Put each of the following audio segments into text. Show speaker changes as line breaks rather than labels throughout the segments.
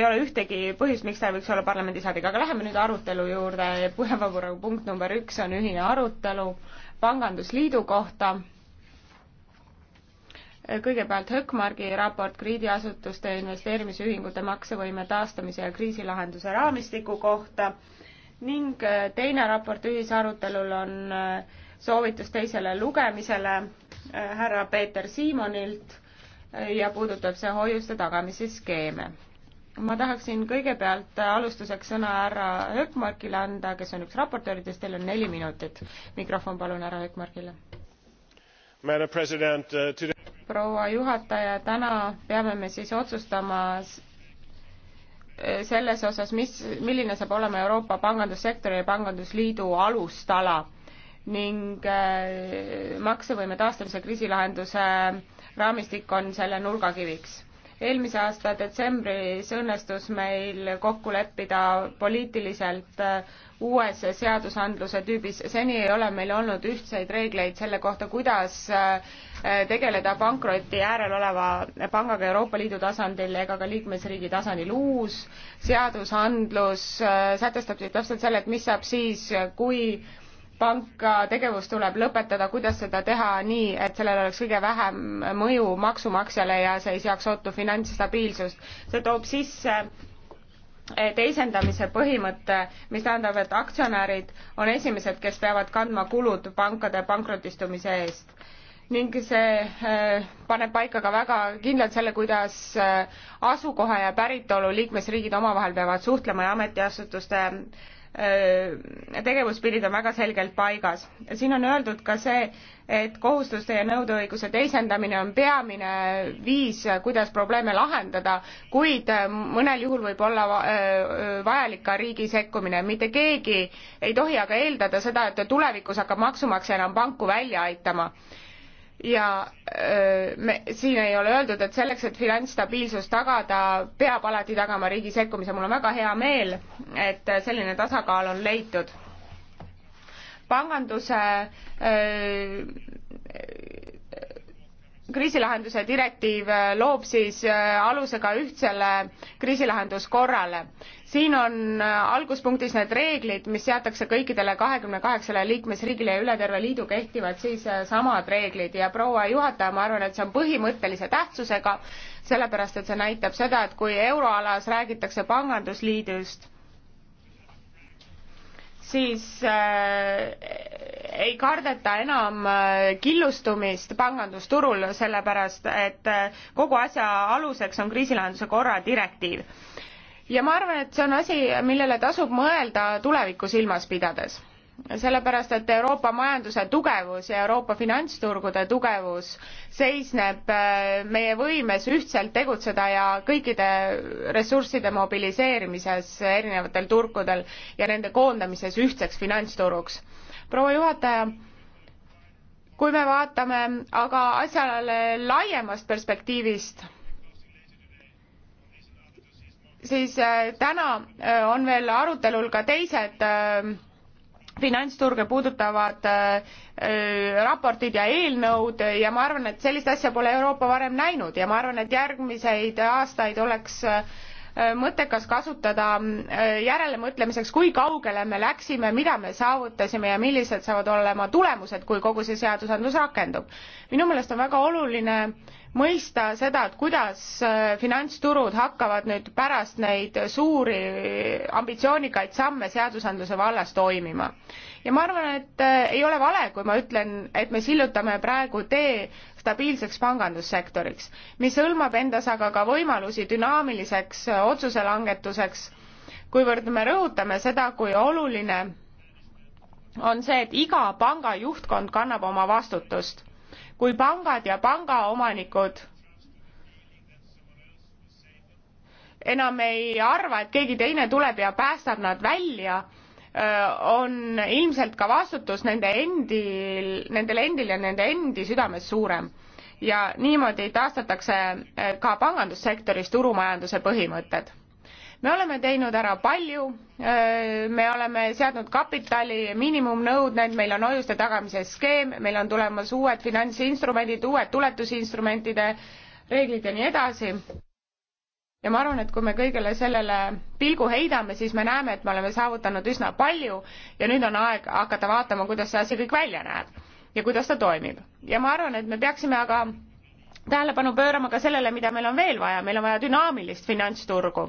ei ole ühtegi põhjust, miks ta ei võiks olla parlamendisaadik, aga läheme nüüd arutelu juurde. põhjapaberupunkt number üks on ühine arutelu pangandusliidu kohta. kõigepealt Höökmargi raport krediidiasutuste investeerimisühingute maksevõime taastamise ja kriisilahenduse raamistiku kohta ning teine raport ühisarutelul on soovitus teisele lugemisele härra Peeter Siimonilt ja puudutab see hoiuste tagamise skeeme ma tahaksin kõigepealt alustuseks sõna härra Hökmarkile anda, kes on üks raportööridest, teil on neli minutit. mikrofon palun härra Hökmarkile.
Uh,
proua juhataja, täna peame me siis otsustama selles osas, mis, milline saab olema Euroopa pangandussektori ja pangandusliidu alustala ning äh, maksevõime taastamise kriisilahenduse raamistik on selle nurgakiviks eelmise aasta detsembris õnnestus meil kokku leppida poliitiliselt äh, uues seadusandluse tüübis. seni ei ole meil olnud ühtseid reegleid selle kohta, kuidas äh, tegeleda pankroti äärel oleva pangaga Euroopa Liidu tasandil ega ka liikmesriigi tasandil. uus seadusandlus äh, sätestab siis täpselt selle, et mis saab siis, kui panka tegevus tuleb lõpetada, kuidas seda teha nii, et sellel oleks kõige vähem mõju maksumaksjale ja see ei seaks ohtu finantsstabiilsust. see toob sisse eh, teisendamise põhimõte, mis tähendab, et aktsionärid on esimesed, kes peavad kandma kulud pankade pankrotistumise eest. ning see eh, paneb paika ka väga kindlalt selle, kuidas eh, asukoha ja päritolu liikmesriigid omavahel peavad suhtlema ja ametiasutuste Äh, tegevuspiirid on väga selgelt paigas. siin on öeldud ka see, et kohustuste ja nõudeõiguse teisendamine on peamine viis, kuidas probleeme lahendada, kuid äh, mõnel juhul võib olla äh, vajalik ka riigi sekkumine. mitte keegi ei tohi aga eeldada seda, et tulevikus hakkab maksumaksja enam panku välja aitama ja öö, me, siin ei ole öeldud, et selleks, et finantsstabiilsus tagada, peab alati tagama riigi sekkumise, mul on väga hea meel, et selline tasakaal on leitud. panganduse öö, kriisilahenduse direktiiv äh, loob siis äh, aluse ka ühtsele kriisilahenduskorrale. siin on äh, alguspunktis need reeglid, mis seatakse kõikidele kahekümne kaheksale liikmesriigile ja üle terve liidu kehtivad siis samad reeglid ja proua juhataja, ma arvan, et see on põhimõttelise tähtsusega, sellepärast et see näitab seda, et kui euroalas räägitakse pangandusliidust, siis äh, ei kardeta enam äh, killustumist pangandusturul, sellepärast et äh, kogu asja aluseks on kriisilahenduse korra direktiiv. ja ma arvan, et see on asi, millele tasub mõelda tulevikku silmas pidades sellepärast et Euroopa majanduse tugevus ja Euroopa finantsturgude tugevus seisneb äh, meie võimes ühtselt tegutseda ja kõikide ressursside mobiliseerimises erinevatel turgudel ja nende koondamises ühtseks finantsturuks. proua juhataja, kui me vaatame aga asjale laiemast perspektiivist, siis äh, täna äh, on veel arutelul ka teised finantsturge puudutavad äh, äh, raportid ja eelnõud ja ma arvan, et sellist asja pole Euroopa varem näinud ja ma arvan, et järgmiseid aastaid oleks äh, mõttekas kasutada äh, järelemõtlemiseks, kui kaugele me läksime, mida me saavutasime ja millised saavad olema tulemused, kui kogu see seadusandlus rakendub. minu meelest on väga oluline äh, mõista seda, et kuidas äh, finantsturud hakkavad nüüd pärast neid suuri ambitsioonikaid samme seadusandluse vallas toimima. ja ma arvan, et äh, ei ole vale, kui ma ütlen, et me sillutame praegu tee stabiilseks pangandussektoriks, mis hõlmab endas aga ka võimalusi dünaamiliseks äh, otsuse langetuseks, kuivõrd me rõhutame seda, kui oluline on see, et iga panga juhtkond kannab oma vastutust kui pangad ja pangaomanikud enam ei arva, et keegi teine tuleb ja päästab nad välja, on ilmselt ka vastutus nende endil, nendel endil ja nende endi südames suurem. ja niimoodi taastatakse ka pangandussektoris turumajanduse põhimõtted me oleme teinud ära palju, äh, me oleme seadnud kapitali miinimumnõuded, meil on hoiuste tagamise skeem, meil on tulemas uued finantsinstrumendid, uued tuletusinstrumentide reeglid ja nii edasi ja ma arvan, et kui me kõigele sellele pilgu heidame, siis me näeme, et me oleme saavutanud üsna palju ja nüüd on aeg hakata vaatama, kuidas see asi kõik välja näeb ja kuidas ta toimib. ja ma arvan, et me peaksime aga tähelepanu pöörama ka sellele, mida meil on veel vaja, meil on vaja dünaamilist finantsturgu.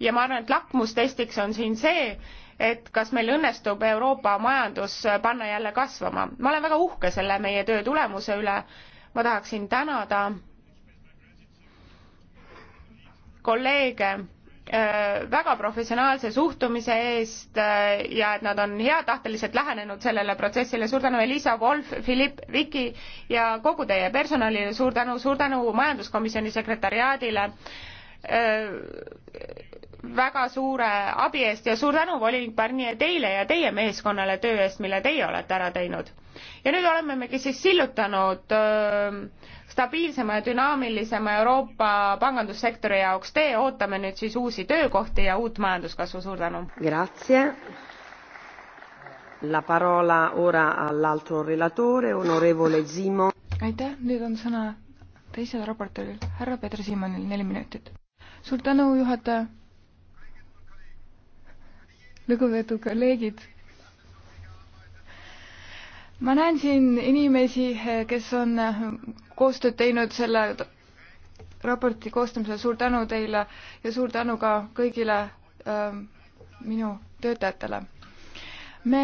ja ma arvan, et lakmustestiks on siin see, et kas meil õnnestub Euroopa majandus panna jälle kasvama. ma olen väga uhke selle meie töö tulemuse üle, ma tahaksin tänada kolleege Äh, väga professionaalse suhtumise eest äh, ja et nad on heatahteliselt lähenenud sellele protsessile. suur tänu, Elisa Wolf, Philipp, Viki ja kogu teie personalile, suur tänu, suur tänu majanduskomisjoni sekretariaadile äh, väga suure abi eest ja suur tänu, volinik Barnier, teile ja teie meeskonnale töö eest, mille teie olete ära teinud. ja nüüd oleme megi siis sillutanud öö, stabiilsema ja dünaamilisema Euroopa pangandussektori jaoks tee, ootame nüüd siis uusi töökohti ja uut majanduskasvu, suur tänu!
aitäh, nüüd on sõna teisel raportööril, härra Peeter Siimannil, neli minutit. suur tänu, juhataja! lugupeetud kolleegid ma näen siin inimesi, kes on koostööd teinud selle raporti koostamisel, suur tänu teile ja suur tänu ka kõigile äh, minu töötajatele. me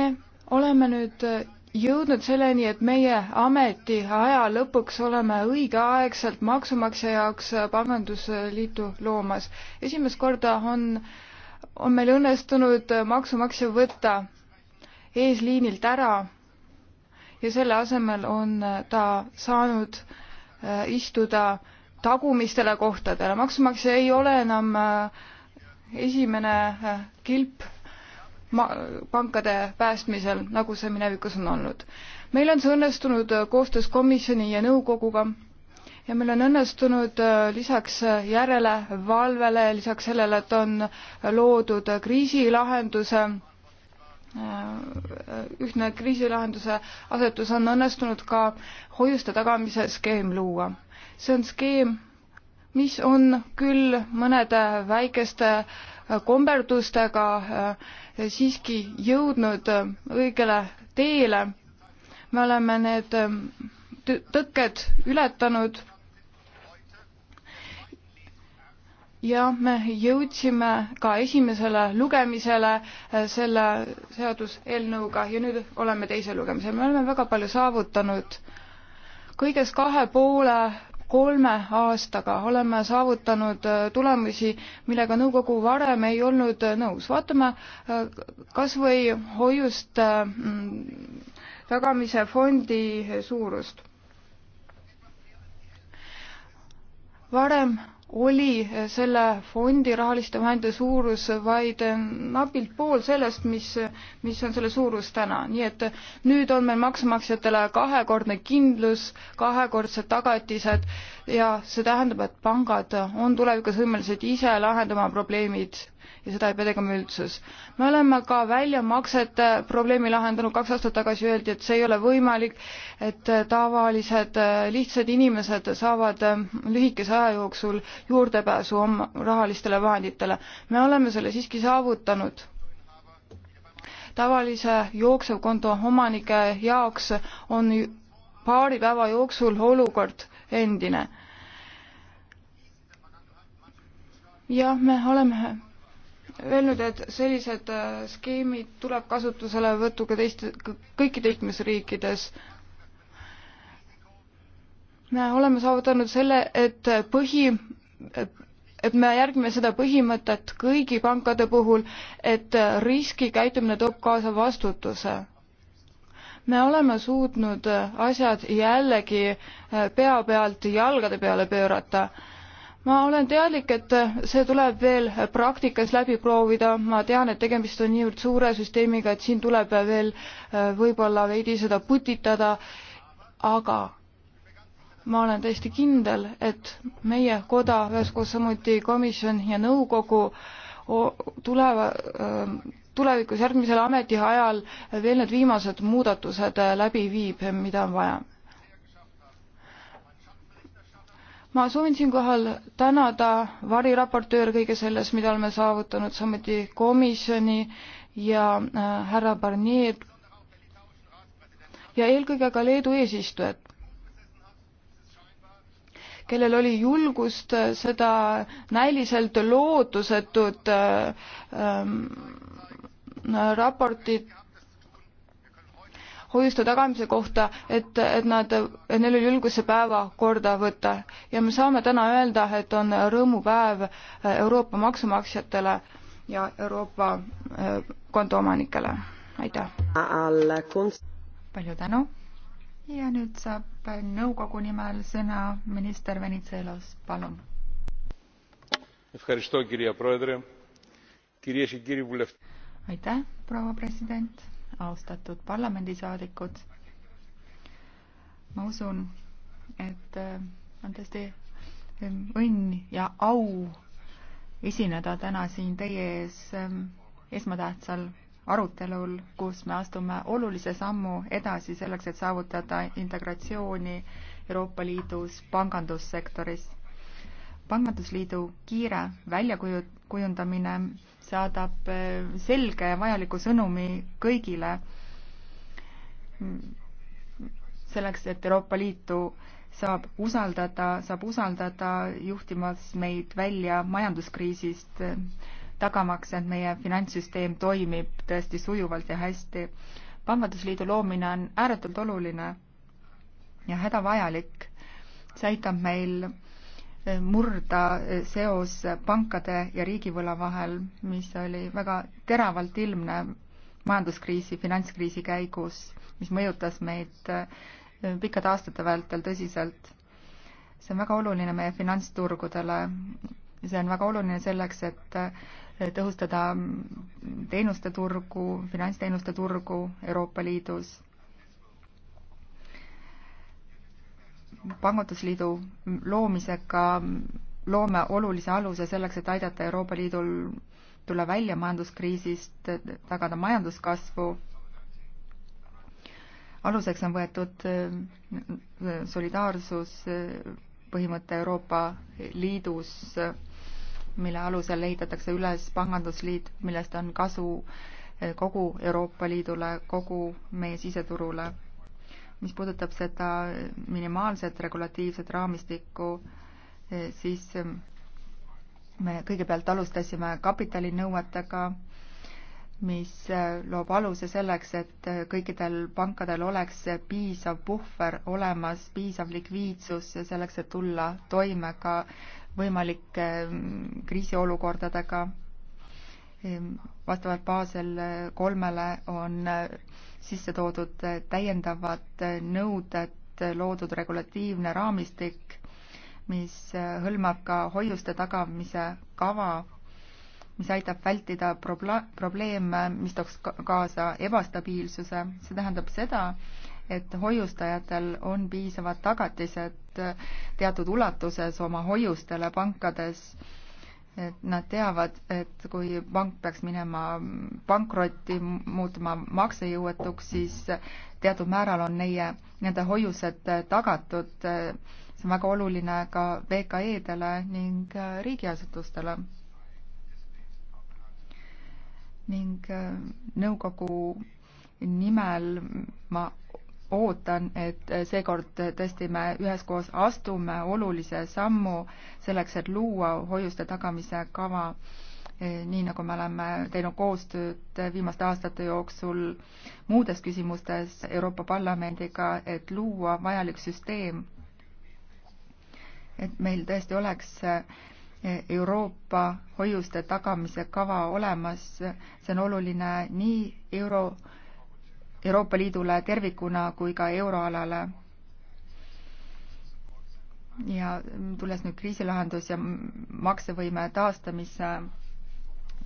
oleme nüüd äh, jõudnud selleni, et meie ametiaja lõpuks oleme õigeaegselt maksumaksja jaoks äh, pangandusliitu loomas. esimest korda on, on meil õnnestunud äh, maksumaksja võtta eesliinilt ära ja selle asemel on ta saanud äh, Äh, istuda tagumistele kohtadele. maksumaksja ei ole enam äh, esimene äh, kilp pankade päästmisel, nagu see minevikus on olnud. meil on see õnnestunud koostöös komisjoni ja nõukoguga ja meil on õnnestunud lisaks järelevalvele, lisaks sellele, et on loodud kriisilahenduse Äh, ühtne kriisilahenduse asetus on õnnestunud ka hoiuste tagamise skeem luua. see on skeem, mis on küll mõnede väikeste äh, komberdustega äh, siiski jõudnud õigele teele. me oleme need tõkked ületanud ja me jõudsime ka esimesele lugemisele eh, selle seaduseelnõuga ja nüüd oleme teisel lugemisel. me oleme väga palju saavutanud. kõiges kahe poole kolme aastaga oleme saavutanud eh, tulemusi, millega nõukogu varem ei olnud eh, nõus. vaatame kas või hoiuste mm, tagamise fondi suurust. varem oli selle fondi rahaliste vahendite suurus vaid napilt pool sellest, mis, mis on selle suurus täna, nii et nüüd on meil maksumaksjatele kahekordne kindlus, kahekordsed tagatised äh, ja see tähendab, et pangad on tulevikus võimelised ise lahendama probleemid ja seda ei pea tegema üldsus. me oleme ka väljamaksete probleemi lahendanud, kaks aastat tagasi öeldi, et see ei ole võimalik, et tavalised lihtsad inimesed saavad lühikese aja jooksul juurdepääsu oma rahalistele vahenditele. me oleme selle siiski saavutanud tavalise jooksevkonto omanike jaoks on paari päeva jooksul olukord endine. jah, me oleme öelnud, et sellised äh, skeemid tuleb kasutusele võtta ka teiste, kõikide liikmesriikides. me oleme saavutanud selle, et põhi, et me järgime seda põhimõtet kõigi pankade puhul, et riskikäitumine toob kaasa vastutuse me oleme suutnud asjad jällegi eh, pea pealt jalgade peale pöörata. ma olen teadlik, et see tuleb veel praktikas läbi proovida, ma tean, et tegemist on niivõrd suure süsteemiga, et siin tuleb veel eh, võib-olla veidi seda putitada, aga ma olen täiesti kindel, et meie koda, üheskoos samuti komisjon ja nõukogu tuleva, eh, tulevikus järgmisel ametiajal veel need viimased muudatused läbi viib, mida on vaja. ma soovin siinkohal tänada variraportöör kõige selles, mida oleme saavutanud, samuti komisjoni ja äh, härra Barnier'd ja eelkõige ka Leedu eesistujat, kellel oli julgust seda näiliselt lootusetut äh, ähm, raportit hoiuste tagamise kohta, et, et nad, et neil oli julgust see päevakorda võtta ja me saame täna öelda, et on rõõmupäev Euroopa maksumaksjatele
ja Euroopa
eh, kontoomanikele. aitäh!
palju tänu! ja nüüd saab nõukogu nimel sõna minister Venizelos, palun! kirje ja kirje aitäh, proua president, austatud parlamendisaadikud. ma usun, et äh, on tõesti äh, õnn ja au esineda täna siin teie ees äh, esmatähtsal arutelul, kus me astume olulise sammu edasi selleks, et saavutada integratsiooni Euroopa Liidus pangandussektoris. pangandusliidu kiire väljakujundamine saadab eh, selge ja vajaliku sõnumi kõigile selleks, et Euroopa Liitu saab usaldada, saab usaldada juhtimas meid välja majanduskriisist, tagamaks, et meie finantssüsteem toimib tõesti sujuvalt ja hästi. pangandusliidu loomine on ääretult oluline ja hädavajalik. see aitab meil murda eh, seos pankade ja riigivõla vahel, mis oli väga teravalt ilmne majanduskriisi, finantskriisi käigus, mis mõjutas meid eh, pikkade aastate vältel tõsiselt. see on väga oluline meie finantsturgudele, see on väga oluline selleks, et eh, tõhustada teenuste turgu, finantsteenuste turgu Euroopa Liidus pangandusliidu loomisega loome olulise aluse selleks, et aidata Euroopa Liidul tulla välja majanduskriisist, tagada majanduskasvu. aluseks on võetud äh, solidaarsus äh, põhimõte Euroopa Liidus, mille alusel ehitatakse üles pangandusliit, millest on kasu äh, kogu Euroopa Liidule, kogu meie siseturule mis puudutab seda minimaalset regulatiivset raamistikku, eh, siis eh, me kõigepealt alustasime kapitalinõuetega, mis eh, loob aluse selleks, et kõikidel pankadel oleks piisav puhver olemas, piisav likviidsus selleks, et tulla toime ka võimalike mm, kriisiolukordadega. Ehm, vastavalt Basel kolmele on sisse toodud täiendavad nõuded, loodud regulatiivne raamistik, mis hõlmab ka hoiuste tagamise kava, mis aitab vältida probla-, probleeme, mis tooks kaasa ebastabiilsuse, see tähendab seda, et hoiustajatel on piisavad tagatised teatud ulatuses oma hoiustele pankades et nad teavad, et kui pank peaks minema pankrotti, muutuma maksejõuetuks, siis teatud määral on neie, nende hoiused tagatud. see on väga oluline ka VKE-dele ning riigiasutustele. ning nõukogu nimel ma ootan, et seekord tõesti me üheskoos astume olulise sammu selleks, et luua hoiuste tagamise kava, eh, nii nagu me oleme teinud koostööd viimaste aastate jooksul muudes küsimustes Euroopa Parlamendiga, et luua vajalik süsteem. et meil tõesti oleks eh, Euroopa hoiuste tagamise kava olemas, see on oluline nii euro Euroopa Liidule tervikuna kui ka euroalale. ja tulles nüüd kriisilahendus ja maksevõime taastamise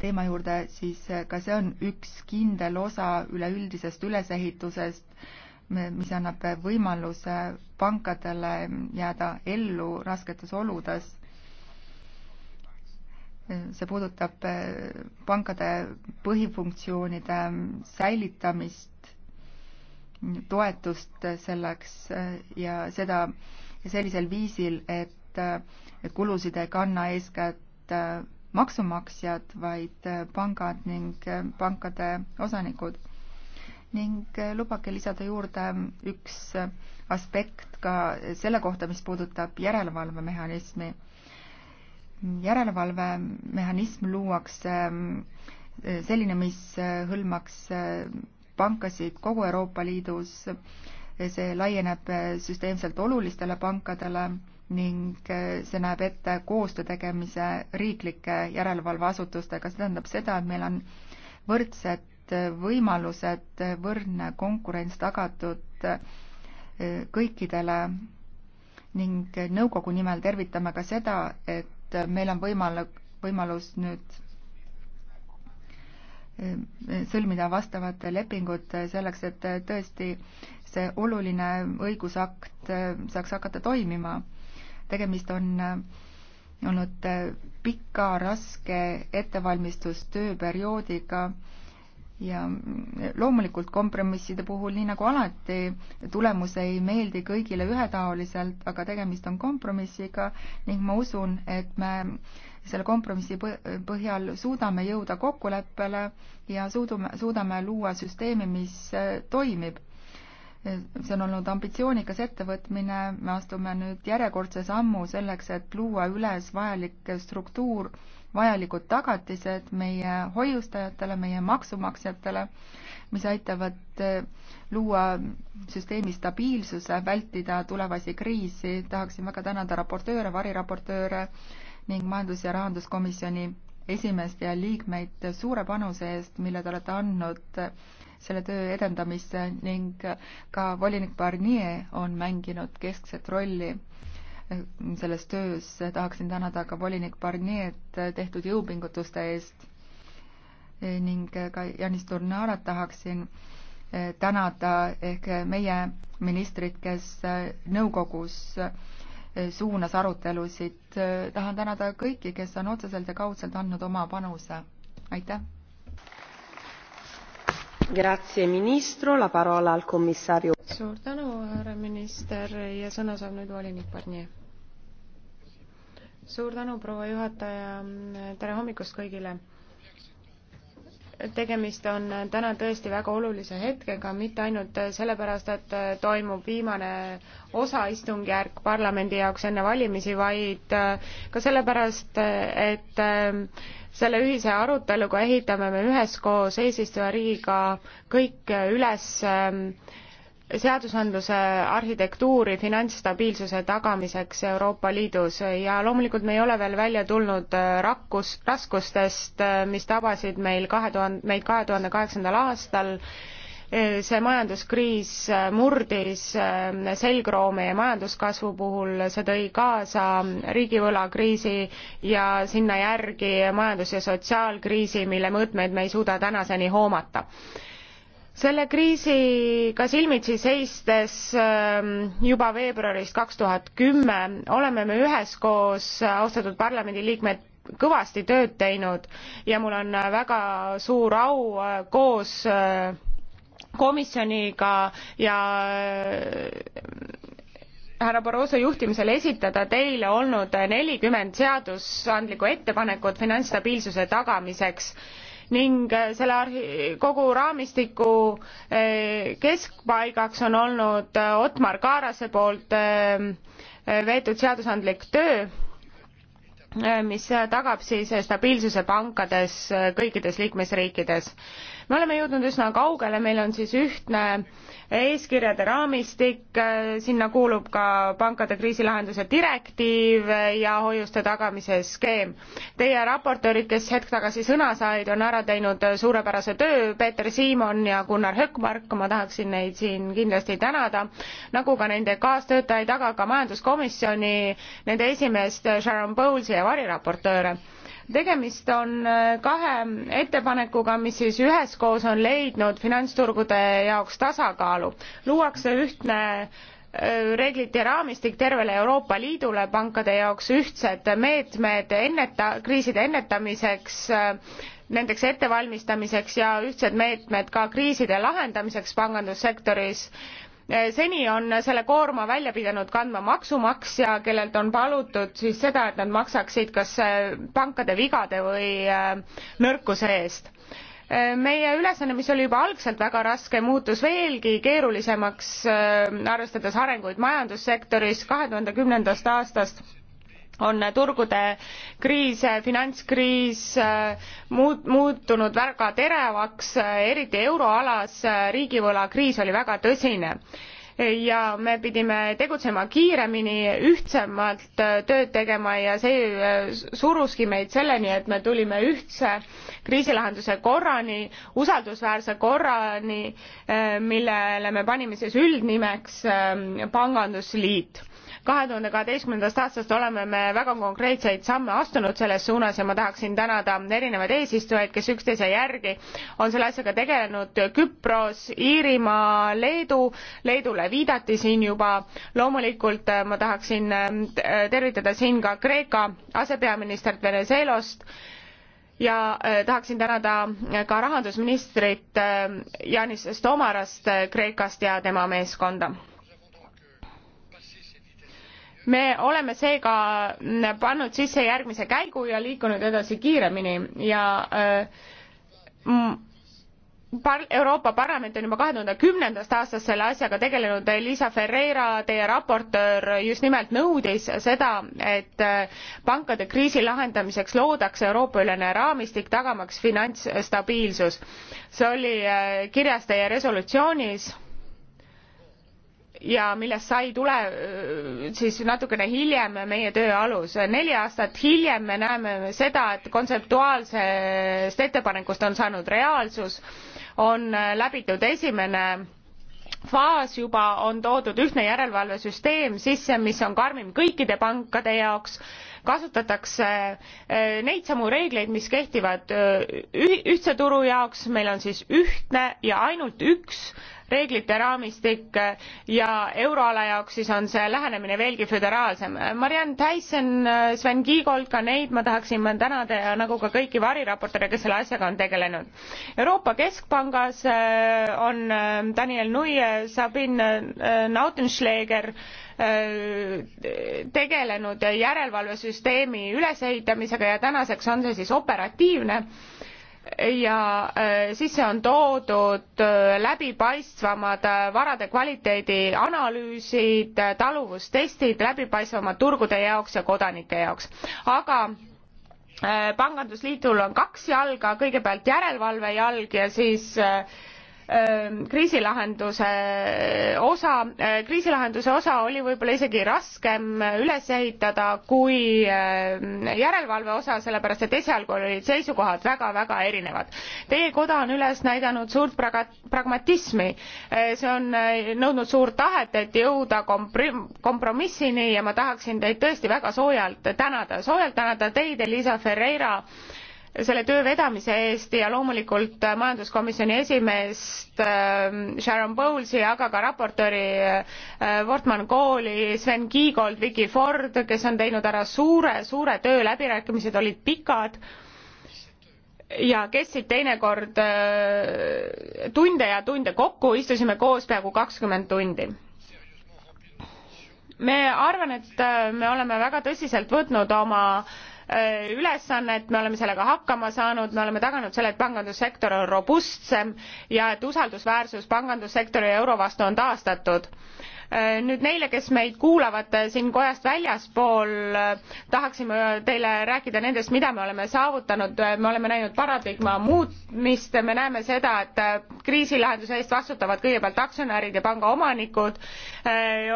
teema juurde, siis ka see on üks kindel osa üleüldisest ülesehitusest, mis annab võimaluse pankadele jääda ellu rasketes oludes. see puudutab pankade põhifunktsioonide säilitamist toetust selleks äh, ja seda sellisel viisil, et, äh, et kulusid ei kanna eeskätt äh, maksumaksjad, vaid pangad ning pankade osanikud. ning lubage lisada juurde üks aspekt ka selle kohta, mis puudutab järelevalvemehhanismi. järelevalvemehhanism luuakse selline, mis hõlmaks pankasid kogu Euroopa Liidus. see laieneb süsteemselt olulistele pankadele ning see näeb ette koostöö tegemise riiklike järelevalveasutustega, see tähendab seda, et meil on võrdsed võimalused, võrdne konkurents tagatud kõikidele ning nõukogu nimel tervitame ka seda, et meil on võimalik, võimalus nüüd sõlmida vastavad lepingud selleks, et tõesti see oluline õigusakt saaks hakata toimima. tegemist on olnud pika, raske ettevalmistustööperioodiga ja loomulikult kompromisside puhul, nii nagu alati, tulemus ei meeldi kõigile ühetaoliselt, aga tegemist on kompromissiga ning ma usun, et me selle kompromissi põhjal suudame jõuda kokkuleppele ja suudume, suudame luua süsteemi, mis äh, toimib. see on olnud ambitsioonikas ettevõtmine, me astume nüüd järjekordse sammu selleks, et luua üles vajalik struktuur, vajalikud tagatised meie hoiustajatele, meie maksumaksjatele, mis aitavad eh, luua süsteemi stabiilsuse, vältida tulevasi kriisi. tahaksin väga tänada raportööre, variraportööre ning Majandus- ja Rahanduskomisjoni esimeest ja liikmeid suure panuse eest, mille te olete andnud eh, selle töö edendamisse ning eh, ka volinik Barnier on mänginud keskset rolli selles töös. tahaksin tänada ka volinik Barniet tehtud jõupingutuste eest ning ka Janis Turnarat tahaksin tänada ehk meie ministrit, kes nõukogus suunas arutelusid. tahan tänada kõiki, kes on otseselt ja kaudselt andnud oma panuse.
aitäh!
Grazie ministro, la parola al commissario. suur
tänu, härra minister ja sõna saab nüüd volinik Barnier suur tänu, proua juhataja, tere hommikust kõigile! tegemist on täna tõesti väga olulise hetkega, mitte ainult sellepärast, et toimub viimane osa istungjärk parlamendi jaoks enne valimisi, vaid ka sellepärast, et selle ühise aruteluga ehitame me üheskoos eesistujariigiga kõik üles äh, seadusandluse arhitektuuri finantsstabiilsuse tagamiseks Euroopa Liidus ja loomulikult me ei ole veel välja tulnud äh, rakkus, raskustest, äh, mis tabasid meil kahe tuhande, meid kahe tuhande kaheksandal aastal. Äh, see majanduskriis murdis selgroo meie majanduskasvu puhul, see tõi kaasa riigivõlakriisi ja sinna järgi majandus- ja sotsiaalkriisi, mille mõõtmeid me ei suuda tänaseni hoomata selle kriisiga silmitsi seistes ähm, juba veebruarist 2010 oleme me üheskoos austatud parlamendiliikmed kõvasti tööd teinud ja mul on väga suur au äh, koos äh, komisjoniga ja äh, härra Barroso juhtimisel esitada teile olnud nelikümmend seadusandlikku ettepanekut finantsstabiilsuse tagamiseks äh, ning äh, selle arhi-, kogu raamistiku äh, keskpaigaks on olnud äh, Otmar Kaarase poolt veetud seadusandlik töö, mis tagab siis stabiilsuse pankades kõikides liikmesriikides me oleme jõudnud üsna kaugele, meil on siis ühtne eeskirjade raamistik, sinna kuulub ka pankade kriisilahenduse direktiiv ja hoiuste tagamise skeem. Teie raportöörid, kes hetk tagasi sõna said, on ära teinud suurepärase töö, Peeter Siimon ja Gunnar Hökmark, ma tahaksin neid siin kindlasti tänada, nagu ka nende kaastöötajaid, aga ka majanduskomisjoni, nende esimeest Sharon Bowles'i ja variraportööre tegemist on äh, kahe ettepanekuga mis siis üheskoos on leidnud finantsturgude jaoks tasakaalu luuakse ühtne äh, reeglite ja raamistik tervele euroopa liidule pankade jaoks ühtsed meetmed enneta- kriiside ennetamiseks äh, nendeks ettevalmistamiseks ja ühtsed meetmed ka kriiside lahendamiseks pangandussektoris Eh, seni on selle koorma välja pidanud kandma maksumaksja, kellelt on palutud siis seda, et nad maksaksid kas eh, pankade vigade või eh, nõrkuse eest meie ülesanne, mis oli juba algselt väga raske, muutus veelgi keerulisemaks, arvestades arenguid majandussektoris kahe tuhande kümnendast aastast on turgude kriis, finantskriis muut-, muutunud väga teravaks, eriti euroalas riigivõlakriis oli väga tõsine ja me pidime tegutsema kiiremini ühtsemalt tööd tegema ja see suruski meid selleni et me tulime ühtse kriisilahenduse korrani usaldusväärse korrani millele me panime siis üldnimeks ehm, pangandusliit kahe tuhande kaheteistkümnendast aastast oleme me väga konkreetseid samme astunud selles suunas ja ma tahaksin tänada erinevaid eesistujaid kes üksteise järgi on selle asjaga tegelenud küpros iirimaa leedu leedule viidati siin juba loomulikult äh, ma tahaksin ähm, äh, tervitada siin ka kreeka asepeaministrit venizelost ja äh, tahaksin tänada ka rahandusministrit Janis Stomarast Kreekast ja tema meeskonda me oleme seega pannud sisse järgmise käigu ja liikunud edasi kiiremini ja äh, par- Euroopa Parlament on juba kahe tuhande kümnendast aastast selle asjaga tegelenud, Elisa Ferreira, teie raportöör just nimelt nõudis seda, et äh, pankade kriisi lahendamiseks loodaks Euroopa-ülene raamistik, tagamaks finantsstabiilsus. see oli äh, kirjas teie resolutsioonis ja millest sai tule äh, siis natukene hiljem meie töö alus. neli aastat hiljem me näeme seda, et kontseptuaalsest ettepanekust on saanud reaalsus, on äh, läbitud esimene faas juba, on toodud ühtne järelevalvesüsteem sisse, mis on karmim kõikide pankade jaoks kasutatakse eh, neid samu reegleid mis kehtivad eh, ühtse turu jaoks meil on siis ühtne ja ainult üks reeglite raamistik eh, ja euroala jaoks siis on see lähenemine veelgi föderaalsem. Marianne Tyson, Sven Kiigold, ka neid ma tahaksin tänada ja nagu ka kõiki variraportööre, kes selle asjaga on tegelenud. Euroopa Keskpangas on Daniel Nui, Sabine Nautenschläger, Äh, tegelenud järelevalvesüsteemi ülesehitamisega ja tänaseks on see siis operatiivne ja äh, sisse on toodud äh, läbipaistvamad varade kvaliteedi analüüsid, taluvustestid läbipaistvamad turgude jaoks ja kodanike jaoks, aga pangandusliidul on kaks jalga, kõigepealt järelevalve jalg ja siis äh, Ehm, kriisilahenduse osa, eh, kriisilahenduse osa oli võib-olla isegi raskem üles ehitada kui ehm, järelevalve osa, sellepärast et esialgu olid seisukohad väga-väga erinevad. Teie koda on üles näidanud suurt praga-, pragmatismi. Eh, see on eh, nõudnud suurt tahet, et jõuda kompri-, kompromissini ja ma tahaksin teid tõesti väga soojalt tänada, soojalt tänada teid, Elisa Ferreira, selle töö vedamise eest ja loomulikult majanduskomisjoni esimeest ähm, Sharon Bowlesi, aga ka raportööri äh, Wortmann Kooli, Sven Kiigold, Vicky Ford, kes on teinud ära suure, suure töö, läbirääkimised olid pikad ja kestsid teinekord äh, tunde ja tunde kokku, istusime koos peaaegu kakskümmend tundi me arvan, et äh, me oleme väga tõsiselt võtnud oma äh, Äh, ülesannet, me oleme sellega hakkama saanud, me oleme taganud selle, et pangandussektor on robustsem ja et usaldusväärsus pangandussektori ja euro vastu on taastatud äh, nüüd neile, kes meid kuulavad äh, siin kojast väljaspool, tahaksime teile rääkida nendest, mida me oleme saavutanud, me oleme näinud paradigma muutmist, me näeme seda, et kriisilahenduse eest vastutavad kõigepealt aktsionärid ja panga omanikud,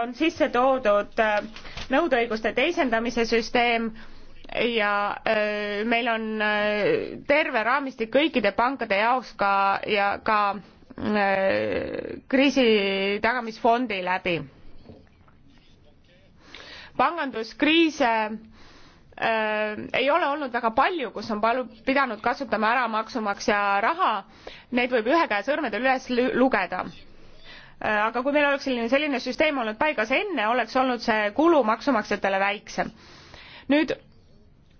on sisse toodud nõudeõiguste teisendamise süsteem ja meil on terve raamistik kõikide pankade jaoks ka ja ka kriisi tagamisfondi läbi. panganduskriise äh, ei ole olnud väga palju, kus on palu-, pidanud kasutama ära maksumaksja raha, neid võib ühe käe sõrmedel üles lugeda äh, aga kui meil oleks selline, selline süsteem olnud paigas enne, oleks olnud see kulu maksumaksjatele väiksem. nüüd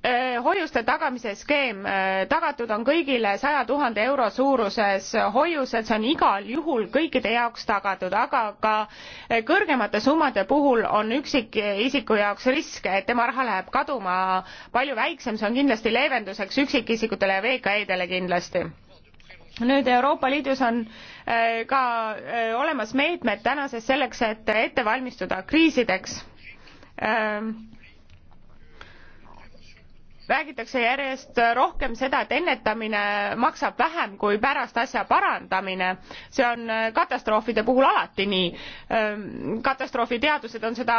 Äh, hoiuste tagamise skeem äh, tagatud on kõigile saja tuhande euro suuruses hoiused see on igal juhul kõikide jaoks tagatud aga ka äh, kõrgemate summade puhul on üksikisiku jaoks risk et tema raha läheb kaduma palju väiksem see on kindlasti leevenduseks üksikisikutele ja VKE-dele kindlasti nüüd Euroopa Liidus on ka olemas meetmed tänases selleks et ette valmistuda kriisideks räägitakse järjest rohkem seda, et ennetamine maksab vähem kui pärast asja parandamine. see on äh, katastroofide puhul alati nii. Ähm, katastroofiteadused on seda,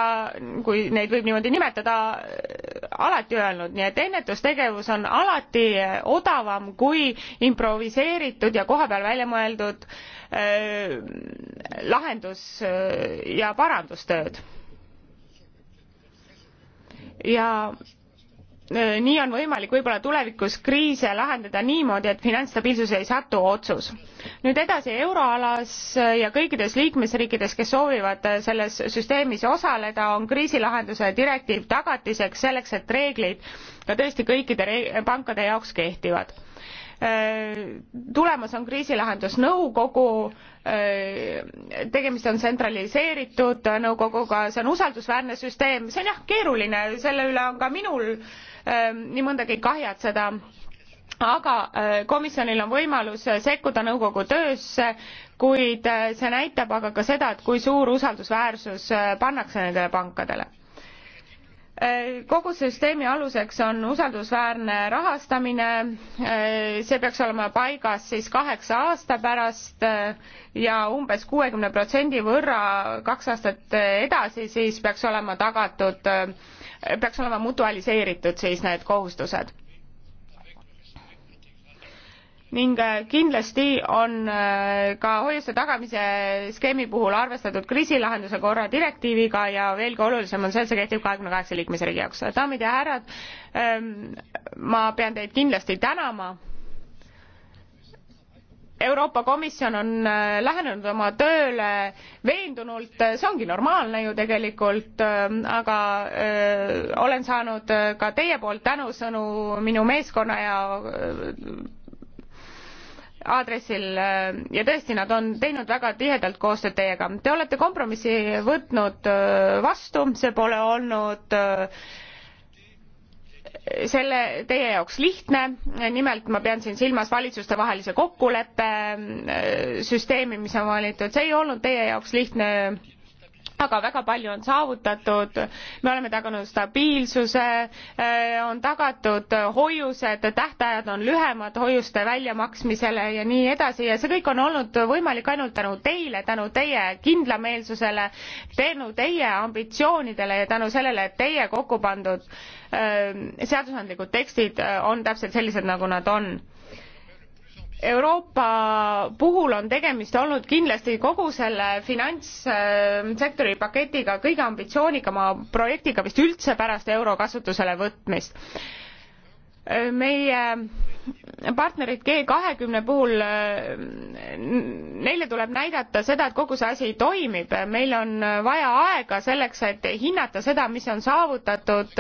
kui neid võib niimoodi nimetada, äh, alati öelnud, nii et ennetustegevus on alati äh, odavam kui improviseeritud ja kohapeal välja mõeldud lahendus ja parandustööd. ja Äh, nii on võimalik võib-olla tulevikus kriise lahendada niimoodi, et finantsstabiilsus ei satu otsus. nüüd edasi euroalas ja kõikides liikmesriikides, kes soovivad äh, selles süsteemis osaleda, on kriisilahenduse direktiiv tagatiseks selleks, et reeglid ka tõesti kõikide pankade jaoks kehtivad. Äh, tulemas on kriisilahendusnõukogu, tegemist on tsentraliseeritud nõukoguga, see on usaldusväärne süsteem, see on jah keeruline, selle üle on ka minul Ehm, nii mõndagi kahjatseda aga eh, komisjonil on võimalus eh, sekkuda nõukogu töösse kuid eh, see näitab aga ka seda et kui suur usaldusväärsus pannakse nendele pankadele kogu süsteemi aluseks on usaldusväärne rahastamine see peaks olema paigas siis kaheksa aasta pärast ja umbes kuuekümne protsendi võrra kaks aastat edasi siis peaks olema tagatud äh, peaks olema mutualiseeritud siis need kohustused ning äh, kindlasti on äh, ka hoiuste tagamise skeemi puhul arvestatud kriisilahenduse korra direktiiviga ja veelgi olulisem on see, et see kehtib kahekümne kaheksa liikmesriigi jaoks. daamid ja härrad, ähm, ma pean teid kindlasti tänama Euroopa Komisjon on äh, lähenenud oma tööle veendunult, äh, see ongi normaalne ju tegelikult, äh, aga öö, olen saanud ka teie poolt tänusõnu minu meeskonna ja öö, aadressil ja tõesti, nad on teinud väga tihedalt koostööd teiega. Te olete kompromissi võtnud vastu, see pole olnud selle teie jaoks lihtne nimelt ma pean siin silmas valitsustevahelise kokkuleppe äh, süsteemi mis on valitud see ei olnud teie jaoks lihtne aga väga palju on saavutatud, me oleme taganud stabiilsuse, eh, on tagatud hoiused, tähtajad on lühemad hoiuste väljamaksmisele ja nii edasi ja see kõik on olnud võimalik ainult tänu teile, tänu teie kindlameelsusele, tänu teie ambitsioonidele ja tänu sellele, et teie kokku pandud eh, seadusandlikud tekstid eh, on täpselt sellised, nagu nad on Euroopa puhul on tegemist olnud kindlasti kogu selle finantssektori paketiga kõige ambitsioonikama projektiga vist üldse pärast euro kasutusele võtmist. meie partnerid G kahekümne puhul, neile tuleb näidata seda, et kogu see asi toimib, meil on vaja aega selleks, et hinnata seda, mis on saavutatud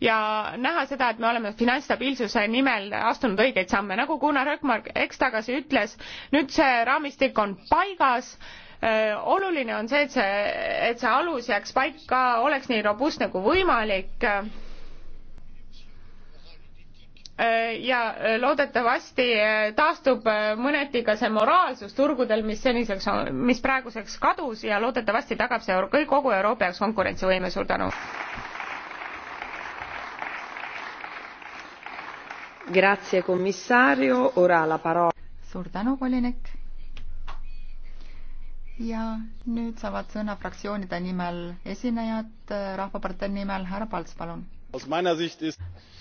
ja näha seda, et me oleme finantsstabiilsuse nimel astunud õigeid samme, nagu Gunnar Hökmark hetk tagasi ütles, nüüd see raamistik on paigas äh, oluline on see, et see, et see alus jääks paika, oleks nii robustne kui võimalik. Äh, ja loodetavasti äh, taastub mõneti ka see moraalsus turgudel, mis seniseks, mis praeguseks kadus ja loodetavasti tagab see kogu Euroopa jaoks konkurentsivõime. suur tänu.
suur tänu, volinik.
ja nüüd saavad sõna fraktsioonide nimel esinejad, äh, Rahvapartei nimel härra Palts, palun.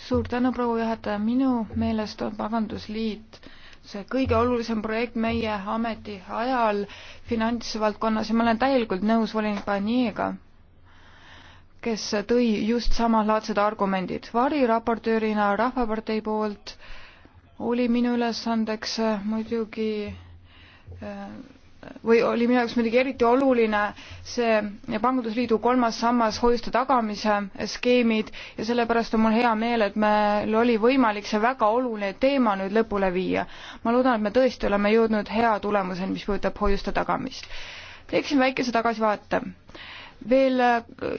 suur tänu, proua juhataja, minu meelest on Pangandusliit see kõige olulisem projekt meie ametiajal finantsvaldkonnas ja ma olen täielikult nõus volinik Paniega kes tõi just samalaadsed argumendid. variraportöörina Rahvapartei poolt oli minu ülesandeks äh, muidugi äh, või oli minu jaoks muidugi eriti oluline see Pangandusliidu kolmas sammas hoiuste tagamise skeemid ja sellepärast on mul hea meel, et meil oli võimalik see väga oluline teema nüüd lõpule viia. ma loodan, et me tõesti oleme jõudnud hea tulemuseni, mis puudutab hoiuste tagamist. teeksin väikese tagasivaate veel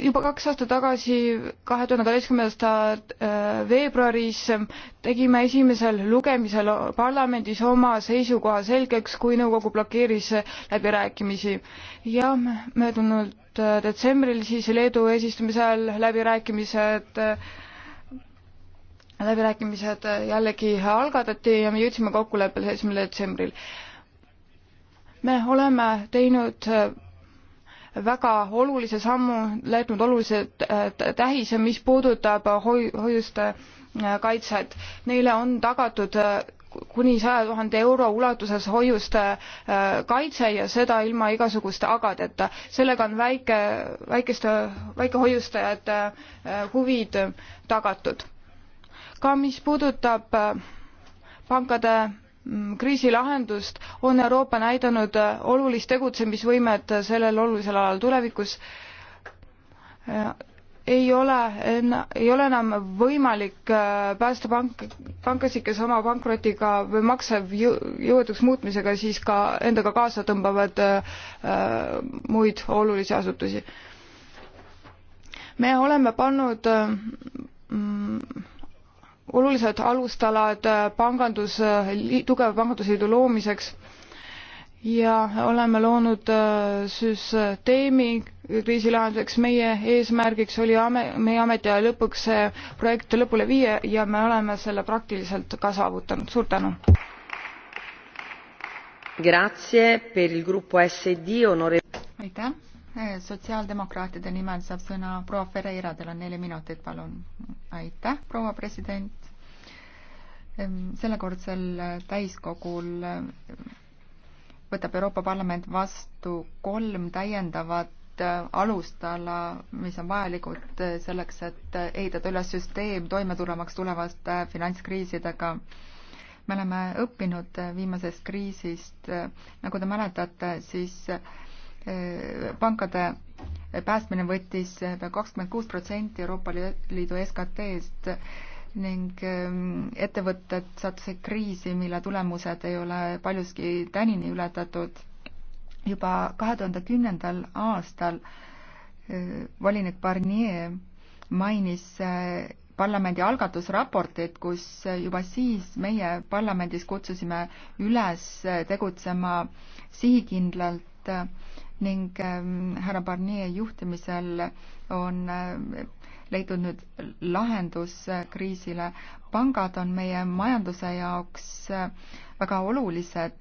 juba kaks aastat tagasi, kahe tuhande kaheteistkümnendast äh, veebruaris tegime esimesel lugemisel parlamendis oma seisukoha selgeks, kui nõukogu blokeeris läbirääkimisi ja möödunud äh, detsembril siis Leedu eesistumise ajal läbirääkimised äh, läbirääkimised jällegi algatati ja me jõudsime kokkuleppele seitsmendal detsembril. me oleme teinud väga olulise sammu, leidnud olulise tähise, mis puudutab hoi-, hoiuste äh, kaitset. Neile on tagatud äh, kuni saja tuhande euro ulatuses hoiuste äh, kaitse ja seda ilma igasuguste agadeta. sellega on väike, väikeste, väikehoiustajate huvid tagatud. ka mis puudutab pankade Mm, kriisilahendust, on Euroopa näidanud äh, olulist tegutsemisvõimet äh, sellel olulisel alal tulevikus. Äh, ei ole, ei ole enam võimalik päästa pank, pankasid, kes oma pankrotiga või maksev jõuetuks muutmisega siis ka endaga kaasa tõmbavad muid olulisi asutusi. me oleme pannud mm, olulised alustalad äh, pangandus, äh, tugeva pangandusliidu loomiseks ja oleme loonud äh, süsteemi kriisi lahenduseks. meie eesmärgiks oli ame, meie ametiaja lõpuks see projekt lõpule viia ja me oleme selle praktiliselt ka saavutanud.
suur tänu!
aitäh! sotsiaaldemokraatide nimel saab sõna proua Ferreira, teil on neli minutit, palun. aitäh, proua president. Ehm, sellekordsel äh, täiskogul äh, võtab Euroopa Parlament vastu kolm täiendavat äh, alustala, mis on vajalikud selleks, et ehitada üles süsteem toime tulemaks tulevaste finantskriisidega me oleme õppinud viimasest kriisist, nagu te mäletate, siis Äh, pankade päästmine võttis pea äh, kakskümmend kuus protsenti Euroopa Liidu SKT-st ning ähm, ettevõtted sattusid kriisi, mille tulemused ei ole paljuski tänini ületatud. juba kahe tuhande kümnendal aastal äh, volinik Barnier mainis parlamendi algatusraportit, kus juba siis meie parlamendis kutsusime üles tegutsema sihikindlalt ning ähm, härra Barnier juhtimisel on äh, leidnud nüüd lahendus äh, kriisile. pangad on meie majanduse jaoks äh, väga olulised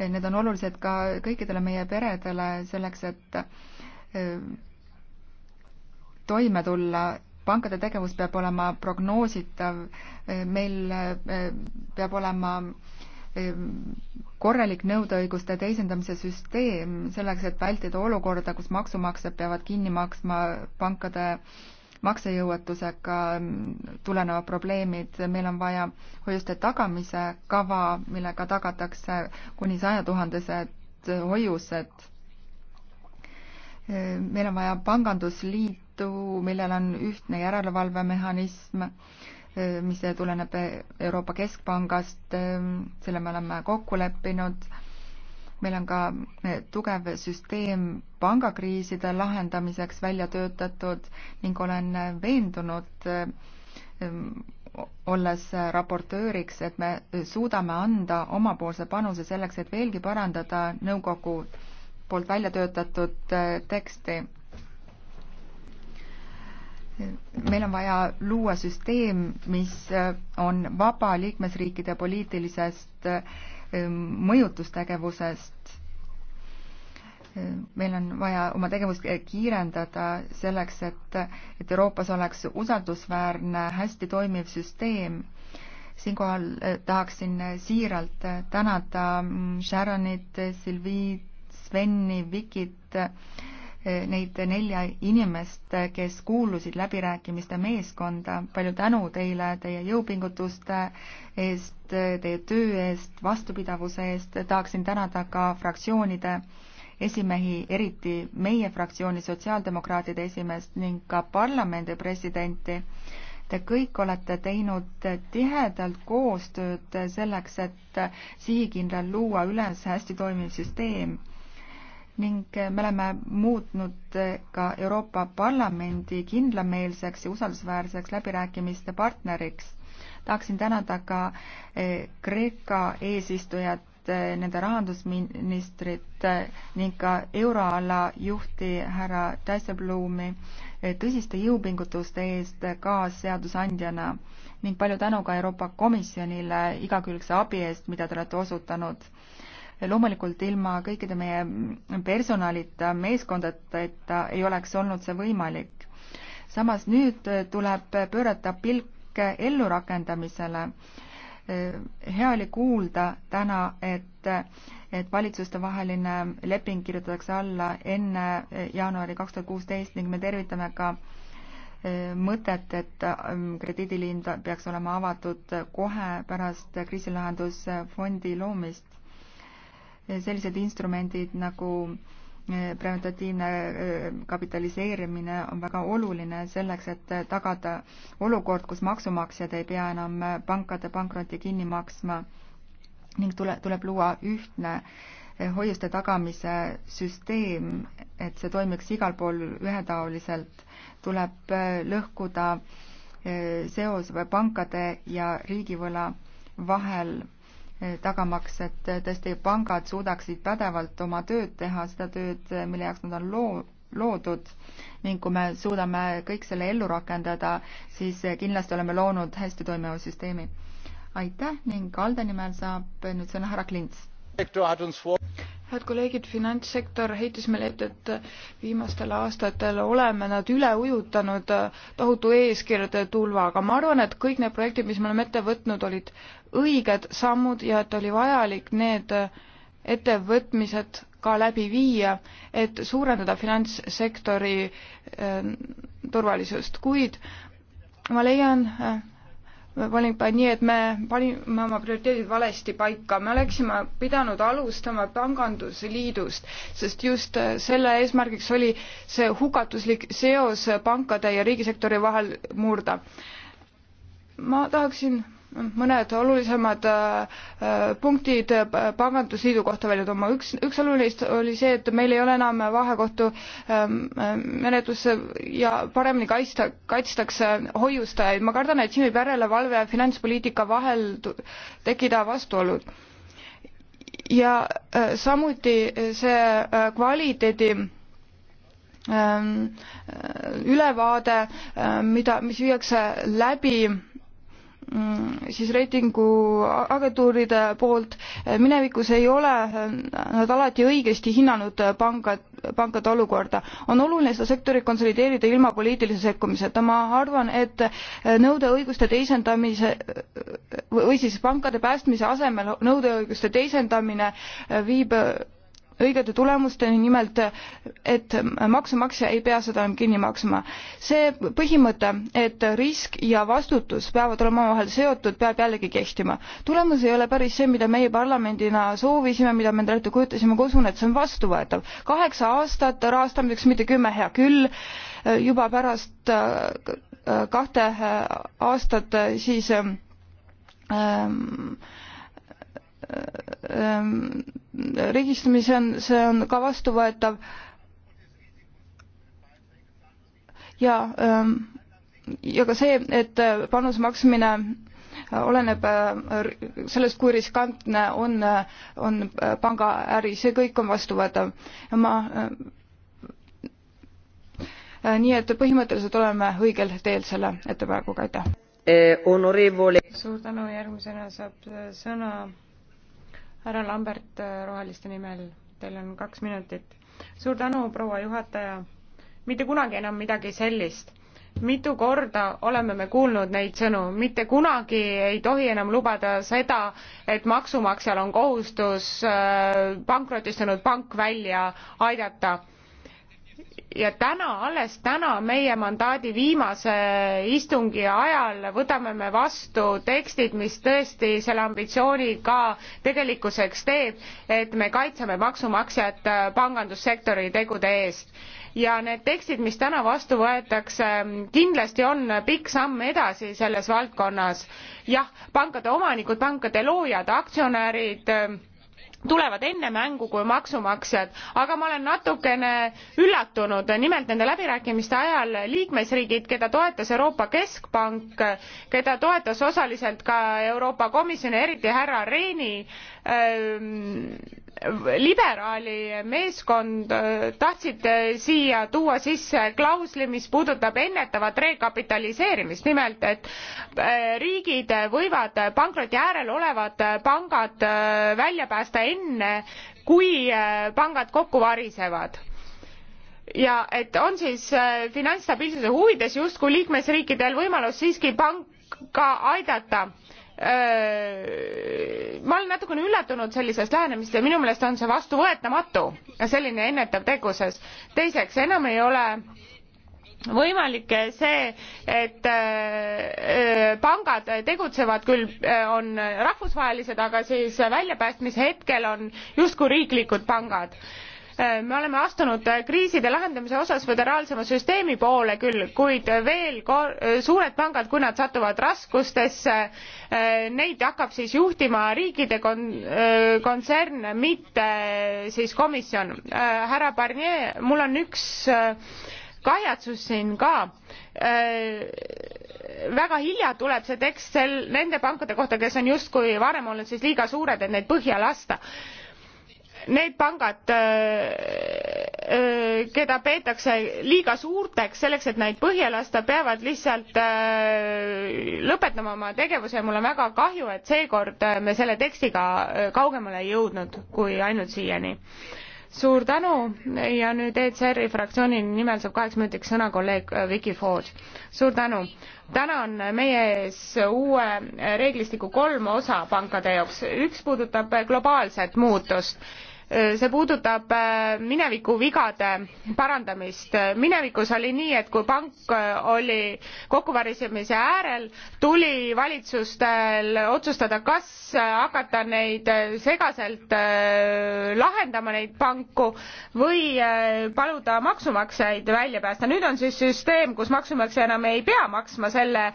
need on olulised ka kõikidele meie peredele selleks, et toime tulla. pankade tegevus peab olema prognoositav, meil peab olema äh, korralik nõudeõiguste teisendamise süsteem selleks, et vältida olukorda, kus maksumaksjad peavad kinni maksma pankade maksejõuetusega tulenevad probleemid, meil on vaja hoiuste tagamise kava, millega tagatakse kuni sajatuhandesed hoiused. meil on vaja pangandusliitu, millel on ühtne järelevalvemehhanism mis tuleneb Euroopa Keskpangast, ehm, selle me oleme kokku leppinud. meil on ka eh, tugev süsteem pangakriiside lahendamiseks välja töötatud ning olen veendunud, ehm, olles raportööriks, et me suudame anda omapoolse panuse selleks, et veelgi parandada nõukogu poolt välja töötatud eh, teksti meil on vaja luua süsteem, mis äh, on vaba liikmesriikide poliitilisest äh, mõjutustegevusest. Äh, meil on vaja oma tegevust kiirendada selleks, et, et Euroopas oleks usaldusväärne, hästi toimiv süsteem. siinkohal tahaksin siiralt tänada mm, Sharonit, Sylvie, Sveni, Vikit Eh, neid nelja inimest, kes kuulusid läbirääkimiste meeskonda. palju tänu teile teie jõupingutuste eest, teie töö eest, vastupidavuse eest. tahaksin tänada ka fraktsioonide esimehi, eriti meie fraktsiooni sotsiaaldemokraatide esimeest ning ka parlamendi presidenti. Te kõik olete teinud tihedalt koostööd selleks, et sihikindral luua üles hästi toimiv süsteem ning eh, me oleme muutnud eh, ka Euroopa Parlamendi kindlameelseks ja usaldusväärseks läbirääkimiste partneriks. tahaksin tänada ka eh, Kreeka eesistujat, nende rahandusministrit ning ka euroala juhti härra Dijsselbloemi tõsiste jõupingutuste eest kaasseadusandjana ning palju tänu ka Euroopa Komisjonile igakülgse abi eest, mida te olete osutanud loomulikult ilma kõikide meie personalita, meeskondadeta ei oleks olnud see võimalik. samas nüüd tuleb pöörata pilk ellurakendamisele. hea oli kuulda täna, et, et valitsustevaheline leping kirjutatakse alla enne jaanuari kaks tuhat kuusteist ning me tervitame ka eh, mõtet, et mm, krediidiliin peaks olema avatud kohe pärast kriisilahendusfondi loomist sellised instrumendid nagu eh, preventatiivne eh, kapitaliseerimine on väga oluline selleks, et tagada olukord, kus maksumaksjad ei pea enam pankade pankrotti kinni maksma ning tule, tuleb luua ühtne eh, hoiuste tagamise süsteem, et see toimiks igal pool ühetaoliselt, tuleb lõhkuda seos pankade ja riigivõla vahel Eh, tagamaks, et eh, tõesti pangad suudaksid pädevalt oma tööd teha, seda tööd, eh, mille jaoks nad on loo-, loodud ning kui me suudame kõik selle ellu rakendada, siis kindlasti oleme loonud hästi toimiva süsteemi. aitäh ning Alde nimel saab nüüd sõna härra Klints head kolleegid,
finantssektor heitis meile ette, et viimastel aastatel oleme nad üle ujutanud tohutu eeskirjade tulvaga. ma arvan, et kõik need projektid, mis me oleme ette võtnud, olid õiged sammud ja et oli vajalik need ettevõtmised ka läbi viia, et suurendada finantssektori eh, turvalisust, kuid ma leian eh, valik, nii et me panime oma prioriteedid valesti paika. me oleksime pidanud alustama pangandusliidust, sest just äh, selle eesmärgiks oli see hukatuslik seos pankade ja riigisektori vahel murda. ma tahaksin mõned olulisemad äh, äh, punktid äh, Pangandusliidu kohta välja tooma. üks, üks olulist oli see, et meil ei ole enam vahekohtu ähm, menetlusse ja paremini kaitsta, kaitstakse hoiustajaid. ma kardan, et siin võib järelevalve ja finantspoliitika vahel tekkida vastuolud. ja samuti see kvaliteedi ähm, ülevaade, mida, mis viiakse läbi Mm, siis reitinguagentuuride poolt. minevikus ei ole eh, nad alati õigesti hinnanud eh, pangad, pankade olukorda. on oluline seda sektorit konsolideerida ilma poliitilise sekkumiseta. ma arvan, et eh, nõudeõiguste teisendamise või siis pankade päästmise asemel nõudeõiguste teisendamine viib õigete tulemusteni, nimelt et maksumaksja ei pea seda enam kinni maksma. see põhimõte, et risk ja vastutus peavad olema omavahel seotud, peab jällegi kehtima. tulemus ei ole päris see, mida meie parlamendina soovisime, mida me endale ette kujutasime, ma usun, et see on vastuvõetav. kaheksa aastat rahastamiseks, mitte kümme, hea küll, juba pärast äh, kahte äh, aastat äh, siis ähm, Äh, äh, riigistamise on, see on ka vastuvõetav. ja, ähm, ja ka see, et äh, panuse maksmine oleneb sellest, kui riskantne on, on pangaäri, see kõik on vastuvõetav. ma nii et põhimõtteliselt oleme õigel teel selle ettepanekuga, aitäh
eh,.
suur tänu, järgmisena saab sõna härra Lambert äh, Roheliste nimel, teil on kaks minutit. suur tänu, proua juhataja. mitte kunagi enam midagi sellist. mitu korda oleme me kuulnud neid sõnu, mitte kunagi ei tohi enam lubada seda, et maksumaksjal on kohustus äh, pankrotistunud pank välja aidata ja täna, alles täna meie mandaadi viimase istungi ajal võtame me vastu tekstid, mis tõesti selle ambitsiooni ka tegelikkuseks teeb, et me kaitseme maksumaksjat äh, pangandussektori tegude eest ja need tekstid, mis täna vastu võetakse, kindlasti on pikk samm edasi selles valdkonnas. jah, pankade omanikud, pankade loojad, aktsionärid äh, tulevad enne mängu kui maksumaksjad, aga ma olen natukene üllatunud, nimelt nende läbirääkimiste ajal liikmesriigid, keda toetas Euroopa Keskpank, keda toetas osaliselt ka Euroopa Komisjon ja eriti härra Rehni ähm, liberaali meeskond äh, tahtsid äh, siia tuua sisse klausli, mis puudutab ennetavat rekapitaliseerimist, nimelt et äh, riigid võivad pankroti äärel olevad pangad välja päästa enne, kui pangad kokku varisevad ja et on siis finantsstabiilsuse huvides justkui liikmesriikidel võimalus siiski panka aidata Äh, ma olen natukene üllatunud sellisest lähenemist ja minu meelest on see vastuvõetamatu, selline ennetav teguses. teiseks, enam ei ole võimalik see, et äh, äh, pangad tegutsevad küll, on rahvusvahelised, aga siis väljapäästmise hetkel on justkui riiklikud pangad Äh, me oleme astunud äh, kriiside lahendamise osas föderaalsema süsteemi poole küll, kuid veel kor-, äh, suured pangad, kui nad satuvad raskustesse, neid hakkab siis juhtima riikide kon-, kontsern, mitte siis komisjon. härra Barnier, mul on üks kahjatsus siin ka. väga hilja tuleb see tekst sel, nende pankade kohta, kes on justkui varem olnud siis liiga suured, et neid põhja lasta need pangad, äh, äh, keda peetakse liiga suurteks selleks, et neid põhja lasta, peavad lihtsalt äh, lõpetama oma tegevuse ja mul on väga kahju, et seekord me selle tekstiga kaugemale ei jõudnud kui ainult siiani. suur tänu ja nüüd ECR-i fraktsiooni nimel saab kaheks minutiks sõna kolleeg Vicky Ford. suur tänu täna on meie ees uue reeglistiku kolm osa pankade jaoks. üks puudutab globaalset muutust see puudutab äh, mineviku vigade parandamist. minevikus oli nii, et kui pank äh, oli kokkuvarisemise äärel, tuli valitsustel otsustada, kas äh, hakata neid segaselt lahendama, neid panku, või paluda maksumaksjaid välja päästa. nüüd on siis süsteem, kus maksumaksja enam ei pea maksma selle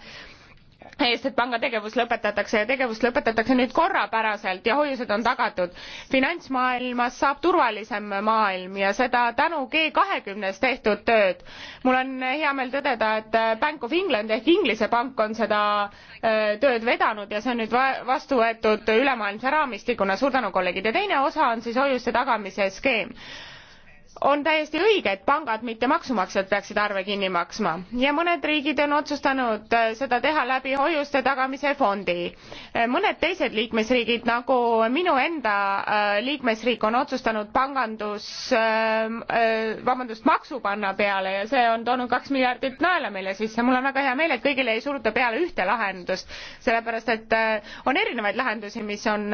eest, et panga tegevus lõpetatakse ja tegevus lõpetatakse nüüd korrapäraselt ja hoiused on tagatud. finantsmaailmas saab turvalisem maailm ja seda tänu G kahekümnes tehtud tööd. mul on hea meel tõdeda, et Bank of England ehk Inglise pank on seda äh, tööd vedanud ja see on nüüd vastu võetud ülemaailmse raamistikuna. suur tänu, kolleegid. ja teine osa on siis hoiuste tagamise skeem on täiesti õige et pangad mitte maksumaksjad peaksid arve kinni maksma ja mõned riigid on otsustanud äh, seda teha läbi hoiuste tagamise fondi äh, mõned teised liikmesriigid nagu minu enda äh, liikmesriik on otsustanud pangandus ähm, vabandust maksu panna peale ja see on toonud kaks miljardit naela meile sisse mul on väga hea meel et kõigile ei suruta peale ühte lahendust sellepärast et on erinevaid lahendusi mis on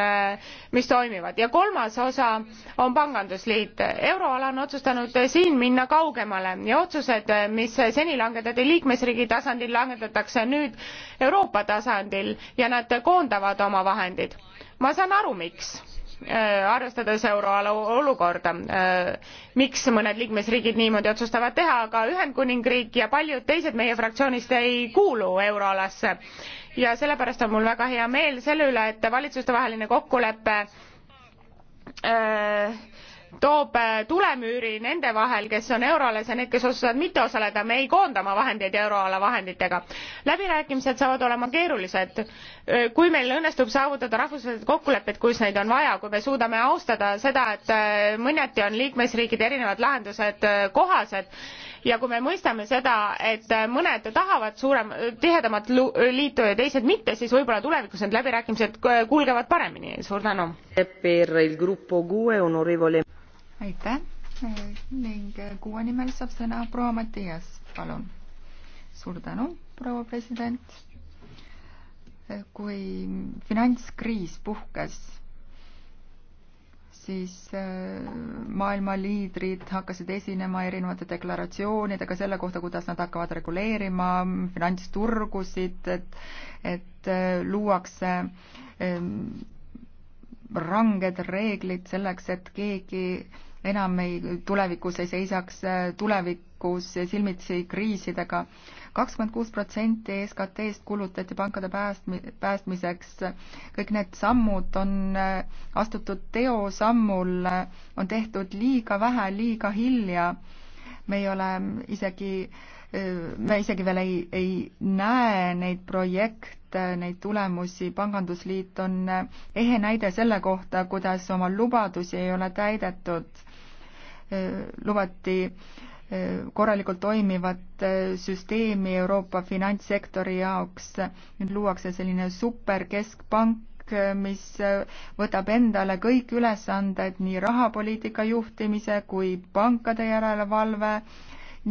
mis toimivad ja kolmas osa on pangandusliit euroala on otsustanud siin minna kaugemale ja otsused, mis seni langetati liikmesriigi tasandil, langetatakse nüüd Euroopa tasandil ja nad koondavad oma vahendid. ma saan aru, miks äh, arvestades euroala olukorda, äh, miks mõned liikmesriigid niimoodi otsustavad teha, aga Ühendkuningriik ja paljud teised meie fraktsioonist ei kuulu euroalasse. ja sellepärast on mul väga hea meel selle üle, et valitsustevaheline kokkulepe äh, toob äh, tulemüüri nende vahel, kes on euroalas ja need, kes otsustavad mitte osaleda, me ei koonda oma vahendeid euroala vahenditega. läbirääkimised saavad olema keerulised. Äh, kui meil õnnestub saavutada rahvusvahelised kokkulepped, kus neid on vaja, kui me suudame austada seda, et äh, mõneti on liikmesriikide erinevad lahendused kohased ja kui me mõistame seda, et mõned tahavad suurem, tihedamat liitu ja teised mitte, siis võib-olla tulevikus need läbirääkimised kulgevad paremini. suur tänu
aitäh
ning kuue nimel saab sõna proua Mattias, palun. suur tänu, proua president. kui finantskriis puhkes, siis äh, maailma liidrid hakkasid esinema erinevate deklaratsioonidega selle kohta, kuidas nad hakkavad reguleerima finantsturgusid, et, et äh, luuakse ähm, ranged reeglid selleks, et keegi enam ei, tulevikus ei seisaks äh, tulevikus silmitsi kriisidega. kakskümmend kuus protsenti SKT-st kulutati pankade päästmi-, päästmiseks. kõik need sammud on äh, astutud teosammul, äh, on tehtud liiga vähe, liiga hilja. me ei ole ähm, isegi me isegi veel ei, ei näe neid projekte, neid tulemusi, pangandusliit on ehe näide selle kohta, kuidas oma lubadusi ei ole täidetud. Äh, lubati äh, korralikult toimivat äh, süsteemi Euroopa finantssektori jaoks. nüüd luuakse selline superkeskpank, mis võtab endale kõik ülesanded, nii rahapoliitika juhtimise kui pankade järelevalve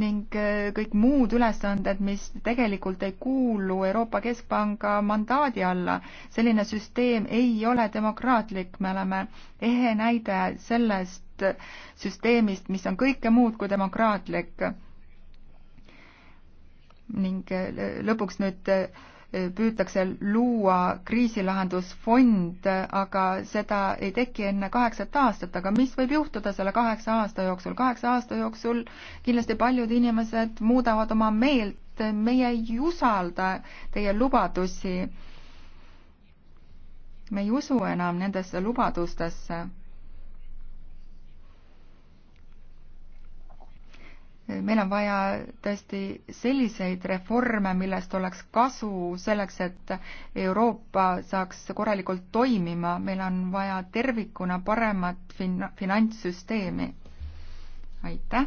ning kõik muud ülesanded, mis tegelikult ei kuulu Euroopa Keskpanga mandaadi alla. selline süsteem ei ole demokraatlik, me oleme ehe näide sellest, sellisest süsteemist, mis on kõike muud kui demokraatlik. ning lõpuks nüüd püütakse luua kriisilahendusfond, aga seda ei teki enne kaheksat aastat, aga mis võib juhtuda selle kaheksa aasta jooksul? kaheksa aasta jooksul kindlasti paljud inimesed muudavad oma meelt, meie ei usalda teie lubadusi. me ei usu enam nendesse lubadustesse meil on vaja tõesti selliseid reforme, millest oleks kasu selleks, et Euroopa saaks korralikult toimima, meil on vaja tervikuna paremat fin-, finantssüsteemi. aitäh!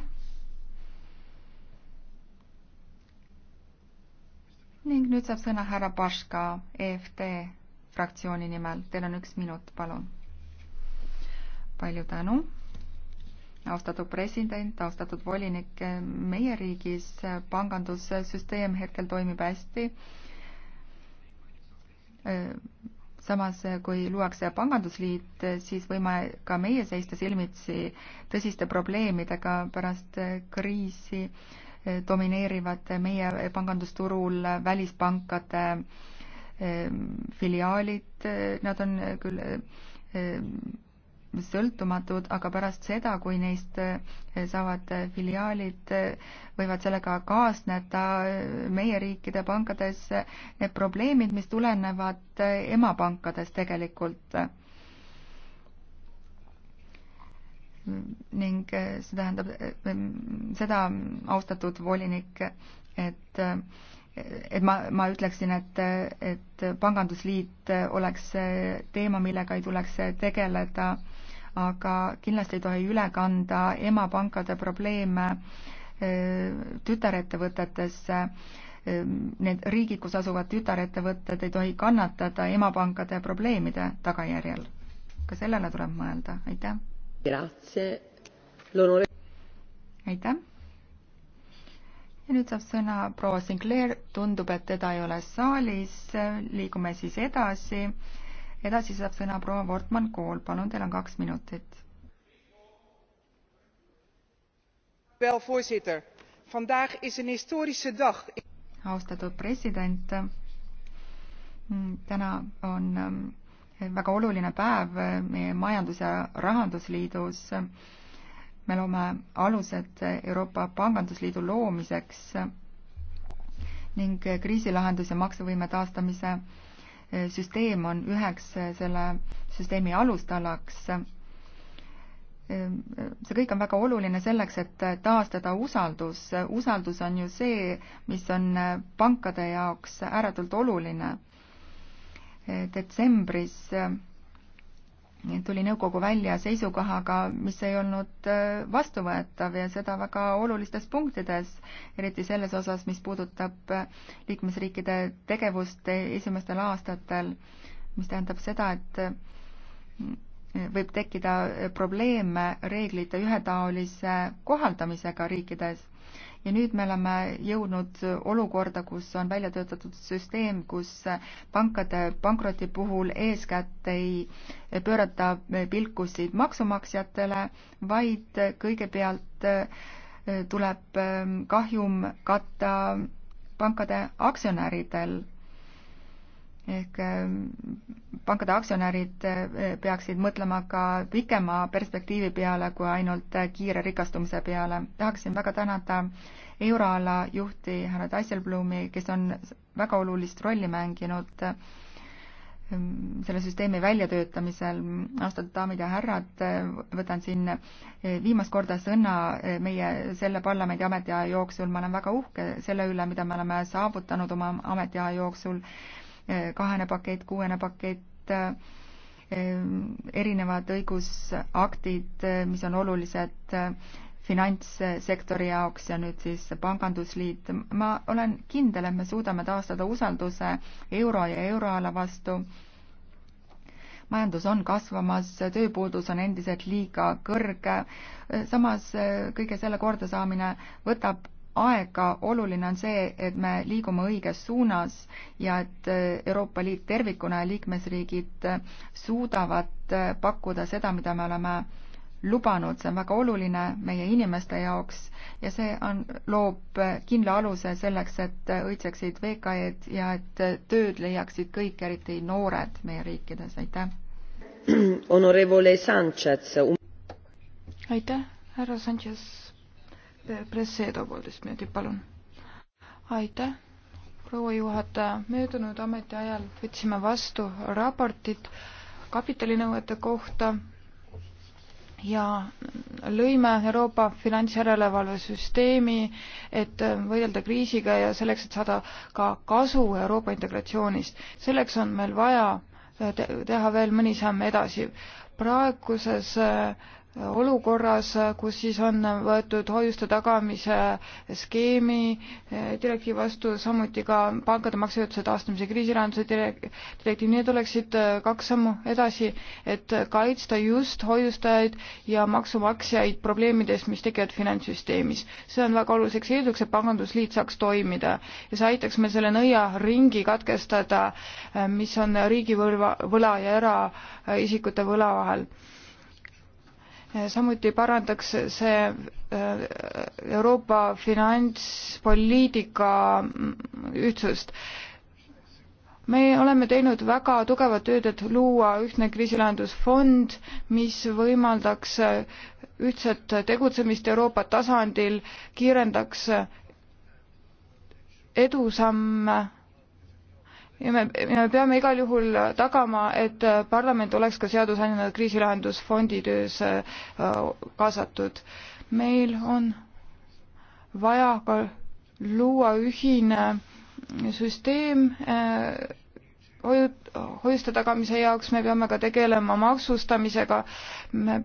ning nüüd saab sõna härra Paška EFT fraktsiooni nimel, teil on üks minut, palun. palju tänu austatud president, austatud volinik, meie riigis pangandussüsteem hetkel toimib hästi. samas, kui luuakse pangandusliit, siis võime ka meie seista silmitsi tõsiste probleemidega pärast kriisi domineerivad meie pangandusturul välispankade eh, filiaalid, nad on küll eh, sõltumatud, aga pärast seda, kui neist eh, saavad eh, filiaalid, eh, võivad sellega kaasneda meie riikide pankades need probleemid, mis tulenevad emapankades tegelikult. ning see tähendab seda, austatud volinik, et et ma, ma ütleksin, et, et pangandusliit oleks teema, millega ei tuleks tegeleda aga kindlasti ei tohi üle kanda emapankade probleeme tütarettevõtetesse. Need riigid, kus asuvad tütarettevõtted, ei tohi kannatada emapankade probleemide tagajärjel. ka sellele tuleb mõelda, aitäh. aitäh. ja nüüd saab sõna proua Sinclair, tundub, et teda ei ole saalis, liigume siis edasi edasi saab sõna proua Wortmann-Kool, palun, teil on kaks minutit. austatud president, mm, täna on mm, väga oluline päev eh, meie Majandus- ja Rahandusliidus. me loome alused Euroopa Pangandusliidu loomiseks ning kriisilahendus ja maksevõime taastamise süsteem on üheks selle süsteemi alustalaks. see kõik on väga oluline selleks, et taastada usaldus. usaldus on ju see, mis on pankade jaoks ääretult oluline. detsembris tuli nõukogu välja seisukohaga, mis ei olnud äh, vastuvõetav ja seda väga olulistes punktides, eriti selles osas, mis puudutab äh, liikmesriikide tegevust esimestel aastatel, mis tähendab seda, et äh, võib tekkida probleeme reeglite ühetaolise kohaldamisega riikides ja nüüd me oleme jõudnud olukorda, kus on välja töötatud süsteem, kus pankade pankroti puhul eeskätt ei pöörata pilkusid maksumaksjatele, vaid kõigepealt eh, tuleb eh, kahjum katta pankade aktsionäridel ehk ähm, pankade aktsionärid äh, peaksid mõtlema ka pikema perspektiivi peale kui ainult äh, kiire rikastumise peale. tahaksin väga tänada euroala juhti härra Tasselblumi, kes on väga olulist rolli mänginud ähm, selle süsteemi väljatöötamisel. austatud daamid ja härrad, äh, võtan siin viimast korda sõna meie selle parlamendi ametiaja jooksul. ma olen väga uhke selle üle, mida me oleme saavutanud oma ametiaja jooksul kahene pakett, kuuene pakett, eh, erinevad õigusaktid, eh, mis on olulised eh, finantssektori jaoks ja nüüd siis Pangandusliit. ma olen kindel, et me suudame taastada usalduse euro ja euroala vastu. majandus on kasvamas, tööpuudus on endiselt liiga kõrge, samas kõige selle kordasaamine võtab aega, oluline on see, et me liigume õiges suunas ja et äh, Euroopa Liit tervikuna ja liikmesriigid äh, suudavad äh, pakkuda seda, mida me oleme lubanud, see on väga oluline meie inimeste jaoks ja see on, loob kindla aluse selleks, et õitseksid VKE-d ja et tööd leiaksid kõik, eriti noored meie riikides, aitäh.
Honorevole Sanchez. Um-
aitäh, härra Sanchez Presedo
poolteist minutit, palun.
aitäh, proua juhataja. möödunud ametiajal võtsime vastu raportit kapitalinõuete kohta ja lõime Euroopa finantsjärelevalvesüsteemi, et võidelda kriisiga ja selleks, et saada ka kasu Euroopa integratsioonist. selleks on meil vaja teha veel mõni samm edasi. praeguses äh, olukorras, kus siis on võetud hoiuste tagamise skeemi eh, direktiiv vastu, samuti ka pankade maksejõuetuse taastamise kriisilahenduse direktiiv, need oleksid eh, kaks sammu edasi, et kaitsta just hoiustajaid ja maksumaksjaid probleemidest, mis tekivad finantssüsteemis. see on väga oluliseks eelduseks, et pangandusliit saaks toimida ja see aitaks meil selle nõiaringi katkestada, eh, mis on riigivõla ja eraisikute võla vahel samuti parandaks see äh, Euroopa finantspoliitika ühtsust. me oleme teinud väga tugevat tööd, et luua ühtne kriisilahendusfond, mis võimaldaks ühtset tegutsemist Euroopa tasandil, kiirendaks edusamme ja me, me peame igal juhul tagama, et parlament oleks ka seadusandjana kriisilahendusfondi töös äh, kaasatud. meil on vaja ka luua ühine süsteem äh, hoiu-, hoiuste tagamise jaoks, me peame ka tegelema maksustamisega me,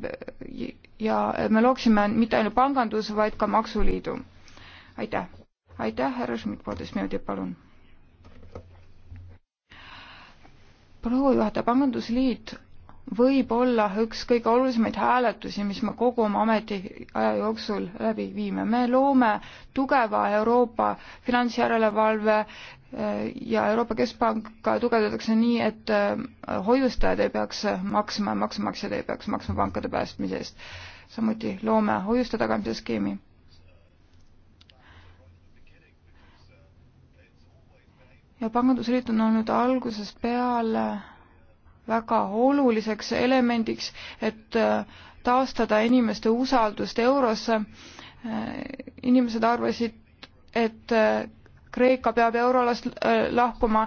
ja me looksime mitte ainult pangandus, vaid ka maksuliidu. aitäh. aitäh, härra Schmidt, poolteist minutit, palun proua juhataja, Pangandusliit võib olla üks kõige olulisemaid hääletusi, mis me kogu oma ametiaja jooksul läbi viime. me loome tugeva Euroopa finantsjärelevalve eh, ja Euroopa Keskpanka tugevdatakse nii, et eh, hoiustajad ei peaks maksma ja maksumaksjad ei peaks maksma pankade päästmise eest. samuti loome hoiuste tagamise skeemi ja pangandusliit on olnud algusest peale väga oluliseks elemendiks, et äh, taastada inimeste usaldust eurosse. Äh, inimesed arvasid, et äh, Kreeka peab eurolast lahkuma,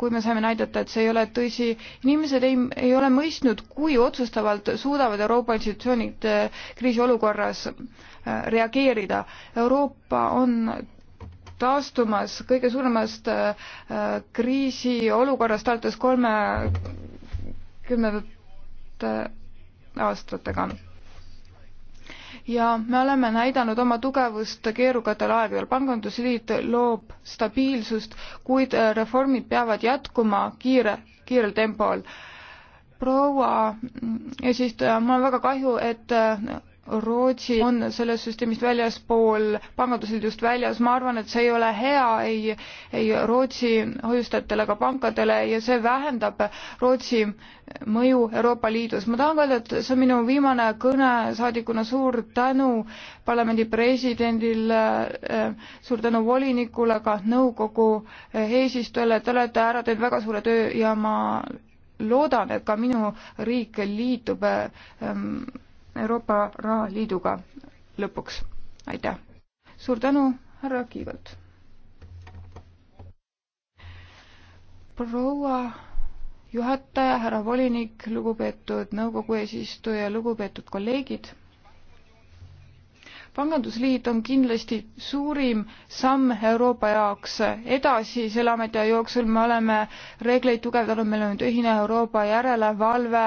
kui me saime näidata, et see ei ole tõsi. inimesed ei, ei ole mõistnud, kui otsustavalt suudavad Euroopa institutsioonid kriisiolukorras reageerida. Euroopa on taastumas kõige suuremast äh, kriisiolukorrast alates kolmekümnendate aastatega. ja me oleme näidanud oma tugevust keerukatel aegadel. pangandusliit loob stabiilsust, kuid äh, reformid peavad jätkuma kiire, kiirel tempol. proua mm, eesistuja, mul on väga kahju, et äh, Rootsi on sellest süsteemist väljaspool, pangandusliidust väljas, ma arvan, et see ei ole hea ei, ei Rootsi hoiustajatele ega pankadele ja see vähendab Rootsi mõju Euroopa Liidus. ma tahan ka öelda, et see on minu viimane kõne saadikuna, suur tänu parlamendi presidendile, eh, suur tänu volinikule, ka nõukogu eesistujale, te olete ära teinud väga suure töö ja ma loodan, et ka minu riik liitub ähm, Euroopa Rahaliiduga lõpuks. aitäh! suur tänu, härra Kiigalt! proua juhataja, härra volinik, lugupeetud nõukogu eesistuja, lugupeetud kolleegid! pangandusliit on kindlasti suurim samm Euroopa jaoks edasi selle ametiaja jooksul, me oleme reegleid tugevdanud, meil on nüüd ühine Euroopa järelevalve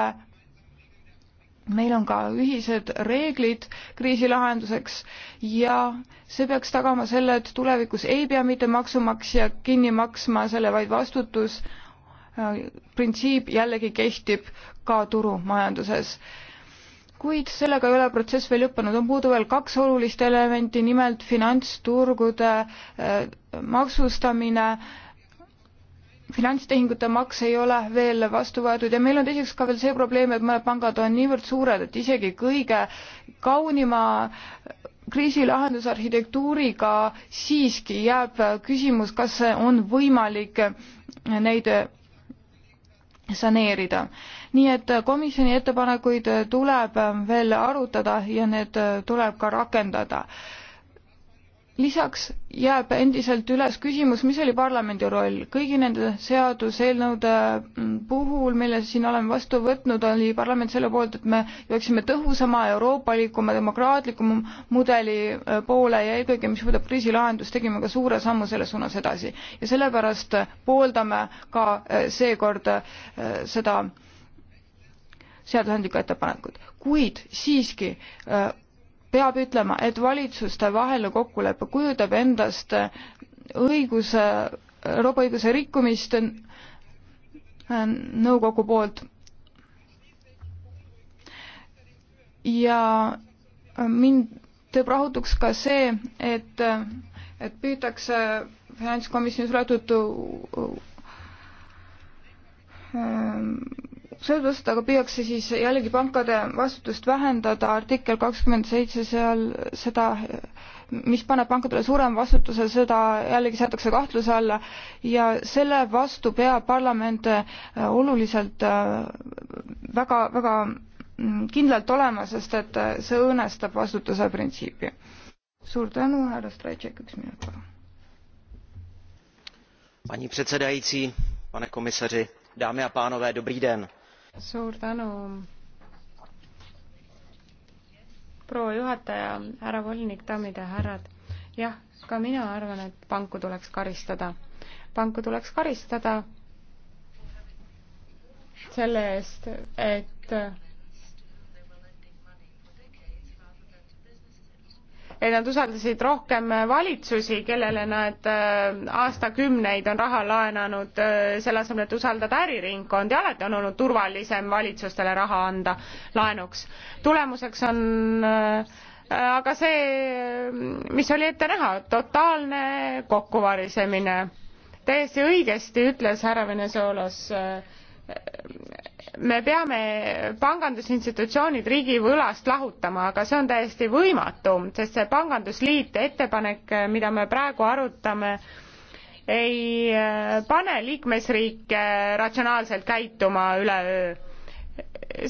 meil on ka ühised reeglid kriisi lahenduseks ja see peaks tagama selle, et tulevikus ei pea mitte maksumaksja kinni maksma selle, vaid vastutus äh, printsiip jällegi kehtib ka turumajanduses. kuid sellega ei ole protsess veel lõppenud, on puudu veel kaks olulist elementi, nimelt finantsturgude äh, maksustamine äh, finantstehingute maks ei ole veel vastu võetud ja meil on teiseks ka veel see probleem, et mõned pangad on niivõrd suured, et isegi kõige kaunima kriisilahendusarhitektuuriga siiski jääb küsimus, kas on võimalik neid saneerida. nii et komisjoni ettepanekuid tuleb veel arutada ja need tuleb ka rakendada lisaks jääb endiselt üles küsimus, mis oli parlamendi roll. kõigi nende seaduseelnõude mm, puhul, mille siin oleme vastu võtnud, oli parlament selle poolt, et me jõuaksime tõhusama, euroopalikuma, demokraatlikuma mudeli äh, poole ja eelkõige, mis puudutab kriisilahendust, tegime ka suure sammu selles suunas edasi. ja sellepärast pooldame ka äh, seekord äh, seda seadusandlikku ettepanekut. kuid siiski peab ütlema, et valitsuste vaheline kokkulepe kujutab endast õiguse, Euroopa õiguse rikkumist äh, nõukogu poolt. ja mind teeb rahutuks ka see, et, et püütakse finantskomisjonis räägitud sellepärast aga püüaks see siis jällegi pankade vastutust vähendada, artikkel kakskümmend seitse seal seda, mis paneb pankadele suurema vastutuse, seda jällegi seatakse kahtluse alla ja selle vastu peab parlament äh, oluliselt äh, väga, väga mm, kindlalt olema, sest et äh, see õõnestab vastutuse printsiipi. suur tänu, härra Strajček, üks minut palun.
Paní předsedající, pane komisaři, dámy a pánové, dobrý den suur tänu, proua juhataja, härra volinik, daamid ja härrad. jah, ka mina arvan, et panku tuleks karistada. panku tuleks karistada selle eest, et et nad usaldasid rohkem valitsusi, kellele nad äh, aastakümneid on raha laenanud, äh, selle asemel, et usaldada äriringkondi, alati on olnud turvalisem valitsustele raha anda laenuks. tulemuseks on äh, aga see, mis oli ette näha, totaalne kokkuvarisemine. täiesti õigesti ütles härra Venezuelos me peame pangandusinstitutsioonid riigivõlast lahutama, aga see on täiesti võimatu, sest see pangandusliit, ettepanek, mida me praegu arutame, ei äh, pane liikmesriike ratsionaalselt käituma üleöö.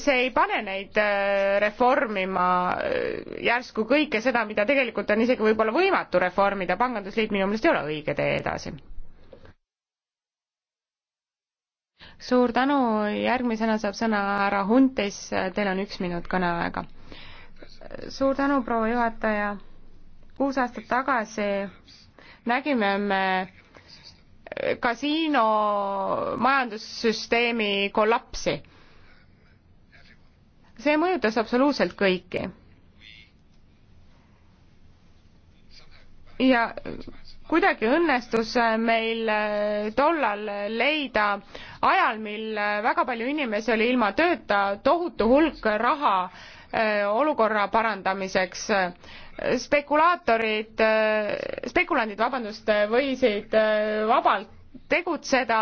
see ei pane neid äh, reformima äh, järsku kõike seda, mida tegelikult on isegi võib-olla võimatu reformida, pangandusliit minu meelest ei ole õige tee edasi suur tänu, järgmisena saab sõna härra Huntis, teil on üks minut kõneaega. suur tänu, proua juhataja. kuus aastat tagasi nägime me kasiino majandussüsteemi kollapsi. see mõjutas absoluutselt kõiki. ja kuidagi õnnestus meil tollal leida ajal, mil äh, väga palju inimesi oli ilma tööta, tohutu hulk raha äh, olukorra parandamiseks. spekulaatorid, äh, spekulandid, vabandust, võisid vabalt tegutseda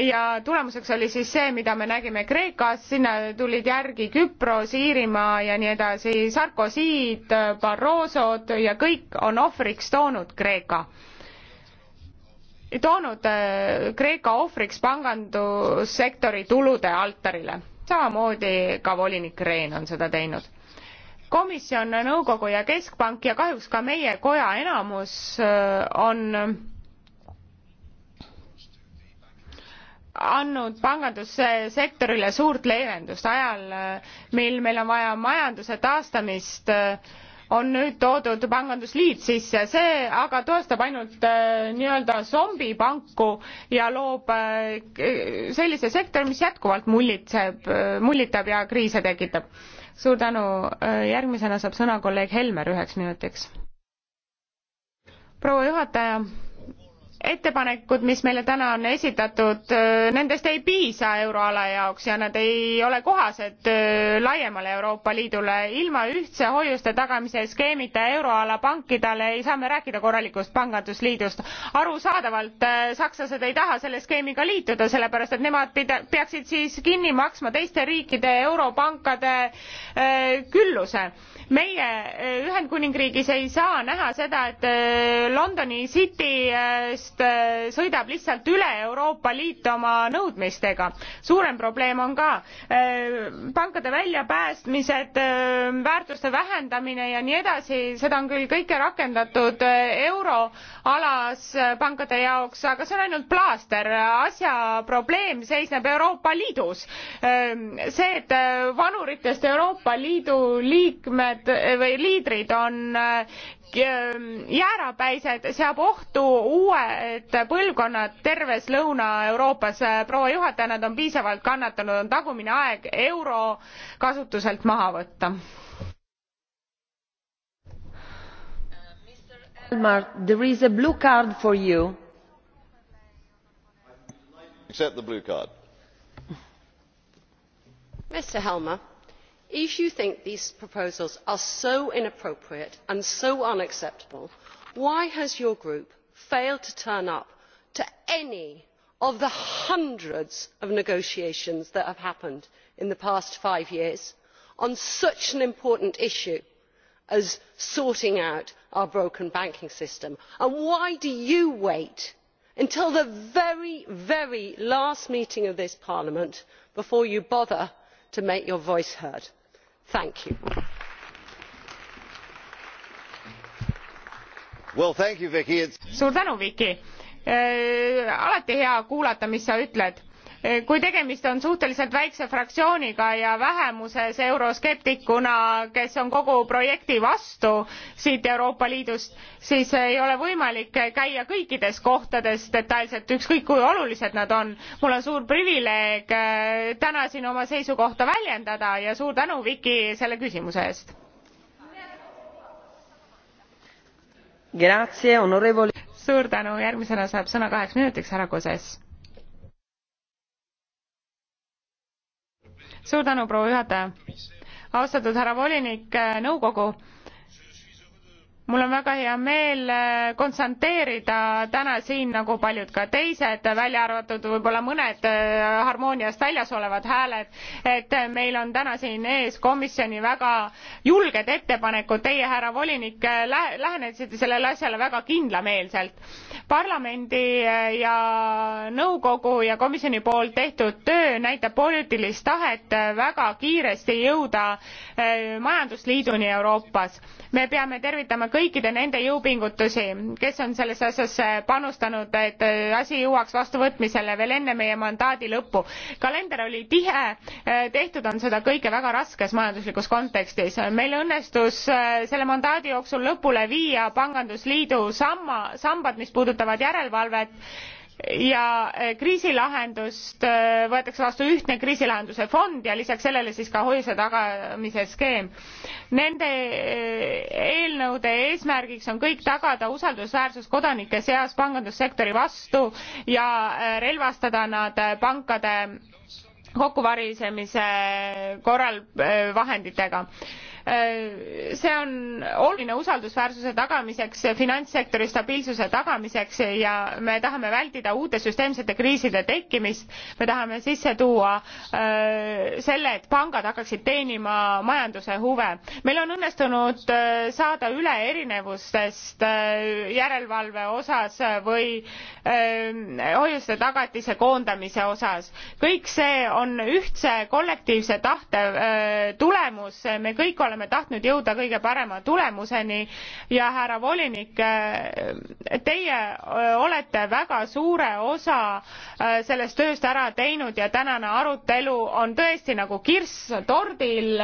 ja tulemuseks oli siis see, mida me nägime Kreekas, sinna tulid järgi Küpros, Iirimaa ja nii edasi, Sarkozyd, Barrosod ja kõik on ohvriks toonud Kreeka toonud äh, Kreeka ohvriks pangandussektori tulude altarile. samamoodi ka volinik Rehn on seda teinud. komisjon, nõukogu ja keskpank ja kahjuks ka meie koja enamus äh, on andnud pangandussektorile suurt leevendust ajal, äh, mil meil on vaja majanduse taastamist äh, on nüüd toodud pangandusliit sisse, see aga toestab ainult äh, nii-öelda zombipanku ja loob äh, sellise sektori, mis jätkuvalt mullitseb äh,, mullitab ja kriise tekitab. suur tänu, äh, järgmisena saab sõna kolleeg Helmer üheks minutiks. proua juhataja ettepanekud, mis meile täna on esitatud, nendest ei piisa euroala jaoks ja nad ei ole kohased laiemale Euroopa Liidule. ilma ühtse hoiuste tagamise skeemita euroala pankidele ei saa me rääkida korralikust pangandusliidust. arusaadavalt sakslased ei taha selle skeemiga liituda, sellepärast et nemad pida-, peaksid siis kinni maksma teiste riikide europankade külluse. meie Ühendkuningriigis ei saa näha seda, et Londoni City vabadust äh, sõidab lihtsalt üle Euroopa Liit oma nõudmistega. suurem probleem on ka äh, pankade väljapäästmised, äh, väärtuste vähendamine ja nii edasi, seda on küll kõike rakendatud euroalas pankade jaoks, aga see on ainult plaaster, asja probleem seisneb Euroopa Liidus. Ähm, see, et vanuritest Euroopa Liidu liikmed või liidrid on Ehm, jäärapäised seab ohtu uued põlvkonnad terves Lõuna-Euroopas. proua juhataja, nad on piisavalt kannatanud, on tagumine aeg euro kasutuselt maha võtta.
Elmar, there is a blue card for you. Accept the blue card. Mr Helmer if you think these proposals are so inappropriate and so unacceptable why has your group failed to turn up to any of the hundreds of negotiations that have happened in the past five years on such an important issue as sorting out our broken banking system? and why do you wait until the very last meeting of this parliament before you bother to make your voice heard? thank you.
Well, thank you Vicky.
suur tänu Vicky äh, alati hea kuulata mis sa ütled kui tegemist on suhteliselt väikse fraktsiooniga ja vähemuses euroskeptikuna kes on kogu projekti vastu siit euroopa liidust siis ei ole võimalik käia kõikides kohtades detailselt ükskõik kui olulised nad on. mul on suur privileeg äh, täna siin oma seisukohta väljendada ja suur tänu viki selle küsimuse eest.
suur tänu järgmisena saab sõna kaheks
minutiks härra gauzs. suur tänu, proua juhataja. austatud härra volinik, äh, nõukogu mul on väga hea meel äh, konstanteerida täna siin nagu paljud ka teised, välja arvatud võib-olla mõned äh, harmooniast väljas olevad hääled, et äh, meil on täna siin ees komisjoni väga julged ettepanekud, teie, härra volinik, lähenesite sellele asjale väga kindlameelselt. parlamendi ja nõukogu ja komisjoni poolt tehtud töö näitab poliitilist tahet väga kiiresti jõuda majandusliiduni Euroopas. me peame tervitama kõikide nende jõupingutusi, kes on sellesse asjasse panustanud, et äh, asi jõuaks vastuvõtmisele veel enne meie mandaadi lõppu. kalender oli tihe, äh, tehtud on seda kõike väga raskes majanduslikus kontekstis. meil õnnestus äh, selle mandaadi jooksul lõpule viia pangandusliidu samma, sambad, mis puudutavad järelevalvet ja eh, kriisilahendust eh, võetakse vastu ühtne kriisilahenduse fond ja lisaks sellele siis ka hoiuse tagamise skeem. Nende eh, eelnõude eesmärgiks on kõik tagada usaldusväärsus kodanike seas pangandussektori vastu ja relvastada nad pankade kokkuvarisemise korral vahenditega see on oluline usaldusväärsuse tagamiseks, finantssektori stabiilsuse tagamiseks ja me tahame vältida uute süsteemsete kriiside tekkimist. me tahame sisse tuua äh, selle, et pangad hakkaksid teenima majanduse huve. meil on õnnestunud äh, saada üle erinevustest äh, järelevalve osas või hoiuste tagatise koondamise osas. kõik see on ühtse kollektiivse tahte tulemus, me kõik oleme oleme tahtnud jõuda kõige parema tulemuseni ja härra volinik, äh, teie äh, olete väga suure osa äh, sellest tööst ära teinud ja tänane arutelu on tõesti nagu kirss tordil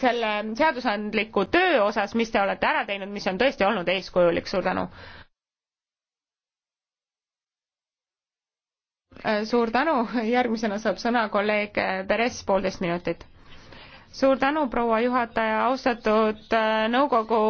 selle seadusandliku töö osas, mis te olete ära teinud, mis on tõesti olnud eeskujulik, suur tänu. suur tänu, järgmisena saab sõna kolleeg Peres, poolteist minutit suur tänu, proua juhataja, austatud äh, nõukogu,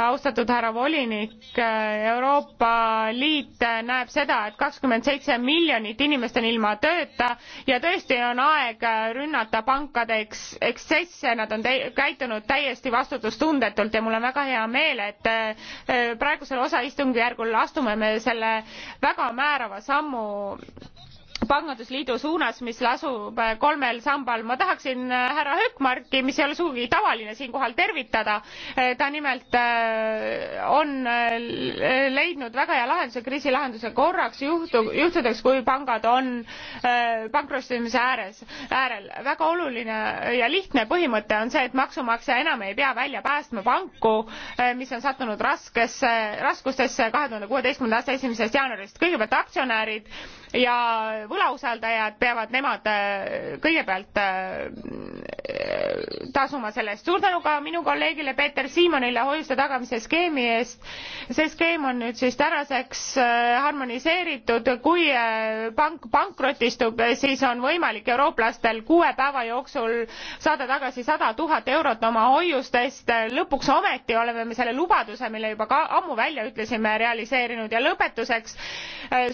austatud härra volinik. Äh, Euroopa Liit äh, näeb seda, et kakskümmend seitse miljonit inimest on ilma tööta ja tõesti on aeg rünnata pankade eks-, ekstsesse, nad on te-, käitunud täiesti vastutustundetult ja mul on väga hea meel, et praegusel osaistungjärgul astume me selle väga määrava sammu pangandusliidu suunas mis lasub äh, kolmel sambal. ma tahaksin äh, härra hökmarki mis ei ole sugugi tavaline siinkohal tervitada äh, ta nimelt on leidnud väga hea lahenduse kriisi lahenduse korraks juhtu- juhtudeks kui pangad on pankrotistumise ääres äärel. väga oluline ja lihtne põhimõte on see et maksumaksja enam ei pea välja päästma panku mis on sattunud raskesse raskustesse 2016. aasta 1 jaanuarist kõigepealt aktsionärid ja võlausaldajad peavad nemad äh, kõigepealt äh, tasuma selle eest. suur tänu ka minu kolleegile Peeter Siimonile hoiuste tagamise skeemi eest. see skeem on nüüd siis tänaseks äh, harmoniseeritud, kui pank pankrotistub, siis on võimalik eurooplastel kuue päeva jooksul saada tagasi sada tuhat eurot oma hoiustest. lõpuks ometi oleme me selle lubaduse, mille juba ka ammu välja ütlesime, realiseerinud ja lõpetuseks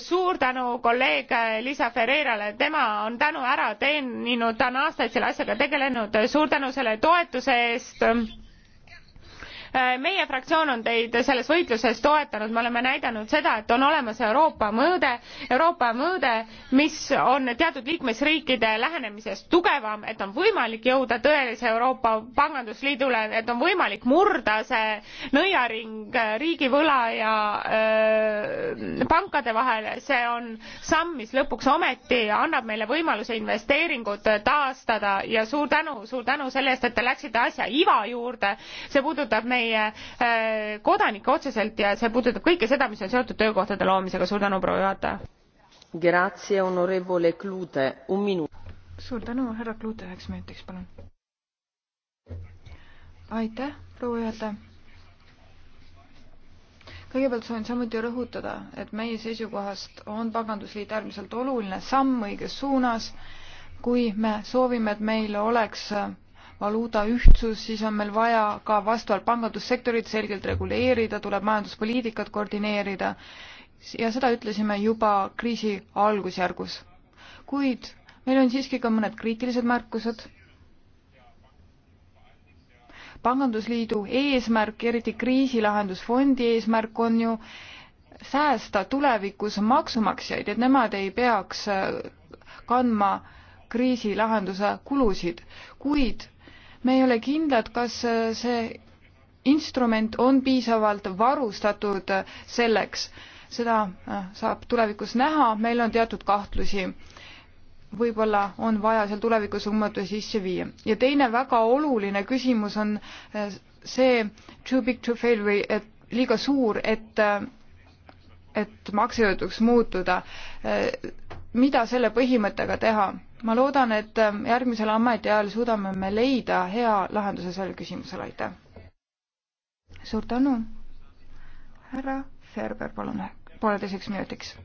suur tänu kolleegile kolleeg Liisa Ferreirale, tema on tänu ära teeninud, ta on aastaid selle asjaga tegelenud, suur tänu selle toetuse eest Äh, meie fraktsioon on teid selles võitluses toetanud, me oleme näidanud seda, et on olemas Euroopa mõõde, Euroopa mõõde, mis on teatud liikmesriikide lähenemisest tugevam, et on võimalik jõuda tõelise Euroopa pangandusliidule, et on võimalik murda see nõiaring äh, riigivõla ja öö, äh, pankade vahel, see on samm, mis lõpuks ometi annab meile võimaluse investeeringud taastada ja suur tänu, suur tänu selle eest, et te läksite asja iva juurde, see puudutab meid meie äh, kodanikke otseselt ja see puudutab kõike seda, mis on seotud töökohtade loomisega. suur tänu, proua juhataja.
suur tänu, härra Klute, üheks minutiks,
palun. aitäh, proua juhataja kõigepealt soovin samuti rõhutada, et meie seisukohast on Pangandusliit äärmiselt oluline samm õiges suunas, kui me soovime, et meil oleks valuuda ühtsus, siis on meil vaja ka vastavalt pangandussektorit selgelt reguleerida, tuleb majanduspoliitikat koordineerida ja seda ütlesime juba kriisi algusjärgus. kuid meil on siiski ka mõned kriitilised märkused. pangandusliidu eesmärk, eriti kriisilahendusfondi eesmärk on ju säästa tulevikus maksumaksjaid, et nemad ei peaks kandma kriisi lahenduse kulusid, kuid me ei ole kindlad, kas äh, see instrument on piisavalt varustatud äh, selleks. seda äh, saab tulevikus näha, meil on teatud kahtlusi. võib-olla on vaja seal tulevikus muudatusi sisse viia. ja teine väga oluline küsimus on see too big to fail või et liiga suur, et, et maksejõuduks muutuda. mida selle põhimõttega teha? ma loodan, et ähm, järgmisel ametiajal suudame me leida hea lahenduse sellele küsimusele, aitäh! suur tänu, härra Ferber, palun, pooleteiseks minutiks.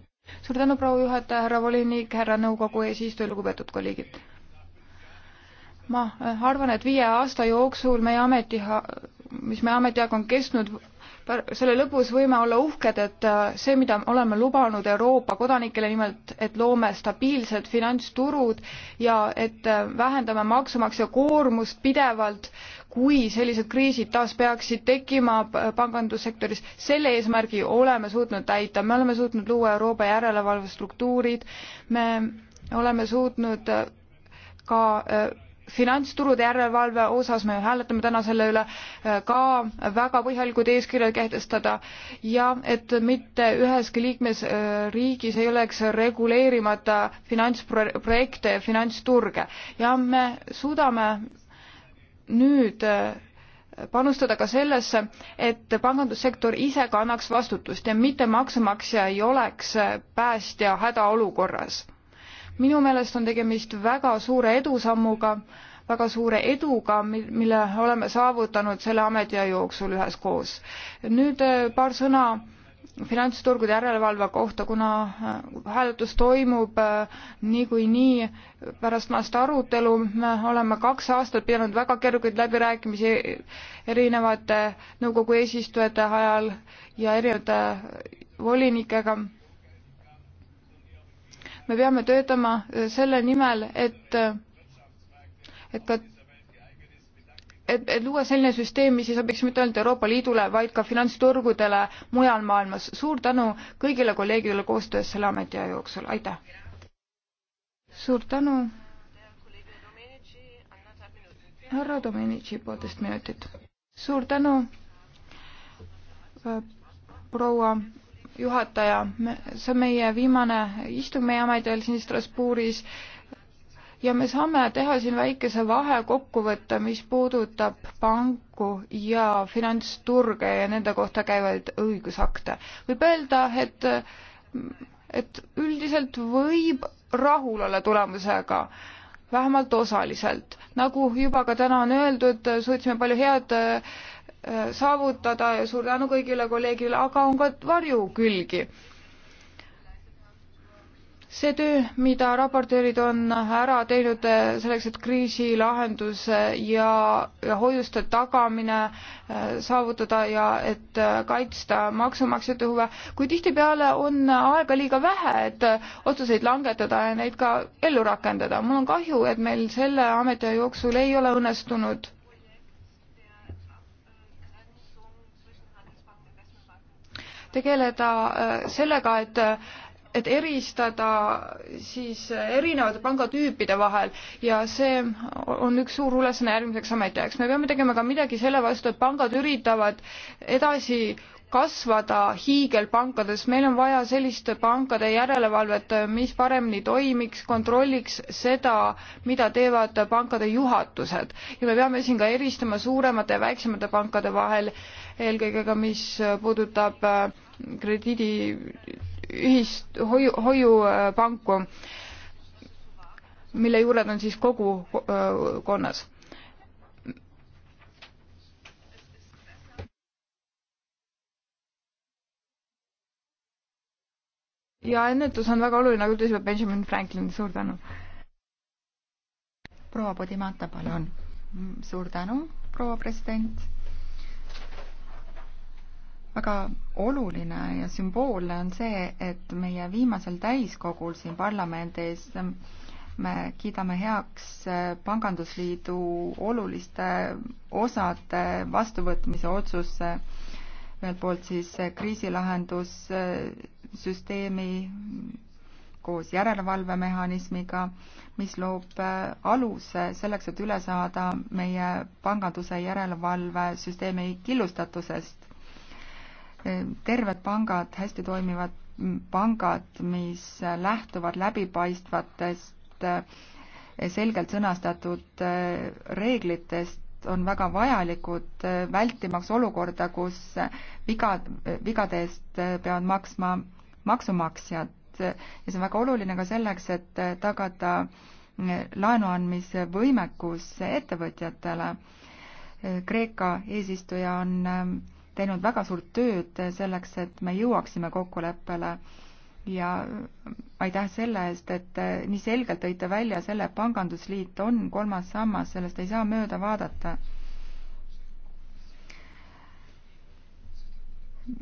suur tänu, proua juhataja, härra volinik, härra nõukogu eesistuja, lugupeetud kolleegid. ma äh, arvan, et viie aasta jooksul meie ameti, mis meie ametiaeg on kestnud, selle lõpus võime olla uhked, et äh, see, mida oleme lubanud Euroopa kodanikele, nimelt et loome stabiilsed finantsturud ja et äh, vähendame maksumaksja koormust pidevalt, kui sellised kriisid taas peaksid tekkima äh, pangandussektoris, selle eesmärgi oleme suutnud täita, me oleme suutnud luua Euroopa järelevalvestruktuurid, me oleme suutnud ka finantsturude järelevalve osas me hääletame täna selle üle äh, ka väga põhjalikud eeskirjad kehtestada ja et mitte üheski liikmesriigis ei oleks reguleerimata finantsprojekte ja finantsturge ja me suudame nüüd äh, panustada ka sellesse, et pangandussektor ise kannaks vastutust ja mitte maksumaksja ei oleks äh, päästja hädaolukorras minu meelest on tegemist väga suure edusammuga, väga suure eduga, mille oleme saavutanud selle ametiaja jooksul üheskoos. nüüd äh, paar sõna finantsturgude järelevalve kohta, kuna äh, hääletus toimub äh, niikuinii pärast maast arutelu, me oleme kaks aastat pidanud väga keerukaid läbirääkimisi erinevate nõukogu eesistujate ajal ja erinevate volinikega me peame töötama äh, selle nimel, et, äh, et ka et, et luua selline süsteem, mis ei sobiks mitte ainult Euroopa Liidule, vaid ka finantsturgudele mujal maailmas. suur tänu kõigile kolleegidele koostöös selle ametiaja jooksul, aitäh! suur tänu! härra Domenici, poolteist minutit. suur tänu, äh, proua juhataja, see on meie viimane istung meie ametil siin Strasbourgis ja me saame teha siin väikese vahekokkuvõtte, mis puudutab panku ja finantsturge ja nende kohta käivaid õigusakte. võib öelda, et, et üldiselt võib rahul olla tulemusega, vähemalt osaliselt. nagu juba ka täna on öeldud, suutsime palju head Äh, saavutada ja suur tänu kõigile kolleegidele, aga on ka varjukülgi. see töö, mida raportöörid on ära teinud äh, selleks, et kriisilahenduse ja, ja hoiuste tagamine äh, saavutada ja et kaitsta maksumaksjate huve, kui tihtipeale on aega liiga vähe, et otsuseid langetada ja neid ka ellu rakendada. mul on kahju, et meil selle ametiaja jooksul ei ole õnnestunud tegeleda äh, sellega, et et eristada siis erinevate pangatüüpide vahel ja see on üks suur ülesanne järgmiseks ametiajaks. me peame tegema ka midagi selle vastu, et pangad üritavad edasi kasvada hiigelpankades, meil on vaja sellist pankade järelevalvet, mis paremini toimiks, kontrolliks seda, mida teevad pankade juhatused ja me peame siin ka eristama suuremate ja väiksemate pankade vahel, eelkõige ka mis puudutab äh, krediidi ühist hoiu, hoiupanku, mille juured on siis kogukonnas äh, ja ennetus on väga oluline,
nagu ütles juba Benjamin Franklin, suur tänu. proua Podimata, palun. suur tänu, proua president. väga oluline ja sümboolne on see, et meie viimasel täiskogul siin parlamendis me kiidame heaks pangandusliidu oluliste osade vastuvõtmise otsuse ühelt poolt siis äh, kriisilahendussüsteemi koos järelevalvemehhanismiga, mis loob äh, aluse selleks, et üle saada meie panganduse järelevalvesüsteemi killustatusest. Äh, terved pangad, hästi toimivad mm, pangad, mis lähtuvad läbipaistvatest selgelt sõnastatud reeglitest on väga vajalikud, eh, vältimaks olukorda, kus eh, viga, eh, vigade eest peavad maksma maksumaksjad ja see on väga oluline ka selleks, et tagada laenu andmise võimekus ettevõtjatele. Kreeka eesistuja on teinud väga suurt tööd selleks, et me jõuaksime kokkuleppele ja aitäh selle eest, et äh, nii selgelt tõite välja selle, et pangandusliit on kolmas sammas, sellest ei saa mööda vaadata.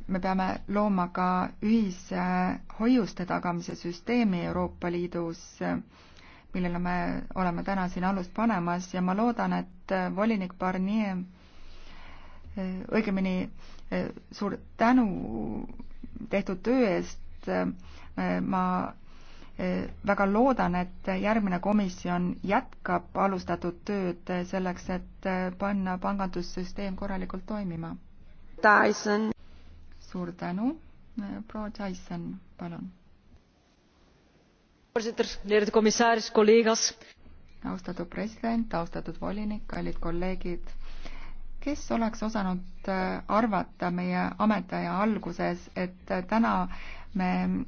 me peame looma ka ühise äh, hoiuste tagamise süsteemi Euroopa Liidus, äh, millele me oleme täna siin alust panemas ja ma loodan, et volinik Barnier, õigemini suur tänu tehtud töö eest et äh, ma äh, väga loodan, et järgmine komisjon jätkab alustatud tööd selleks, et äh, panna pangandussüsteem korralikult toimima. Dyson. suur tänu, proua Dyson, palun. austatud president, austatud volinik, kallid kolleegid kes oleks osanud arvata meie ametiaja alguses, et täna me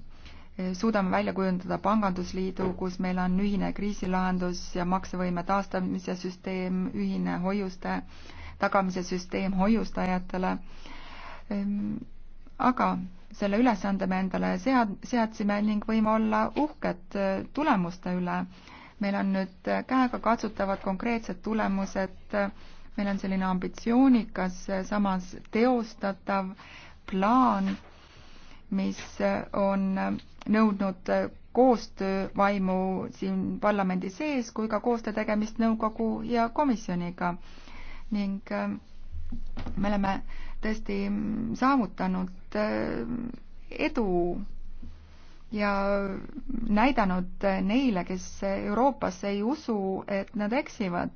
eh, suudame välja kujundada pangandusliidu, kus meil on ühine kriisilahendus ja maksevõime taastamise süsteem, ühine hoiuste tagamise süsteem hoiustajatele. Ehm, aga selle ülesande me endale sead-, seadsime ning võime olla uhked eh, tulemuste üle. meil on nüüd käegakatsutavad konkreetsed tulemused, meil on selline ambitsioonikas, eh, samas teostatav plaan mis on nõudnud koostöövaimu siin parlamendi sees kui ka koostöö tegemist nõukogu ja komisjoniga. ning äh, me oleme tõesti saavutanud äh, edu ja näidanud neile, kes Euroopasse ei usu, et nad eksivad.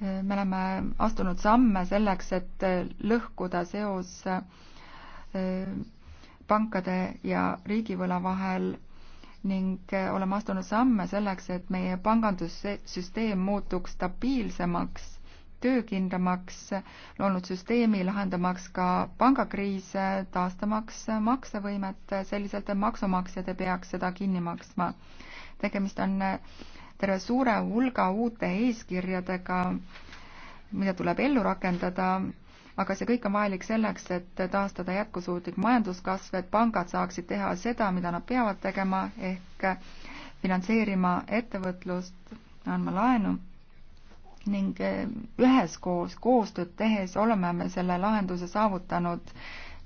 Äh, me oleme astunud samme selleks, et lõhkuda seos pankade ja riigivõla vahel ning äh, oleme astunud samme selleks, et meie pangandussüsteem muutuks stabiilsemaks, töökindlamaks, loonud süsteemi lahendamaks ka pangakriise, taastamaks maksevõimet selliselt, et maksumaksjad ei peaks seda kinni maksma. tegemist on äh, terve suure hulga uute eeskirjadega, mida tuleb ellu rakendada aga see kõik on vajalik selleks, et taastada jätkusuutlik majanduskasv, et pangad saaksid teha seda, mida nad peavad tegema, ehk finantseerima ettevõtlust, andma laenu ning eh, üheskoos, koostööd tehes oleme me selle lahenduse saavutanud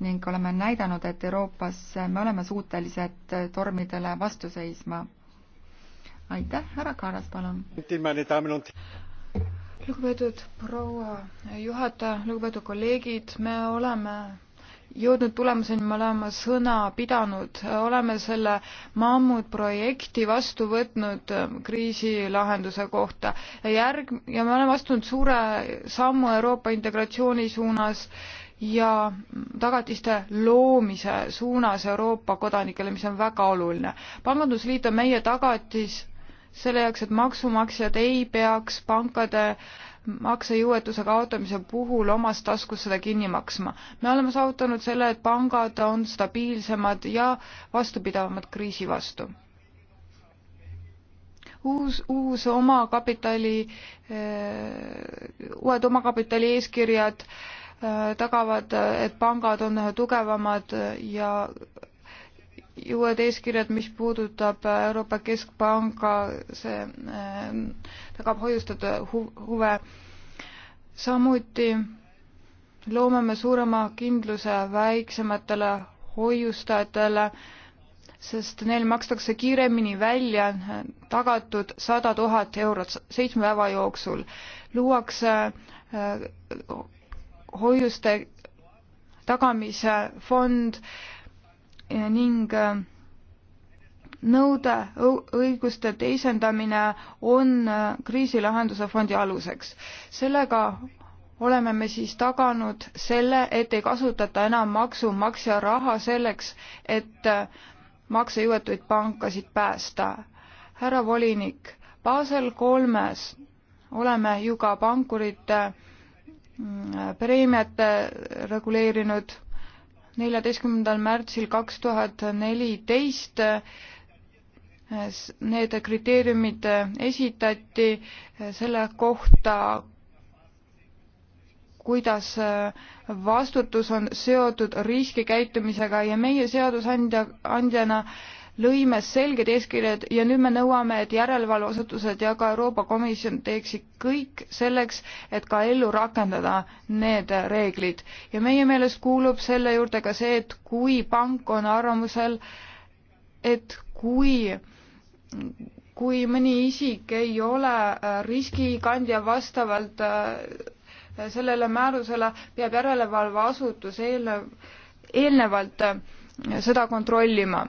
ning oleme näidanud, et Euroopas me oleme suutelised tormidele vastu seisma. aitäh, härra Kaaras, palun!
lugupeetud proua juhataja, lugupeetud kolleegid, me oleme jõudnud tulemuseni, me oleme sõna pidanud, oleme selle mammutprojekti vastu võtnud äh, kriisilahenduse kohta. järg- ja me oleme astunud suure sammu Euroopa integratsiooni suunas ja tagatiste loomise suunas Euroopa kodanikele, mis on väga oluline. pangandusliit on meie tagatis selle jaoks, et maksumaksjad ei peaks pankade maksejõuetuse kaotamise puhul omast taskust seda kinni maksma. me oleme saavutanud selle, et pangad on stabiilsemad ja vastupidavamad kriisi vastu. uus, uus omakapitali, eh, uued omakapitali eeskirjad eh, tagavad, eh, et pangad on tugevamad ja uued eeskirjad, mis puudutab Euroopa Keskpanga, see äh, tagab hoiustada hu huve. samuti loome me suurema kindluse väiksematele hoiustajatele, sest neil makstakse kiiremini välja tagatud sada tuhat eurot seitsme päeva jooksul. luuakse äh, hoiuste tagamise fond äh, ning äh, nõude õiguste teisendamine on äh, kriisilahenduse fondi aluseks. sellega oleme me siis taganud selle, et ei kasutata enam maksumaksja raha selleks, et äh, maksejõuetuid pankasid päästa. härra volinik, Basel kolmes oleme ju ka pankurite mm, preemiate reguleerinud neljateistkümnendal märtsil kaks tuhat neliteist eh, need kriteeriumid eh, esitati eh, selle kohta, kuidas vastutus on seotud riskikäitumisega ja meie seadusandja, andjana lõime selged eeskirjad ja nüüd me nõuame, et järelevalveasutused ja ka Euroopa Komisjon teeksid kõik selleks, et ka ellu rakendada need reeglid. ja meie meelest kuulub selle juurde ka see, et kui pank on arvamusel, et kui kui mõni isik ei ole äh, riskikandja vastavalt äh, sellele määrusele, peab järelevalveasutus eelnev, eelnevalt äh, seda kontrollima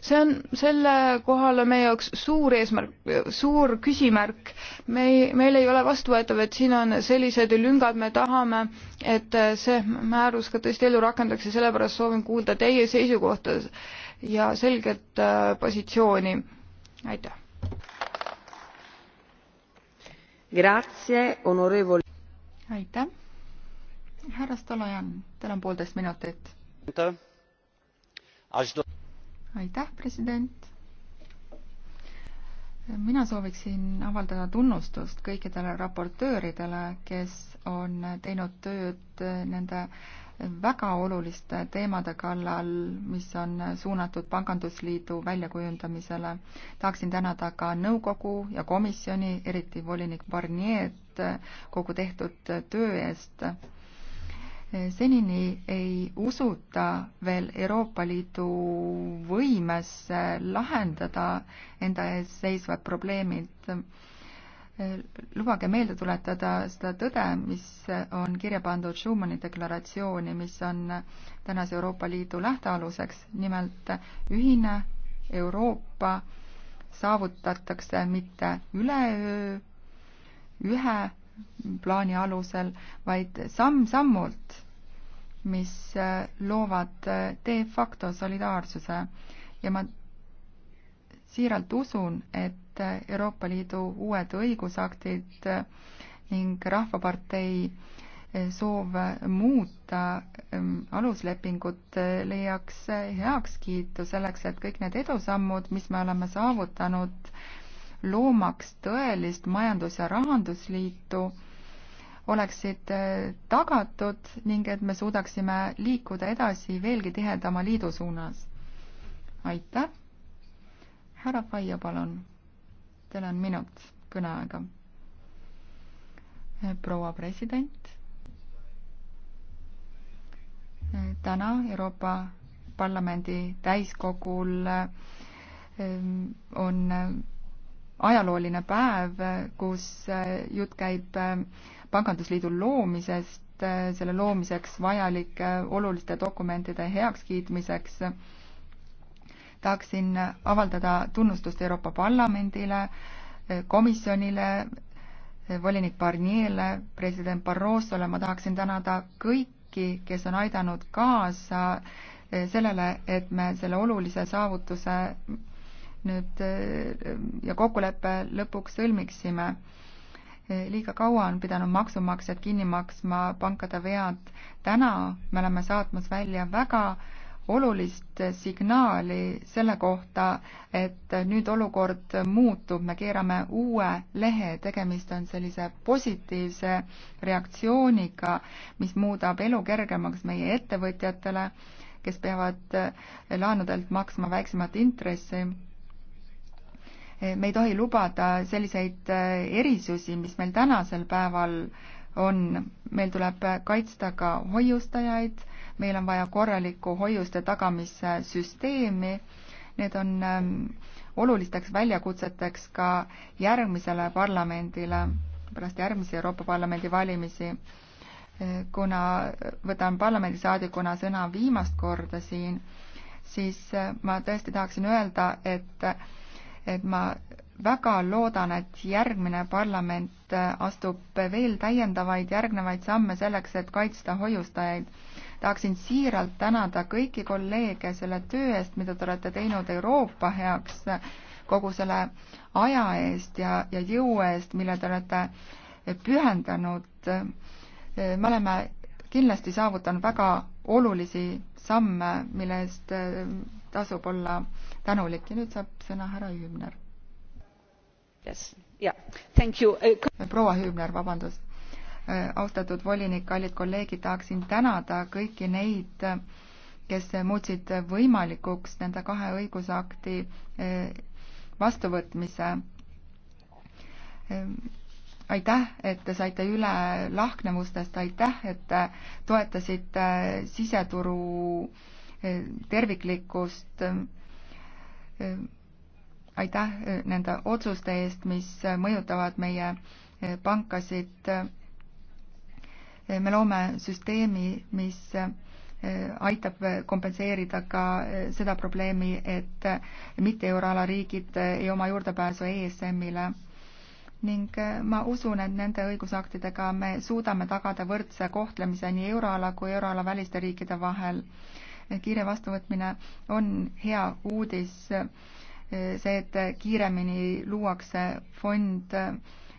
see on selle kohal on meie jaoks suur eesmärk, suur küsimärk. me ei, meil ei ole vastuvõetav, et siin on sellised lüngad, me tahame, et see määrus ka tõesti ellu rakendaks ja sellepärast soovin kuulda teie seisukohta ja selget
äh, positsiooni. aitäh.
aitäh. härra Stolojan, teil on poolteist minutit aitäh, president. mina sooviksin avaldada tunnustust kõikidele raportööridele, kes on teinud tööd nende väga oluliste teemade kallal, mis on suunatud Pangandusliidu väljakujundamisele. tahaksin tänada ka nõukogu ja komisjoni, eriti volinik Barnier'd kogu tehtud töö eest senini ei usuta veel Euroopa Liidu võimesse lahendada enda ees seisvad probleemid. lubage meelde tuletada seda tõde, mis on kirja pandud Schumanni deklaratsiooni, mis on tänase Euroopa Liidu lähtealuseks, nimelt ühine Euroopa saavutatakse mitte üleöö ühe plaani alusel, vaid samm-sammult, mis äh, loovad äh, de facto solidaarsuse ja ma siiralt usun, et äh, Euroopa Liidu uued õigusaktid ning Rahvapartei soov muuta ähm, aluslepingut leiaks heakskiitu selleks, et kõik need edusammud, mis me oleme saavutanud, loomaks tõelist majandus- ja rahandusliitu, oleksid äh, tagatud ning et me suudaksime liikuda edasi veelgi tihedama liidu suunas. aitäh! härra Faia, palun. Teil on minut kõneaega. Äh, proua president. Äh, täna Euroopa Parlamendi täiskogul on ajalooline päev, kus äh, jutt käib äh, pangandusliidu loomisest, äh, selle loomiseks vajalike oluliste dokumentide heakskiitmiseks. tahaksin avaldada tunnustust Euroopa Parlamendile, komisjonile, volinik Barnier'le, president Barrosole, ma tahaksin tänada kõiki, kes on aidanud kaasa sellele, et me selle olulise saavutuse nüüd ja kokkuleppe lõpuks sõlmiksime. liiga kaua on pidanud maksumaksjad kinni maksma pankade vead. täna me oleme saatmas välja väga olulist signaali selle kohta, et nüüd olukord muutub, me keerame uue lehe, tegemist on sellise positiivse reaktsiooniga, mis muudab elu kergemaks meie ettevõtjatele, kes peavad laenudelt maksma väiksemat intressi Eh, me ei tohi lubada selliseid eh, erisusi, mis meil tänasel päeval on, meil tuleb kaitsta ka hoiustajaid, meil on vaja korralikku hoiuste tagamise süsteemi, need on ehm, olulisteks väljakutseteks ka järgmisele parlamendile, pärast järgmisi Euroopa Parlamendi valimisi. Eh, kuna võtan parlamendisaadikuna sõna viimast korda siin, siis ma tõesti tahaksin öelda, et et ma väga loodan, et järgmine parlament äh, astub veel täiendavaid järgnevaid samme selleks, et kaitsta hoiustajaid. tahaksin siiralt tänada kõiki kolleege selle töö eest, mida te olete teinud Euroopa heaks, äh, kogu selle aja eest ja, ja jõu eest, mille te olete äh, pühendanud. me oleme kindlasti saavutanud väga olulisi samme, mille eest tasub olla tänulik ja nüüd saab sõna härra Hübner yes.. Yeah. Uh, äh, proua Hübner, vabandust. Äh, austatud volinik, kallid kolleegid, tahaksin tänada kõiki neid, kes muutsid võimalikuks nende kahe õigusakti äh, vastuvõtmise. aitäh, et te saite üle lahknevustest, aitäh, et te toetasite siseturu terviklikkust Äh, aitäh äh, nende otsuste eest, mis äh, mõjutavad meie pankasid. me loome süsteemi, mis aitab kompenseerida ka seda probleemi, et mitte euroala riigid ei oma juurdepääsu ESM-ile ning ma usun, et nende õigusaktidega me suudame tagada võrdse kohtlemise nii euroala kui euroala väliste riikide vahel kiire vastuvõtmine on hea uudis. see, et kiiremini luuakse fond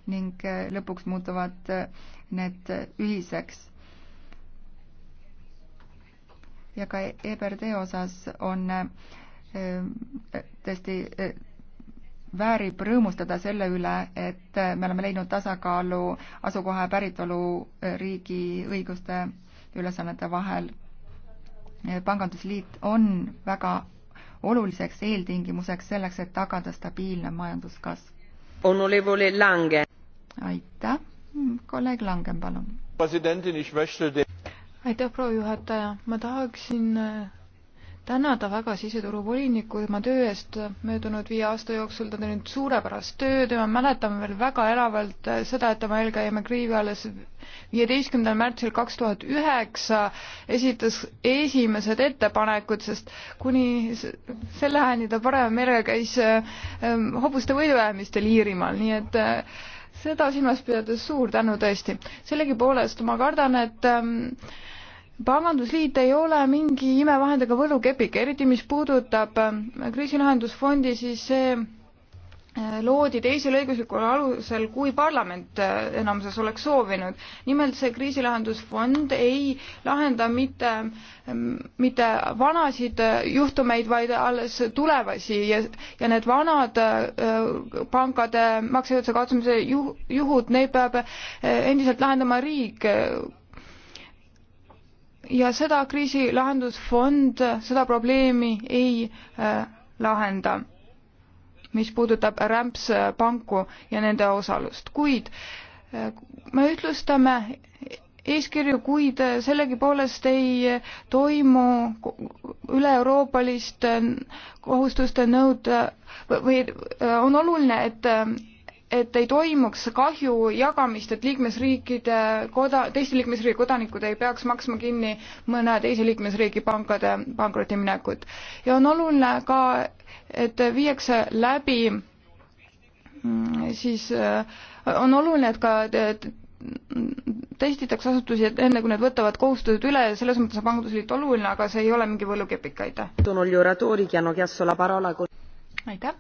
ning lõpuks muutuvad need ühiseks. ja ka EBRD osas on äh, tõesti äh, väärib rõõmustada selle üle, et me oleme leidnud tasakaalu asukoha ja päritoluriigi äh, õiguste ülesannete vahel Eh, pangandusliit on väga oluliseks eeltingimuseks selleks, et tagada stabiilne majanduskasv. aitäh, mm, kolleeg Langen, palun. aitäh, proua
juhataja, ma tahaksin äh, tänada väga siseturuvolinikku tema töö eest möödunud viie aasta jooksul, ta on teinud suurepärast tööd ja ma mäletan veel väga elavalt seda, et tema eelkäija McRiivi alles viieteistkümnendal märtsil kaks tuhat üheksa esitas esimesed ettepanekud, sest kuni selleni ta parema merega käis ähm, hobuste võidujäämistel Iirimaal, nii et äh, seda silmas pidades suur tänu tõesti. sellegipoolest ma kardan, et ähm, pangandusliit ei ole mingi imevahendiga võlukepik, eriti mis puudutab äh, kriisilahendusfondi, siis see äh, loodi teisel õiguslikul alusel, kui parlament äh, enamuses oleks soovinud. nimelt see kriisilahendusfond ei lahenda mitte, mitte vanasid juhtumeid, vaid alles tulevasi ja, ja need vanad pankade maksejõudluse kaotamise juhud, neid peab endiselt lahendama riik ja seda kriisi lahendusfond seda probleemi ei äh, lahenda, mis puudutab rämpspanku äh, ja nende osalust, kuid äh, me ühtlustame eeskirju, kuid sellegipoolest ei toimu üle-euroopalist kohustuste nõude või on oluline, et et ei toimuks kahju jagamist, et liikmesriikide koda, teiste liikmesriigi kodanikud ei peaks maksma kinni mõne teise liikmesriigi pankade pankrotiminekut. ja on oluline ka, et viiakse läbi mm, siis, äh, on oluline, et ka testitakse asutusi, et enne kui nad võtavad kohustused üle, selles
mõttes on pangandusliit oluline, aga see ei ole mingi võlukepik, aitäh.
aitäh.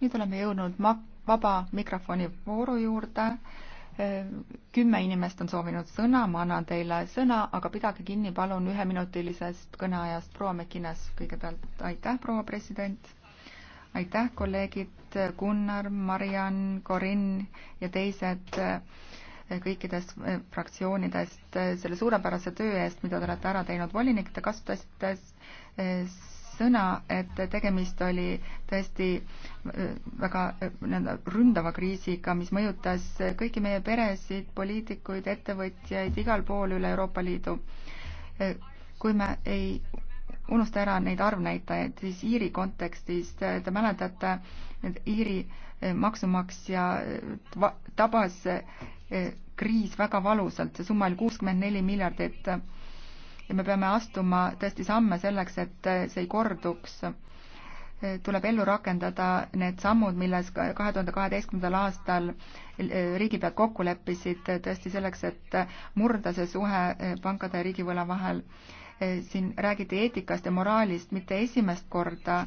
nüüd oleme jõudnud mak-, vaba mikrofoni vooru juurde. kümme inimest on soovinud sõna, ma annan teile sõna, aga pidage kinni palun üheminutilisest kõneajast. proua Mekines kõigepealt, aitäh, proua president. aitäh, kolleegid Gunnar, Mariann, Corinne ja teised kõikidest fraktsioonidest selle suurepärase töö eest, mida te olete ära teinud. volinik, te kasutasite sõna, et tegemist oli tõesti äh, väga äh, nii-öelda ründava kriisiga, mis mõjutas äh, kõiki meie peresid, poliitikuid, ettevõtjaid igal pool üle Euroopa Liidu. kui me ei unusta ära neid arvnäitajaid, siis Iiri kontekstis te mäletate, et Iiri maksumaksja tabas kriis väga valusalt, see summa oli kuuskümmend neli miljardit ja me peame astuma tõesti samme selleks, et see ei korduks. tuleb ellu rakendada need sammud, milles kahe tuhande kaheteistkümnendal aastal riigipead kokku leppisid, tõesti selleks, et murda see suhe pankade ja riigivõla vahel. siin räägiti eetikast ja moraalist mitte esimest korda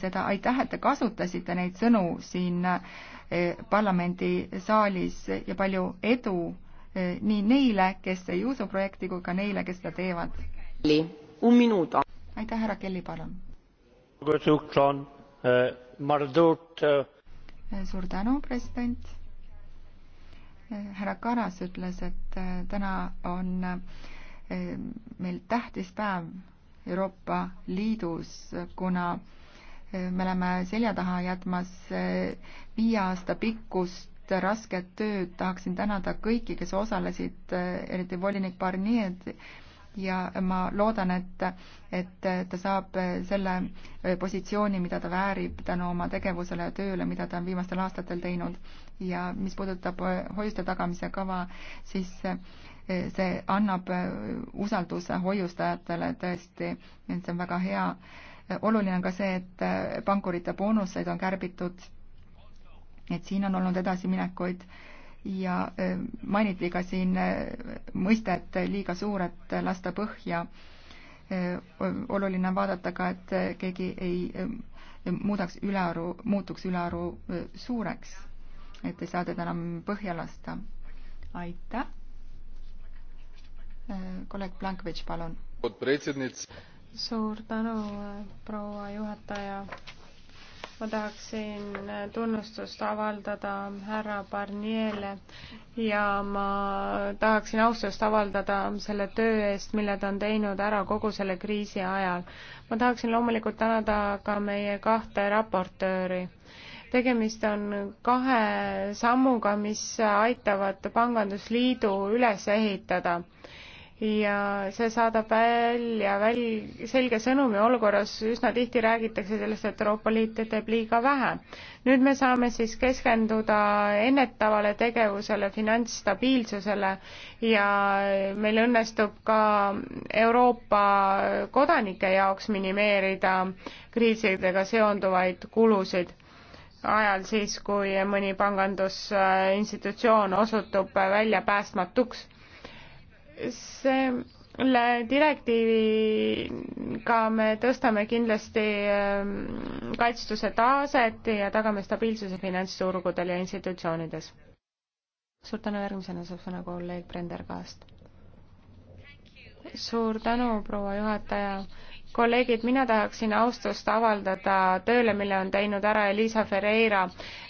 seda, aitäh, et te kasutasite neid sõnu siin parlamendisaalis ja palju edu Eh, nii neile, kes ei usu projekti, kui ka neile, kes seda teevad. aitäh, härra Kelly, palun.
Eh, eh.
suur tänu, president. härra Karas ütles, et täna on meil tähtis päev Euroopa Liidus, kuna me oleme selja taha jätmas viie aasta pikkust tehtud rasket tööd, tahaksin tänada kõiki, kes osalesid, eriti volinik Barnier'd ja ma loodan, et, et ta saab selle positsiooni, mida ta väärib tänu oma tegevusele ja tööle, mida ta on viimastel aastatel teinud. ja mis puudutab hoiuste tagamise kava, siis see annab usalduse hoiustajatele tõesti, et see on väga hea. oluline on ka see, et pankurite boonuseid on kärbitud et siin on olnud edasiminekuid ja mainiti ka siin mõistet liiga suured lasta põhja. oluline on vaadata ka, et keegi ei muudaks ülearu, muutuks ülearu suureks, et ei saa teda enam põhja lasta. aitäh. kolleeg Plankovitš,
palun. suur tänu, proua juhataja ma tahaksin tunnustust avaldada härra Barniele ja ma tahaksin austust avaldada selle töö eest, mille ta on teinud ära kogu selle kriisi ajal. ma tahaksin loomulikult tänada ka meie kahte raportööri. tegemist on kahe sammuga, mis aitavad Pangandusliidu üles ehitada ja see saadab välja väl- selge sõnumi olukorras, üsna tihti räägitakse sellest, et Euroopa Liit teeb liiga vähe. nüüd me saame siis keskenduda ennetavale tegevusele, finantsstabiilsusele ja meil õnnestub ka Euroopa kodanike jaoks minimeerida kriisidega seonduvaid kulusid ajal siis, kui mõni pangandusinstitutsioon osutub väljapäästmatuks selle direktiiviga me tõstame kindlasti ähm, kaitstuse taaset ja tagame stabiilsuse finantsturgudel ja institutsioonides. suur tänu, järgmisena saab sõna kolleeg Brender Kaast. suur tänu, proua juhataja kolleegid, mina tahaksin austust avaldada tööle, mille on teinud ära Elisa Ferreira.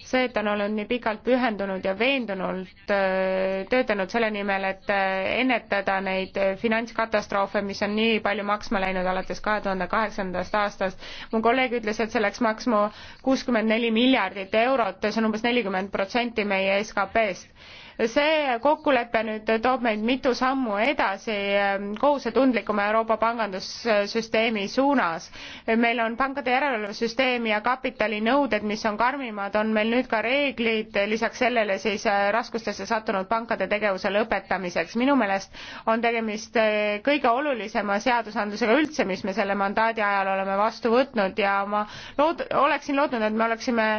see, et ta on olnud nii pikalt pühendunud ja veendunult äh, töötanud selle nimel, et äh, ennetada neid äh, finantskatastroofe, mis on nii palju maksma läinud alates kahe tuhande kaheksandast aastast. mu kolleeg ütles, et see läks maksma kuuskümmend neli miljardit eurot, see on umbes nelikümmend protsenti meie SKP-st see kokkulepe nüüd toob meid mitu sammu edasi ehm, kohusetundlikuma Euroopa pangandussüsteemi suunas. meil on pankade järelevalvesüsteem ja kapitalinõuded, mis on karmimad, on meil nüüd ka reeglid lisaks sellele siis eh, raskustesse sattunud pankade tegevuse lõpetamiseks. minu meelest on tegemist eh, kõige olulisema seadusandlusega üldse, mis me selle mandaadi ajal oleme vastu võtnud ja ma lood-, oleksin lootnud, et me oleksime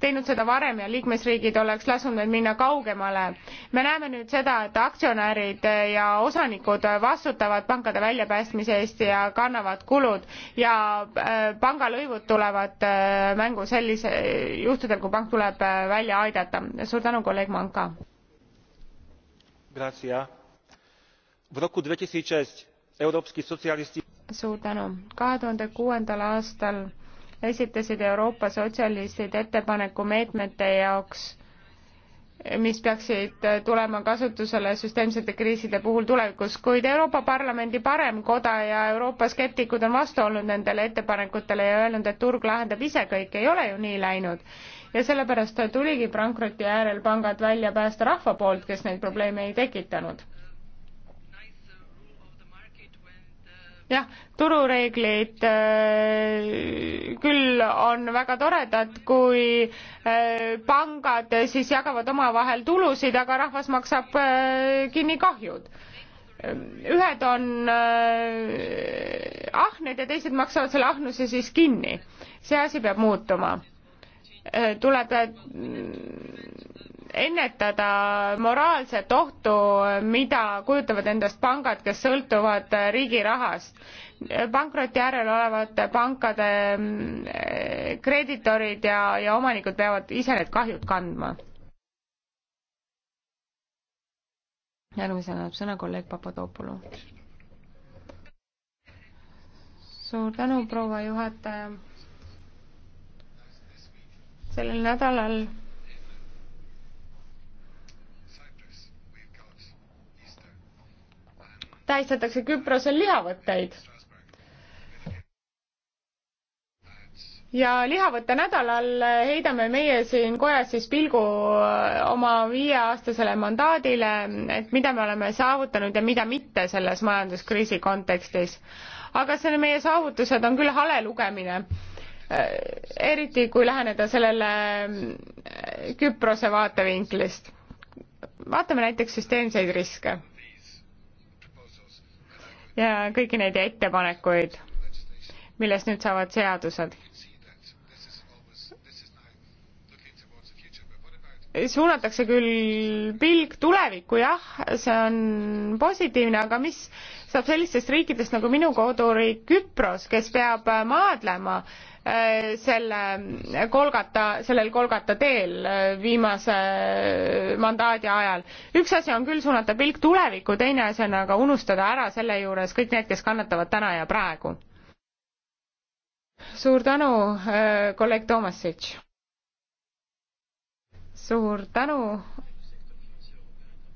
teinud seda varem ja liikmesriigid oleks lasknud meil minna kaugemale me näeme nüüd seda, et aktsionärid ja osanikud vastutavad pankade väljapäästmise eest ja kannavad kulud ja äh, pangalõivud tulevad äh, mängu sellise, juhtudel, kui pank tuleb äh, välja aidata. suur tänu, kolleeg Manka!
v roku 2006
európski socialisti suur tänu. kahe tuhande kuuendal aastal esitasid Euroopa sotsialistid ettepaneku meetmete jaoks mis peaksid tulema kasutusele süsteemsete kriiside puhul tulevikus, kuid Euroopa Parlamendi parem koda ja Euroopa skeptikud on vastu olnud nendele ettepanekutele ja öelnud, et turg lahendab ise kõik, ei ole ju nii läinud. ja sellepärast tuligi pankroti äärel pangad välja päästa rahva poolt, kes neid probleeme ei tekitanud jah, turureeglid äh, küll on väga toredad, kui äh, pangad siis jagavad omavahel tulusid, aga rahvas maksab äh, kinni kahjud. ühed on ahned ja teised maksavad selle ahnuse siis kinni. see asi peab muutuma. tuleb ennetada moraalset ohtu, mida kujutavad endast pangad, kes sõltuvad riigi rahast. pankroti järel olevate pankade mm, kreeditorid ja, ja omanikud peavad ise need kahjud kandma. järgmisena annab sõna kolleeg Papadopoulou. suur tänu, proua juhataja. sellel nädalal tähistatakse Küprosel lihavõtteid. ja lihavõtte nädalal heidame meie siin kojas siis pilgu äh, oma viieaastasele mandaadile, et mida me oleme saavutanud ja mida mitte selles majanduskriisi kontekstis. aga see, meie saavutused on küll hale lugemine äh, eriti kui läheneda sellele äh, Küprose vaatevinklist. vaatame näiteks süsteemseid riske ja kõiki neid ettepanekuid, millest nüüd saavad seadused. suunatakse küll pilk tulevikku, jah, see on positiivne, aga mis saab sellistest riikidest nagu minu koduriik Küpros, kes peab äh, maadlema äh, selle äh, Kolgata, sellel Kolgata teel viimase mandaadi ajal. üks asi on küll suunata pilk tulevikku, teine asi on aga unustada ära selle juures kõik need, kes kannatavad täna ja praegu. suur tänu, kolleeg Tomasitš. suur tänu,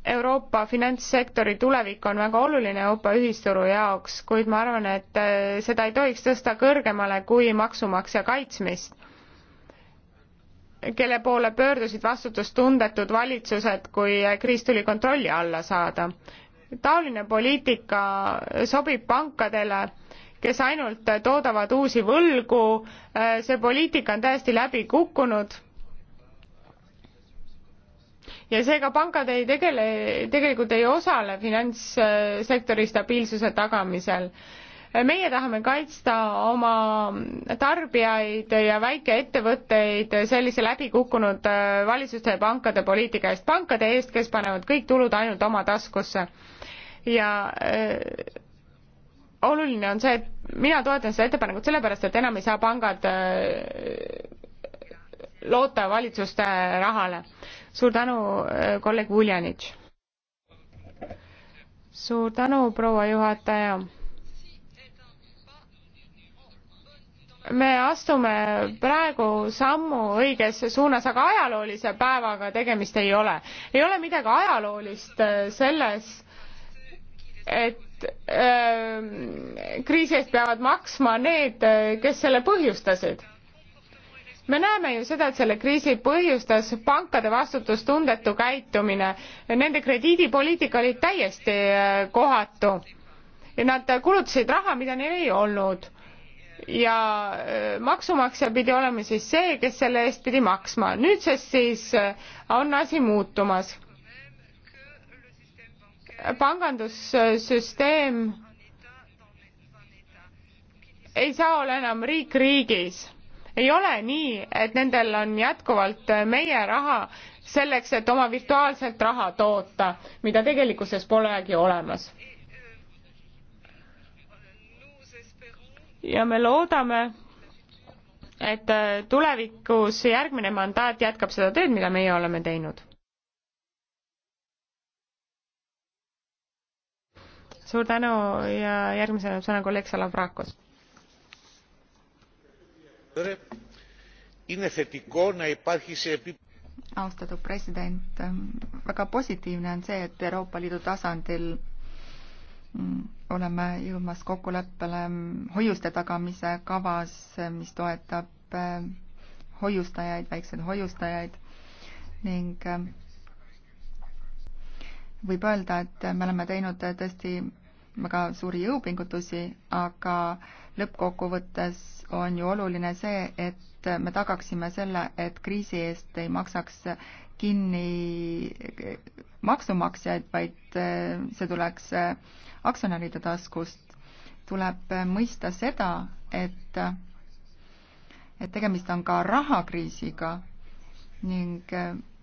Euroopa finantssektori tulevik on väga oluline Euroopa ühisturu jaoks, kuid ma arvan, et äh, seda ei tohiks tõsta kõrgemale kui maksumaksja kaitsmist, kelle poole pöördusid vastutustundetud valitsused, kui äh, kriis tuli kontrolli alla saada. taoline poliitika sobib pankadele, kes ainult toodavad uusi võlgu, äh, see poliitika on täiesti läbi kukkunud ja seega pangad ei tegele, tegelikult ei osale finantssektori stabiilsuse tagamisel. meie tahame kaitsta oma tarbijaid ja väikeettevõtteid sellise läbikukkunud äh, valitsuste ja pankade poliitika eest, pankade eest, kes panevad kõik tulud ainult oma taskusse. ja äh, oluline on see, et mina toetan seda ettepanekut sellepärast, et enam ei saa pangad äh, loota valitsuste rahale. suur tänu, äh, kolleeg Vuljanitš. suur tänu, proua juhataja. me astume praegu sammu õiges suunas, aga ajaloolise päevaga tegemist ei ole. ei ole midagi ajaloolist äh, selles, et äh, kriisi eest peavad maksma need, kes selle põhjustasid me näeme ju seda, et selle kriisi põhjustas pankade vastutustundetu käitumine. Nende krediidipoliitika oli täiesti äh, kohatu. Nad kulutasid raha, mida neil ei olnud. ja äh, maksumaksja pidi olema siis see, kes selle eest pidi maksma. nüüdsest siis äh, on asi muutumas. pangandussüsteem ei saa olla enam riik riigis ei ole nii, et nendel on jätkuvalt meie raha selleks, et oma virtuaalselt raha toota, mida tegelikkuses polegi olemas. ja me loodame, et tulevikus järgmine mandaat jätkab seda tööd, mida meie oleme teinud. suur tänu ja järgmisena sõna kolleeg Salavrakos austatud president, ähm,
väga positiivne on see, et Euroopa Liidu tasandil mm, oleme jõudmas kokkuleppele mm, hoiuste tagamise kavas, mis toetab ähm, hoiustajaid, väikseid hoiustajaid ning ähm, võib öelda, et me oleme teinud äh, tõesti väga suuri jõupingutusi, aga lõppkokkuvõttes on ju oluline see, et me tagaksime selle, et kriisi eest ei maksaks kinni maksumaksjaid, vaid äh, see tuleks äh, aktsionäride taskust. tuleb äh, mõista seda, et, et tegemist on ka rahakriisiga ning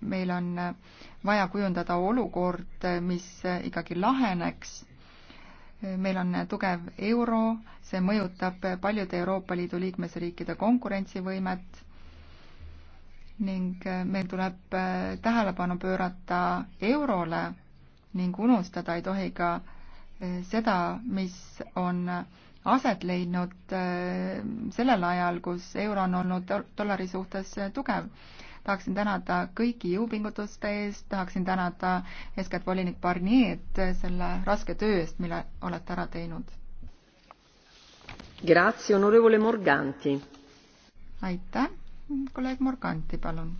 meil on vaja kujundada olukord, mis ikkagi laheneks meil on tugev euro, see mõjutab paljude Euroopa Liidu liikmesriikide konkurentsivõimet ning meil tuleb äh, tähelepanu pöörata eurole ning unustada ei tohi ka äh, seda, mis on aset leidnud äh, sellel ajal, kus euro on olnud dollari suhtes tugev tahaksin tänada kõiki jõupingutuste eest, tahaksin tänada eeskätt volinik Barniet selle raske töö eest, mille olete ära teinud.
Grazie, onorevole Morganti. aitäh,
kolleeg Morganti, palun.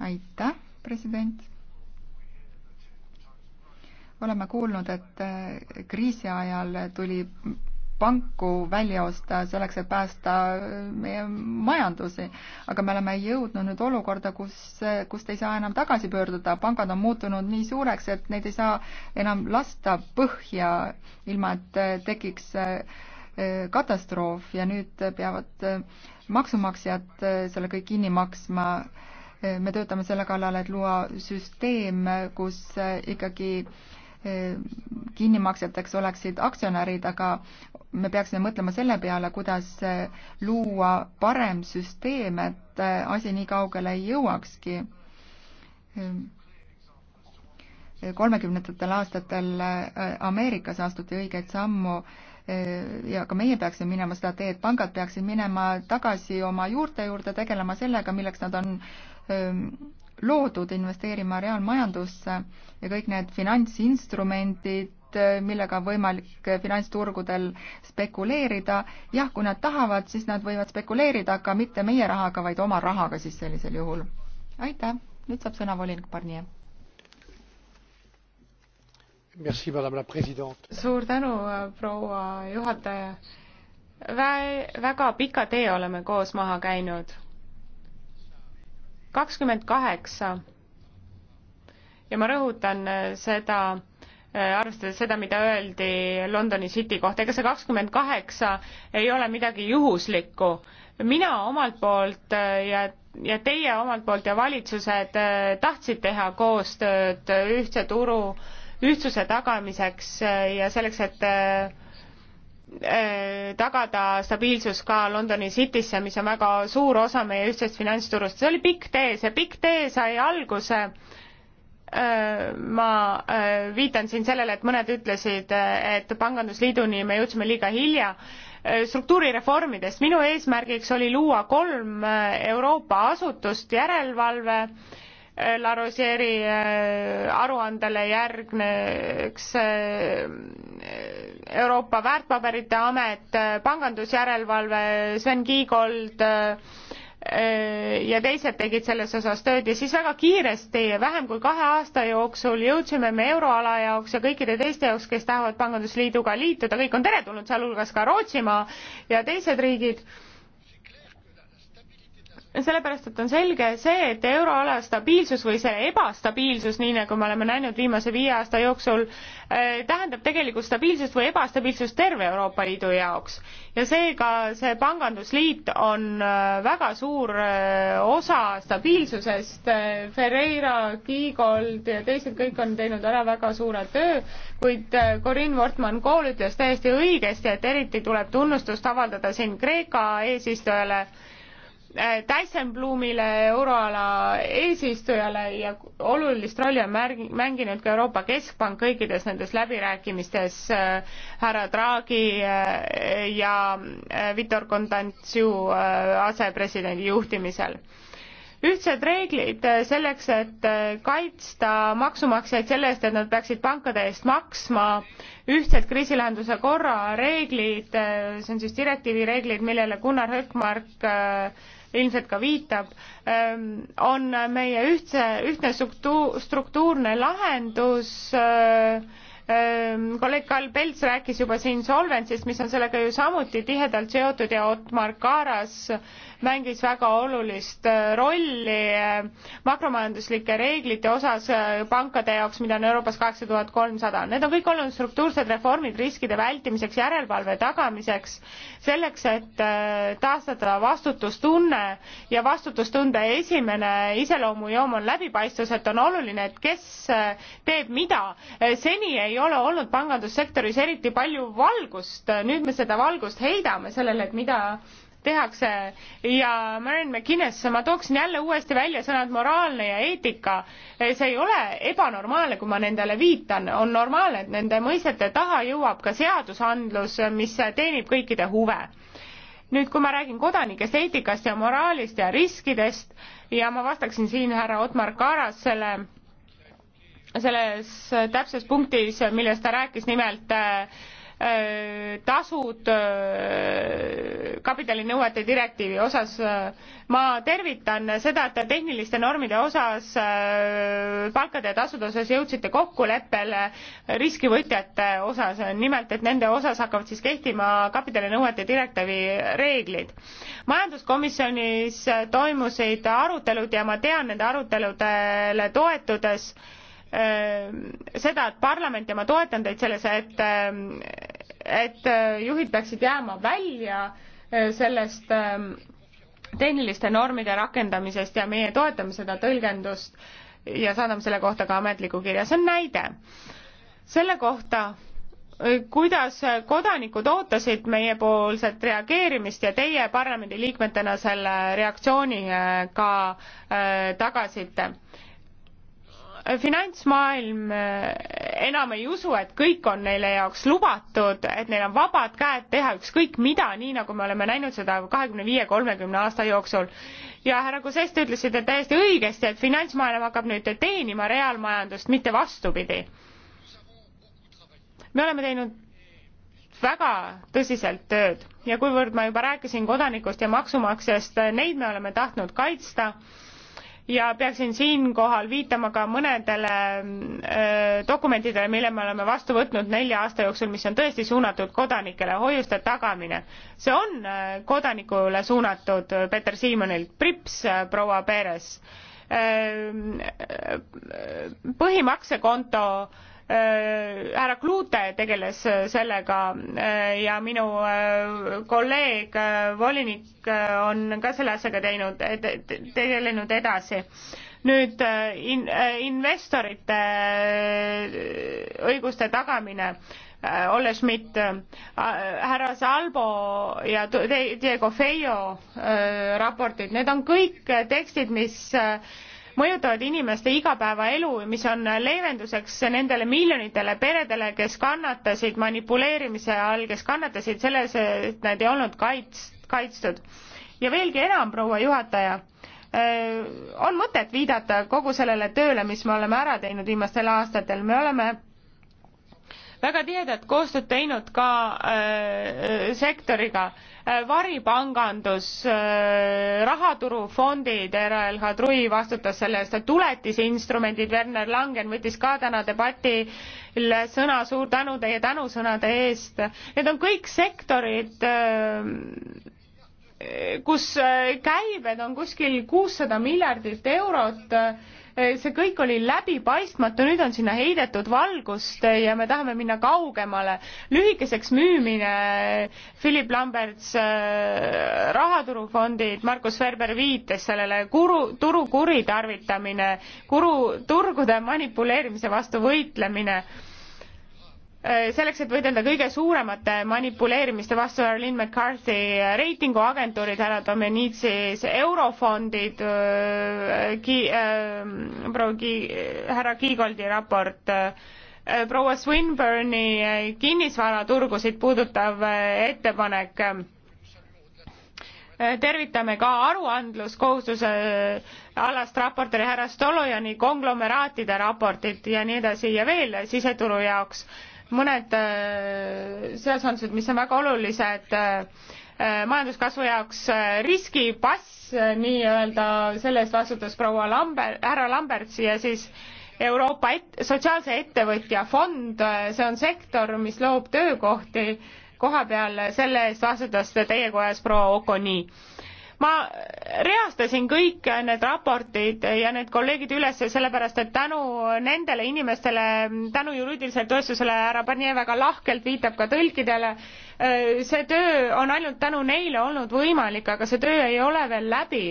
aitäh, president oleme kuulnud, et kriisi ajal tuli panku välja osta selleks, et päästa äh, meie majandusi. aga me oleme jõudnud nüüd olukorda, kus, äh, kust ei saa enam tagasi pöörduda, pangad on muutunud nii suureks, et neid ei saa enam lasta põhja, ilma et äh, tekiks katastroof ja nüüd peavad maksumaksjad selle kõik kinni maksma. me töötame selle kallal, et luua süsteem, kus ikkagi äh, kinnimakseteks oleksid aktsionärid, aga me peaksime mõtlema selle peale, kuidas luua parem süsteem, et asi nii kaugele ei jõuakski. kolmekümnendatel aastatel Ameerikas astuti õigeid sammu ja ka meie peaksime minema seda teed, pangad peaksid minema tagasi oma juurte juurde, tegelema sellega, milleks nad on loodud investeerima reaalmajandusse ja kõik need finantsinstrumendid, millega on võimalik finantsturgudel spekuleerida, jah, kui nad tahavad, siis nad võivad spekuleerida, aga mitte meie rahaga, vaid oma rahaga siis sellisel juhul. aitäh, nüüd saab sõna volinik Barnier.
suur
tänu, proua juhataja Vä. väga pika tee oleme koos maha käinud kakskümmend kaheksa ja ma rõhutan äh, seda, äh, arvestades seda, mida öeldi Londoni City kohta, ega see kakskümmend kaheksa ei ole midagi juhuslikku. mina omalt poolt äh, ja, ja teie omalt poolt ja valitsused tahtsid teha koostööd ühtse turu ühtsuse tagamiseks ja selleks, et Äh, tagada stabiilsus ka Londoni Citysse, mis on väga suur osa meie ühtsest finantsturust. see oli pikk tee, see pikk tee sai alguse äh, ma äh, viitan siin sellele, et mõned ütlesid, et pangandusliiduni me jõudsime liiga hilja. struktuurireformidest, minu eesmärgiks oli luua kolm Euroopa asutust, järelevalve, La Rosieri äh, aruandele järgneks äh, Euroopa Väärtpaberite Amet, äh, pangandusjärelevalve, Sven Kiigold ja teised tegid selles osas tööd ja siis väga kiiresti, vähem kui kahe aasta jooksul jõudsime me euroala jaoks ja kõikide teiste jaoks, kes tahavad pangandusliiduga liituda, kõik on teretulnud, sealhulgas ka Rootsimaa ja teised riigid sellepärast, et on selge see, et euroala stabiilsus või see ebastabiilsus, nii nagu me oleme näinud viimase viie aasta jooksul, eh, tähendab tegelikult stabiilsust või ebastabiilsust terve Euroopa Liidu jaoks. ja seega see pangandusliit on eh, väga suur eh, osa stabiilsusest, Ferreira, Kiigold ja teised kõik on teinud ära väga suure töö, kuid Corinne Wortmann-Kool ütles täiesti õigesti, et eriti tuleb tunnustust avaldada siin Kreeka eesistujale, Äh, Dijsselbloemile, euroala eesistujale ja olulist rolli on märg-, mänginud ka Euroopa Keskpank kõikides nendes läbirääkimistes äh, härra Draghi äh, ja äh, Vitor Contanziu äh, asepresidendi juhtimisel ühtsed reeglid äh, selleks, et kaitsta maksumaksjaid selle eest, et nad peaksid pankade eest maksma, ühtsed kriisilahenduse korra reeglid, see on siis direktiivi reeglid, millele Gunnar Hökmark äh, ilmselt ka viitab, ähm, on meie ühtse, ühtne struktuur, struktuurne lahendus äh, Ehm, kolleeg Karl Pelts rääkis juba siin Solventsist, mis on sellega ju samuti tihedalt seotud ja Otmar Karas mängis väga olulist äh, rolli äh, makromajanduslike reeglite osas äh, pankade jaoks, mida on Euroopas kaheksa tuhat kolmsada. Need on kõik olnud struktuursed reformid riskide vältimiseks, järelevalve tagamiseks, selleks, et taastada vastutustunne ja vastutustunde esimene iseloomujoom on läbipaistvus, et on oluline, et kes teeb mida. seni ei ei ole olnud pangandussektoris eriti palju valgust, nüüd me seda valgust heidame sellele, et mida tehakse ja Maren McInnes, ma tooksin jälle uuesti välja sõnad moraalne ja eetika. see ei ole ebanormaalne, kui ma nendele viitan, on normaalne, et nende mõistete taha jõuab ka seadusandlus, mis teenib kõikide huve nüüd, kui ma räägin kodanikest, eetikast ja moraalist ja riskidest ja ma vastaksin siin härra Otmar Karasele selles täpses punktis, millest ta rääkis, nimelt äh, äh, tasud äh, kapitalinõuete direktiivi osas. ma tervitan seda, et te tehniliste normide osas, palkade ja tasude osas jõudsite kokkuleppele riskivõtjate osas, nimelt et nende osas hakkavad siis kehtima kapitalinõuete direktiivi reeglid. majanduskomisjonis toimusid arutelud ja ma tean nende aruteludele toetudes, Äh, seda, et parlament ja ma toetan teid selles, et, äh, et äh, juhid peaksid jääma välja sellest tehniliste normide rakendamisest ja meie toetame seda tõlgendust ja saadame selle kohta ka ametliku kirja, see on näide selle kohta, kuidas kodanikud ootasid meiepoolset reageerimist ja teie parlamendiliikmetena selle reaktsiooni ka tagasite finantsmaailm eh, enam ei usu, et kõik on neile jaoks lubatud, et neil on vabad käed teha ükskõik mida, nii nagu me oleme näinud seda kahekümne viie, kolmekümne aasta jooksul. ja härra Kosest te ütlesite täiesti õigesti, et finantsmaailm hakkab nüüd teenima reaalmajandust, mitte vastupidi. me oleme teinud väga tõsiselt tööd ja kuivõrd ma juba rääkisin kodanikust ja maksumaksjast, neid me oleme tahtnud kaitsta ja peaksin siinkohal viitama ka mõnedele öö, äh, dokumentidele, mille me oleme vastu võtnud nelja aasta jooksul, mis on tõesti suunatud kodanikele, hoiuste tagamine. see on äh, kodanikule suunatud äh, Peter Siimonilt, Prips proua Peres, põhimaksekonto öö, Äh, härra Klute tegeles äh, sellega äh, ja minu kolleeg, volinik on ka selle asjaga teinud, tegelenud edasi. nüüd in, investorite õiguste tagamine Olle Schmidt, härra Salbo ja Diego Feio raportid, need on kõik tekstid, mis mõjutavad inimeste igapäevaelu, mis on leevenduseks nendele miljonitele peredele, kes kannatasid manipuleerimise all, kes kannatasid selles, et nad ei olnud kaits-, kaitstud. ja veelgi enam, proua juhataja, äh, on mõtet viidata kogu sellele tööle, mis me oleme ära teinud viimastel aastatel, me oleme väga tihedat koostööd teinud ka öö, äh, sektoriga Äh, varipangandus, äh, rahaturufondid, RLH Trui vastutas selle eest, tuletisinstrumendid, Werner Langen võttis ka täna debatil sõna, suur tänu teie tänusõnade eest. Need on kõik sektorid, äh, kus käibed on kuskil kuussada miljardit eurot Äh, see kõik oli läbipaistmatu, nüüd on sinna heidetud valgust ja me tahame minna kaugemale. lühikeseks müümine, Philip Lamberts, äh, rahaturufondid, Markus Ferber viitas sellele, kuru, turu kuritarvitamine, kuru, turgude manipuleerimise vastu võitlemine Äh, selleks, et võidelda kõige suuremate manipuleerimiste vastu, Arlene McCarthy reitinguagentuurid, härra Domenicis, eurofondid, äh, äh, proua Ki-, härra Kiigoldi raport, proua Swinburne'i kinnisvaraturgusid puudutav ettepanek, tervitame ka aruandluskohustuse alast raportile härra Stolojani konglomeraatide raportit ja nii edasi ja veel siseturu jaoks mõned äh, seadusandlused, mis on väga olulised äh, äh, majanduskasvu jaoks riskipass nii-öelda, selle eest vastutas proua Lambert, härra Lamberts ja siis Euroopa et, sotsiaalse ettevõtja fond, see on sektor, mis loob töökohti koha peal, selle eest vastutas teie kojas proua Okoni ma reastasin kõik need raportid ja need kolleegid üles sellepärast, et tänu nendele inimestele, tänu juriidilisele tõestusele härra Barnier väga lahkelt viitab ka tõlkidele, see töö on ainult tänu neile olnud võimalik, aga see töö ei ole veel läbi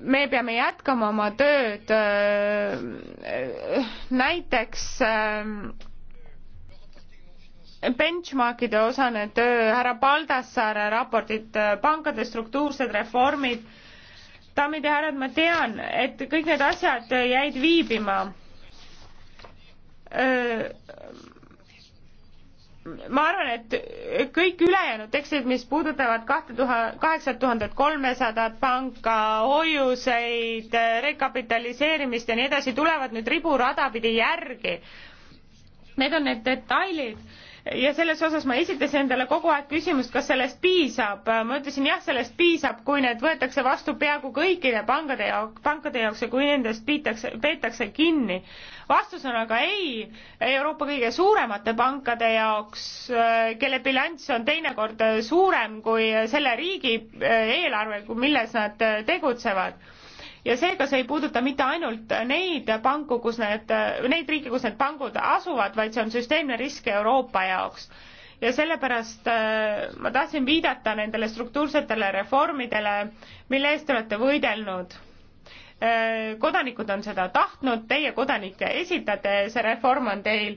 me peame jätkama oma tööd näiteks benchmarkide osane töö, äh, härra Paldassaare raportid, äh, pankade struktuursed reformid. daamid ja härrad, ma tean, et kõik need asjad jäid viibima. Äh, ma arvan, et kõik ülejäänud tekstid, mis puudutavad kahte tuhat, kaheksat tuhandet kolmesadat panka, hoiuseid, rekapitaliseerimist ja nii edasi, tulevad nüüd riburada pidi järgi. Need on need detailid ja selles osas ma esitasin endale kogu aeg küsimust, kas sellest piisab. ma ütlesin jah, sellest piisab, kui need võetakse vastu peaaegu kõikide pangade jaoks, pankade jaoks ja kui nendest piitakse, peetakse kinni. vastus on aga ei, Euroopa kõige suuremate pankade jaoks, äh, kelle bilanss on teinekord äh, suurem kui selle riigi äh, eelarve, milles nad tegutsevad ja seega see ei puuduta mitte ainult neid panku, kus need, neid riike, kus need pangud asuvad, vaid see on süsteemne risk Euroopa jaoks ja sellepärast äh, ma tahtsin viidata nendele struktuursetele reformidele, mille eest te olete võidelnud. Äh, kodanikud on seda tahtnud, teie kodanikke esitate, see reform on teil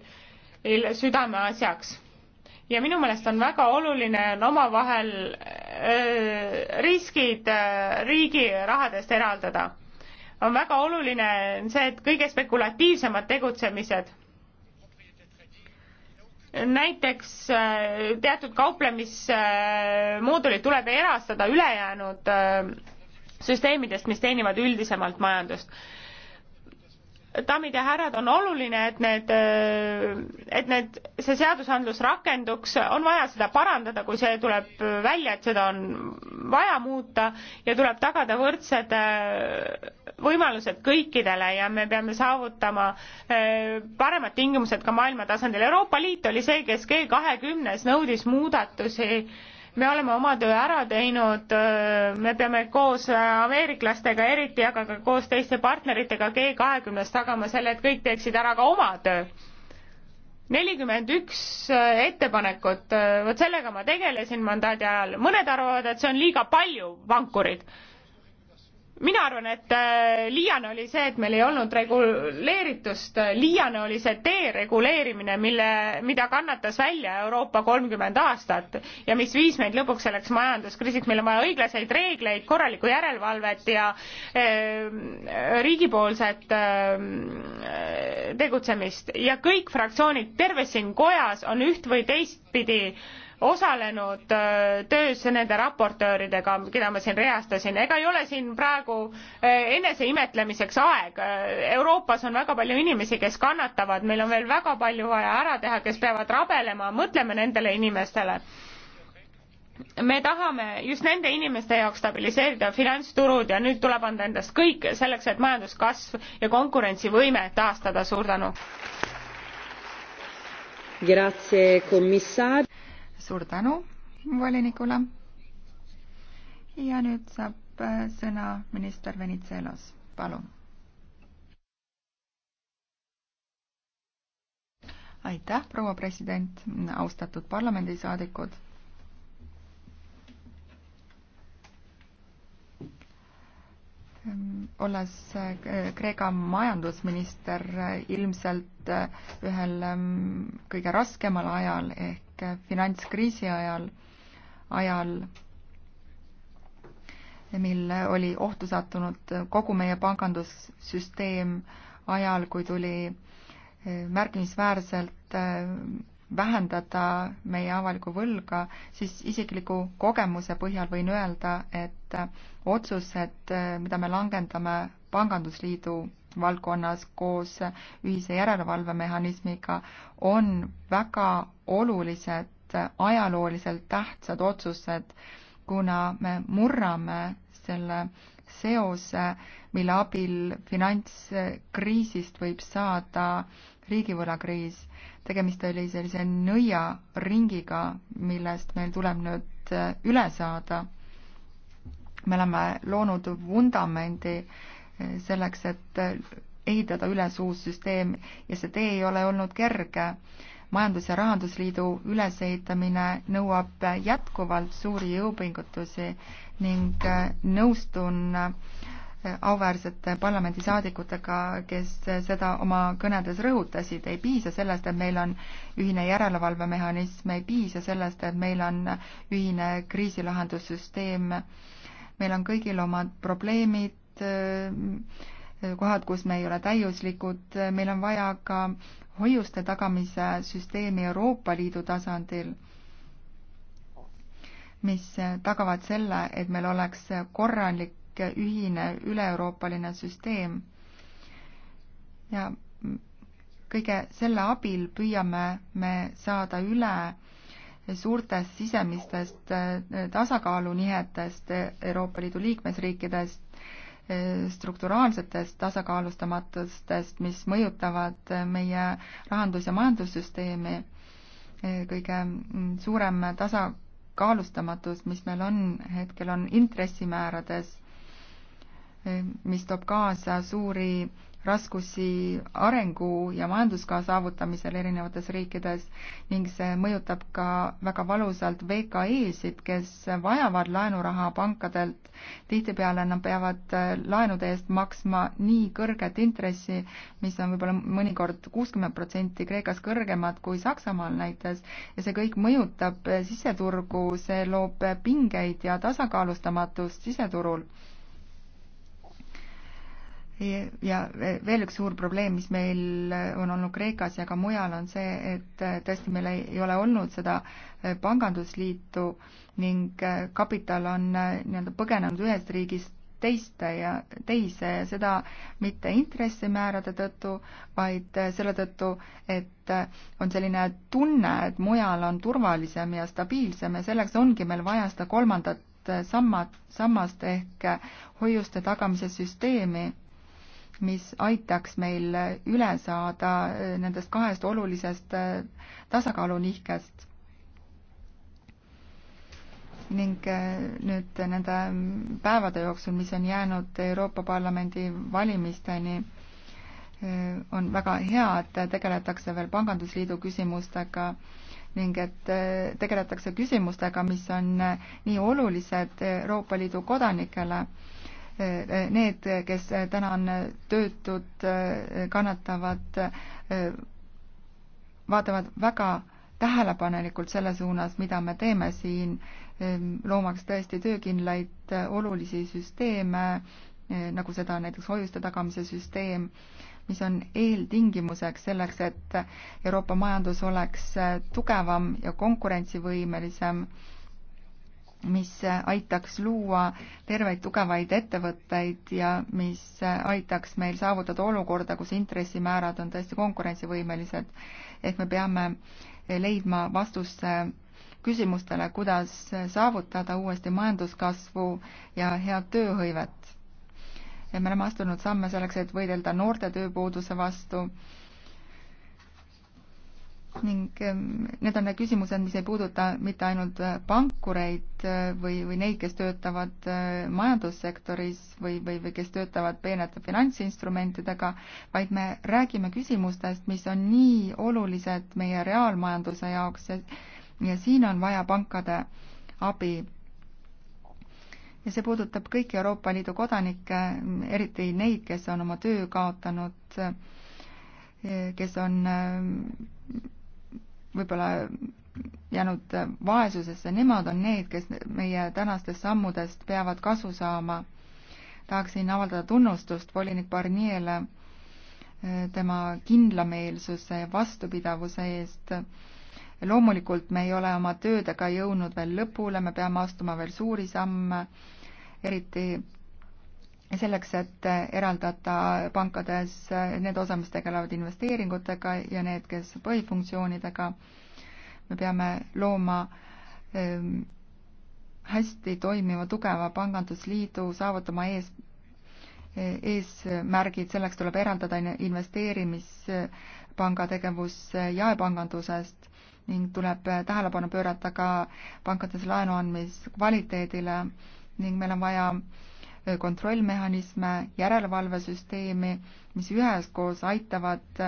südameasjaks ja minu meelest on väga oluline, on omavahel äh, riskid äh, riigi rahadest eraldada. on väga oluline see, et kõige spekulatiivsemad tegutsemised, näiteks äh, teatud kauplemismoodulid tuleb erastada ülejäänud süsteemidest, mis teenivad üldisemalt majandust daamid ja härrad, on oluline, et need, äh, et need, see seadusandlus rakenduks, on vaja seda parandada, kui see tuleb välja, et seda on vaja muuta ja tuleb tagada võrdsed äh, võimalused kõikidele ja me peame saavutama äh, paremad tingimused ka maailma tasandil. Euroopa Liit oli see, kes G kahekümnes nõudis muudatusi me oleme oma töö ära teinud, äh, me peame koos äh, ameeriklastega eriti, aga ka koos teiste partneritega G20-s tagama selle, et kõik teeksid ära ka oma töö nelikümmend üks äh, ettepanekut, vot sellega ma tegelesin mandaadi ajal, mõned arvavad, et see on liiga palju vankurid mina arvan, et äh, liiane oli see, et meil ei olnud reguleeritust, liiane oli see dereguleerimine, mille, mida kannatas välja Euroopa kolmkümmend aastat ja mis viis meid lõpuks selleks majanduskriisiks, meil on vaja õiglaseid reegleid, korralikku järelevalvet ja äh, riigipoolset äh, tegutsemist ja kõik fraktsioonid terves siin kojas on üht või teistpidi äh, osalenud äh, töös nende raportööridega, keda ma siin reastasin, ega ei ole siin praegu äh, eneseimetlemiseks aeg. Äh, Euroopas on väga palju inimesi, kes kannatavad, meil on veel väga palju vaja ära teha, kes peavad rabelema, mõtleme nendele inimestele me tahame just nende inimeste jaoks stabiliseerida finantsturud ja nüüd tuleb anda endast kõik selleks, et majanduskasv ja konkurentsivõime taastada. suur tänu!
suur tänu
volinikule. ja nüüd saab äh, sõna minister Venizelos, palun. aitäh, proua president, austatud parlamendisaadikud olles äh, Kreeka majandusminister äh, ilmselt äh, ühel ähm, kõige raskemal ajal ehk finantskriisi ajal, ajal, mil oli ohtu sattunud kogu meie pangandussüsteem, ajal, kui tuli märkimisväärselt vähendada meie avalikku võlga, siis isikliku kogemuse põhjal võin öelda, et otsused, mida me langendame pangandusliidu valdkonnas koos ühise järelevalvemehhanismiga, on väga olulised, ajalooliselt tähtsad otsused, kuna me murrame selle seose, mille abil finantskriisist võib saada riigivõlakriis tegemist oli sellise nõiaringiga, millest meil tuleb nüüd äh, üle saada. me oleme loonud vundamendi äh, selleks, et äh, ehitada üles uus süsteem ja see tee ei ole olnud kerge. majandus- ja Rahandusliidu ülesehitamine nõuab jätkuvalt suuri jõupingutusi ning nõustun auväärsete parlamendisaadikutega, kes seda oma kõnedes rõhutasid, ei piisa sellest, et meil on ühine järelevalvemehhanism, ei piisa sellest, et meil on ühine kriisilahendussüsteem, meil on kõigil omad probleemid, kohad, kus me ei ole täiuslikud, meil on vaja ka hoiuste tagamise süsteemi Euroopa Liidu tasandil, mis tagavad selle, et meil oleks korralik terviklik ühine üle-euroopaline süsteem. ja kõige selle abil püüame me saada üle suurtest sisemistest eh, tasakaalunihetest Euroopa Liidu liikmesriikidest, eh, strukturaalsetest tasakaalustamatustest, mis mõjutavad meie rahandus- ja majandussüsteemi. Eh, kõige mm, suurem tasakaalustamatus, mis meil on hetkel, on intressimäärades mis toob kaasa suuri raskusi arengu ja majanduska saavutamisel erinevates riikides ning see mõjutab ka väga valusalt VKE-sid, kes vajavad laenuraha pankadelt. tihtipeale nad peavad äh, laenude eest maksma nii kõrget intressi, mis on võib-olla mõnikord kuuskümmend protsenti Kreekas kõrgemad kui Saksamaal näiteks ja see kõik mõjutab äh, siseturgu, see loob pingeid ja tasakaalustamatust siseturul ja veel üks suur probleem, mis meil on olnud Kreekas ja ka mujal, on see, et tõesti meil ei ole olnud seda eh, pangandusliitu ning eh, kapital on eh, nii-öelda põgenenud ühest riigist teiste ja teise ja seda mitte intressimäärade tõttu, vaid selle tõttu, et on selline tunne, et mujal on turvalisem ja stabiilsem ja selleks ongi meil vaja seda kolmandat sammat, sammast ehk hoiuste tagamise süsteemi mis aitaks meil üle saada äh, nendest kahest olulisest äh, tasakaalunihkest. ning äh, nüüd nende mm, päevade jooksul, mis on jäänud Euroopa Parlamendi valimisteni, on väga hea, et tegeletakse veel pangandusliidu küsimustega ning et tegeletakse küsimustega, mis on nii olulised Euroopa Liidu kodanikele need, kes täna on töötud, kannatavad, vaatavad väga tähelepanelikult selle suunas, mida me teeme siin, loomaks tõesti töökindlaid olulisi süsteeme, nagu seda on näiteks hoiuste tagamise süsteem, mis on eeltingimuseks selleks, et Euroopa majandus oleks tugevam ja konkurentsivõimelisem mis aitaks luua terveid tugevaid ettevõtteid ja mis aitaks meil saavutada olukorda, kus intressimäärad on tõesti konkurentsivõimelised. ehk me peame leidma vastuse küsimustele, kuidas saavutada uuesti majanduskasvu ja head tööhõivet. me oleme astunud samme selleks, et võidelda noorte tööpuuduse vastu ning need on need küsimused, mis ei puuduta mitte ainult äh, pankureid äh, või, või neid, kes töötavad äh, majandussektoris või, või, või kes töötavad peenete finantsinstrumentidega, vaid me räägime küsimustest, mis on nii olulised meie reaalmajanduse jaoks ja, ja siin on vaja pankade abi ja see puudutab kõiki Euroopa Liidu kodanikke, eriti neid, kes on oma töö kaotanud, kes on ähm, võib-olla jäänud vaesusesse, nemad on need, kes meie tänastest sammudest peavad kasu saama. tahaksin avaldada tunnustust volinik Barnier'le eh, tema kindlameelsuse ja vastupidavuse eest. loomulikult me ei ole oma töödega jõudnud veel lõpule, me peame astuma veel suuri samme, eriti selleks, et eraldada pankades need osa, mis tegelevad investeeringutega ja need, kes põhifunktsioonidega, me peame looma ehm, hästi toimiva tugeva pangandusliidu, saavutama ees, eesmärgid, selleks tuleb eraldada investeerimispanga tegevus jaepangandusest ning tuleb tähelepanu pöörata ka pankades laenu andmiskvaliteedile ning meil on vaja äh, kontrollmehhanisme, järelevalvesüsteemi, mis üheskoos aitavad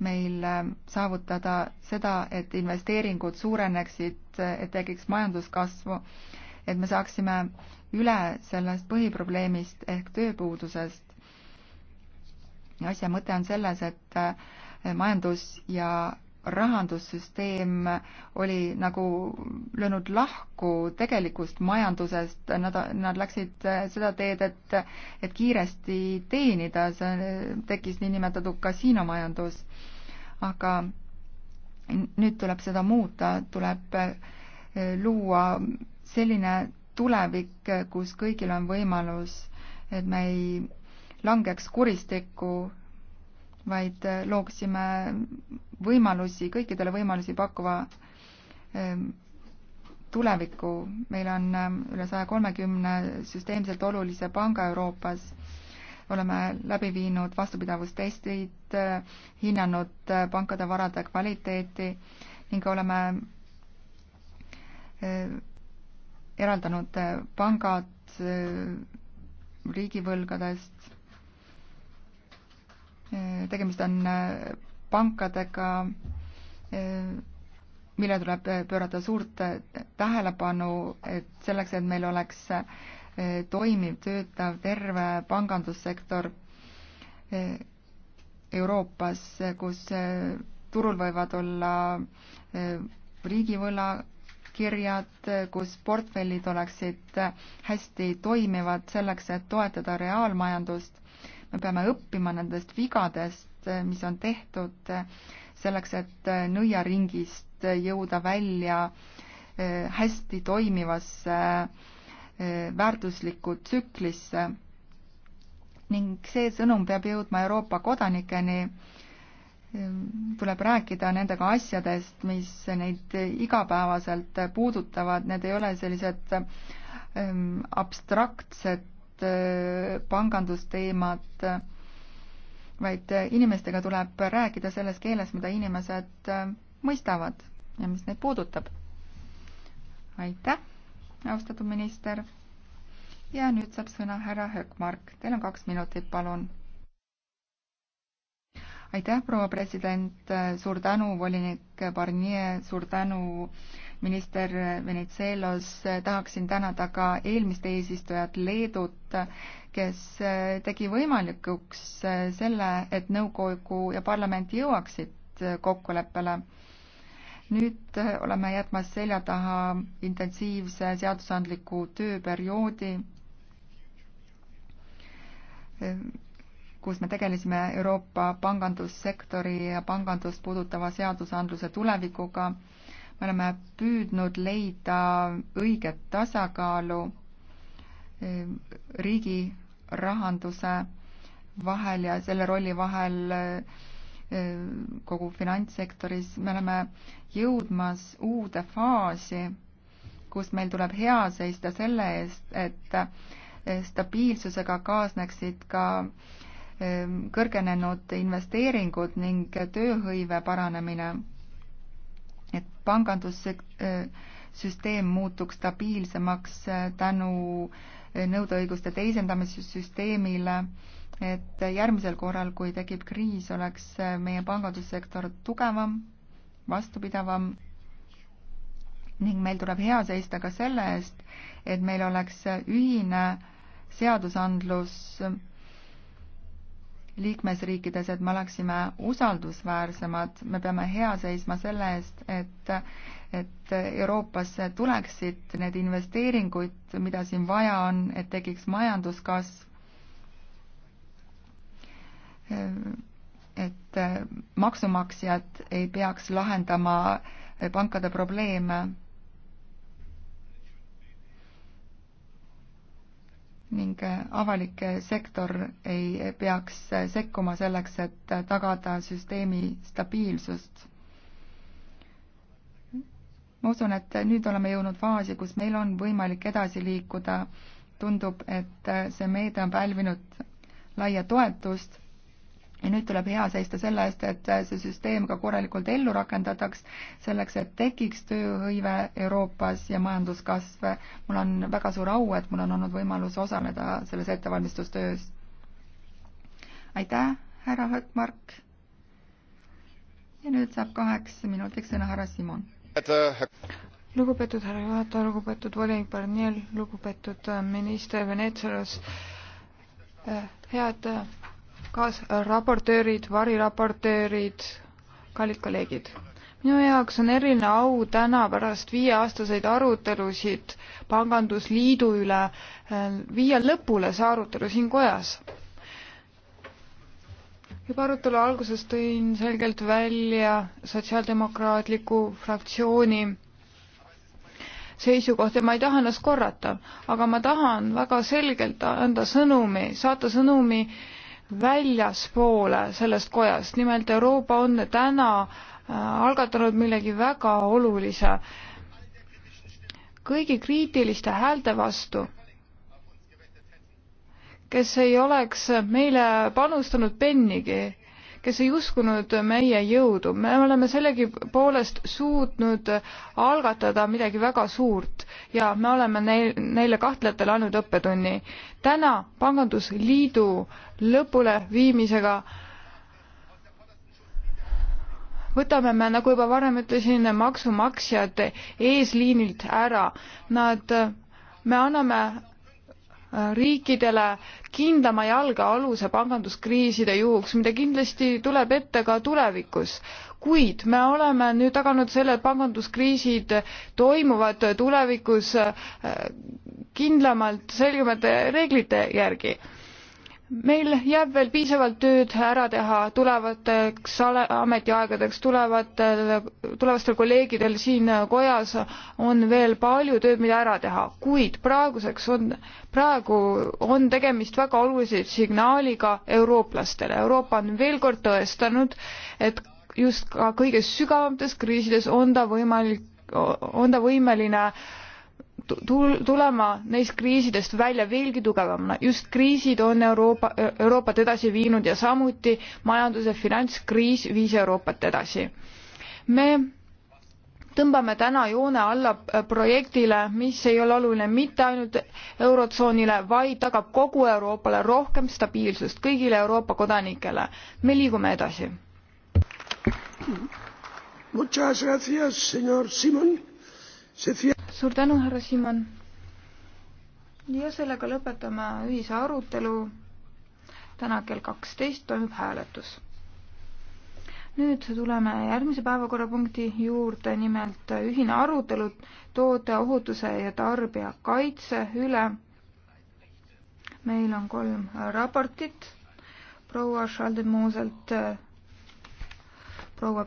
meil äh, saavutada seda, et investeeringud suureneksid, et tekiks majanduskasvu, et me saaksime üle sellest põhiprobleemist ehk tööpuudusest. asja mõte on selles, et äh, majandus ja rahandussüsteem oli nagu löönud lahku tegelikust majandusest, nad, nad läksid äh, seda teed, et, et kiiresti teenida, see tekkis niinimetatud kasiinomajandus. aga nüüd tuleb seda muuta, tuleb äh, luua selline tulevik, kus kõigil on võimalus, et me ei langeks kuristikku vaid äh, looksime võimalusi, kõikidele võimalusi pakkuva ähm, tuleviku. meil on ähm, üle saja kolmekümne süsteemselt olulise panga Euroopas. oleme läbi viinud vastupidavustestid, äh, hinnanud äh, pankade varade kvaliteeti ning oleme eraldanud pangad riigivõlgadest Äh, tegemist on äh, pankadega, äh, mille tuleb pöörata suurt tähelepanu, et selleks, et meil oleks toimiv, töötav, terve pangandussektor Euroopas, kus turul võivad olla riigivõlakirjad, kus portfellid oleksid hästi toimivad selleks, et toetada reaalmajandust me peame õppima nendest vigadest, eh, mis on tehtud eh, selleks, et eh, nõiaringist jõuda välja hästi toimivasse väärtuslikku tsüklisse ning see sõnum peab jõudma Euroopa kodanikeni, tuleb rääkida nendega asjadest, mis neid igapäevaselt puudutavad, need ei ole sellised abstraktsed ainult äh, pangandusteemad, vaid äh, inimestega tuleb rääkida selles keeles, mida inimesed äh, mõistavad ja mis neid puudutab. aitäh, austatud minister. ja nüüd saab sõna härra Höökmark, teil on kaks minutit, palun. aitäh, proua president, suur tänu, volinik Barnier, suur tänu äh, minister Venizelos, tahaksin tänada ka eelmist eesistujat Leedut, kes tegi võimalikuks selle, et nõukogu ja parlament jõuaksid kokkuleppele. nüüd oleme jätmas selja taha intensiivse seadusandliku tööperioodi, kus me tegelesime Euroopa pangandussektori ja pangandust puudutava seadusandluse tulevikuga me oleme püüdnud leida õiget tasakaalu eh, riigi rahanduse vahel ja selle rolli vahel eh, kogu finantssektoris. me oleme jõudmas uude faasi, kus meil tuleb hea seista selle eest, et eh, stabiilsusega kaasneksid ka kõrgenenud investeeringud ning tööhõive paranemine pangandussüsteem muutuks stabiilsemaks äh, tänu äh, nõudeõiguste teisendamise süsteemile, et äh, järgmisel korral, kui tekib kriis, oleks meie pangandussektor tugevam, vastupidavam ning meil tuleb hea seista ka selle eest, et meil oleks ühine seadusandlus liikmesriikides, et me oleksime usaldusväärsemad, me peame hea seisma selle eest, et, et Euroopasse tuleksid need investeeringud, mida siin vaja on, et tekiks majanduskasv, et maksumaksjad ei peaks lahendama pankade probleeme ning äh, avalik äh, sektor ei äh, peaks sekkuma selleks, et tagada süsteemi stabiilsust. ma usun, et nüüd oleme jõudnud faasi, kus meil on võimalik edasi liikuda. tundub, et see meede on pälvinud laia toetust ja nüüd tuleb hea seista selle eest, et see süsteem ka korralikult ellu rakendataks, selleks et tekiks tööhõive Euroopas ja majanduskasv. mul on väga suur au, et mul on olnud võimalus osaleda selles ettevalmistustöös. aitäh, härra Hökmark. ja nüüd saab kaheks minutiks sõna härra Simon. lugupeetud härra juhataja, lugupeetud volinik
Barnier, lugupeetud minister Venetsalos, eh, head eh, kaasraportöörid, variraportöörid, kallid kolleegid. minu jaoks on eriline au täna pärast viieaastaseid arutelusid Pangandusliidu üle äh, viia lõpule see arutelu siin kojas. juba arutelu alguses tõin selgelt välja Sotsiaaldemokraatliku fraktsiooni seisukoht ja ma ei taha ennast korrata, aga ma tahan väga selgelt anda sõnumi, saata sõnumi äh, väljaspoole sellest kojast. nimelt Euroopa on täna äh, algatanud millegi väga olulise kõigi kriitiliste häälte vastu, kes ei oleks meile panustanud pennigi kes ei uskunud meie jõudu. me oleme sellegipoolest suutnud algatada midagi väga suurt ja me oleme neil, neile kahtlejatele andnud õppetunni. täna Pangandusliidu lõpuleviimisega võtame me, nagu juba varem ütlesin, maksumaksjad eesliinilt ära. Nad, me anname riikidele kindlama jalga aluse panganduskriiside juhuks, mida kindlasti tuleb ette ka tulevikus. kuid me oleme nüüd taganud selle, et panganduskriisid toimuvad tulevikus äh, kindlamalt, selgemate reeglite järgi meil jääb veel piisavalt tööd ära teha tulevateks ametiaegadeks, tulevatel, tulevastel kolleegidel siin kojas on veel palju tööd, mida ära teha, kuid praeguseks on, praegu on tegemist väga olulise signaaliga eurooplastele. Euroopa on veel kord tõestanud, et just ka kõige sügavamates kriisides on ta võimalik, on ta võimeline äh, tulema neist kriisidest välja veelgi tugevamana. just kriisid on Euroopa, Euroopat edasi viinud ja samuti majandus- ja finantskriis viis Euroopat edasi. me tõmbame täna joone alla projektile, mis ei ole oluline mitte ainult Eurotsoonile, vaid tagab kogu Euroopale rohkem stabiilsust, kõigile Euroopa kodanikele. me liigume edasi.
Muchas gracias, señor Simon. Se cierra
suur tänu, härra Simon. ja sellega lõpetame ühise arutelu. täna kell kaksteist toimub hääletus. nüüd tuleme järgmise päevakorrapunkti juurde, nimelt ühine arutelu tooteohutuse ja tarbijakaitse üle. meil on kolm raportit proua Schaldemoselt, proua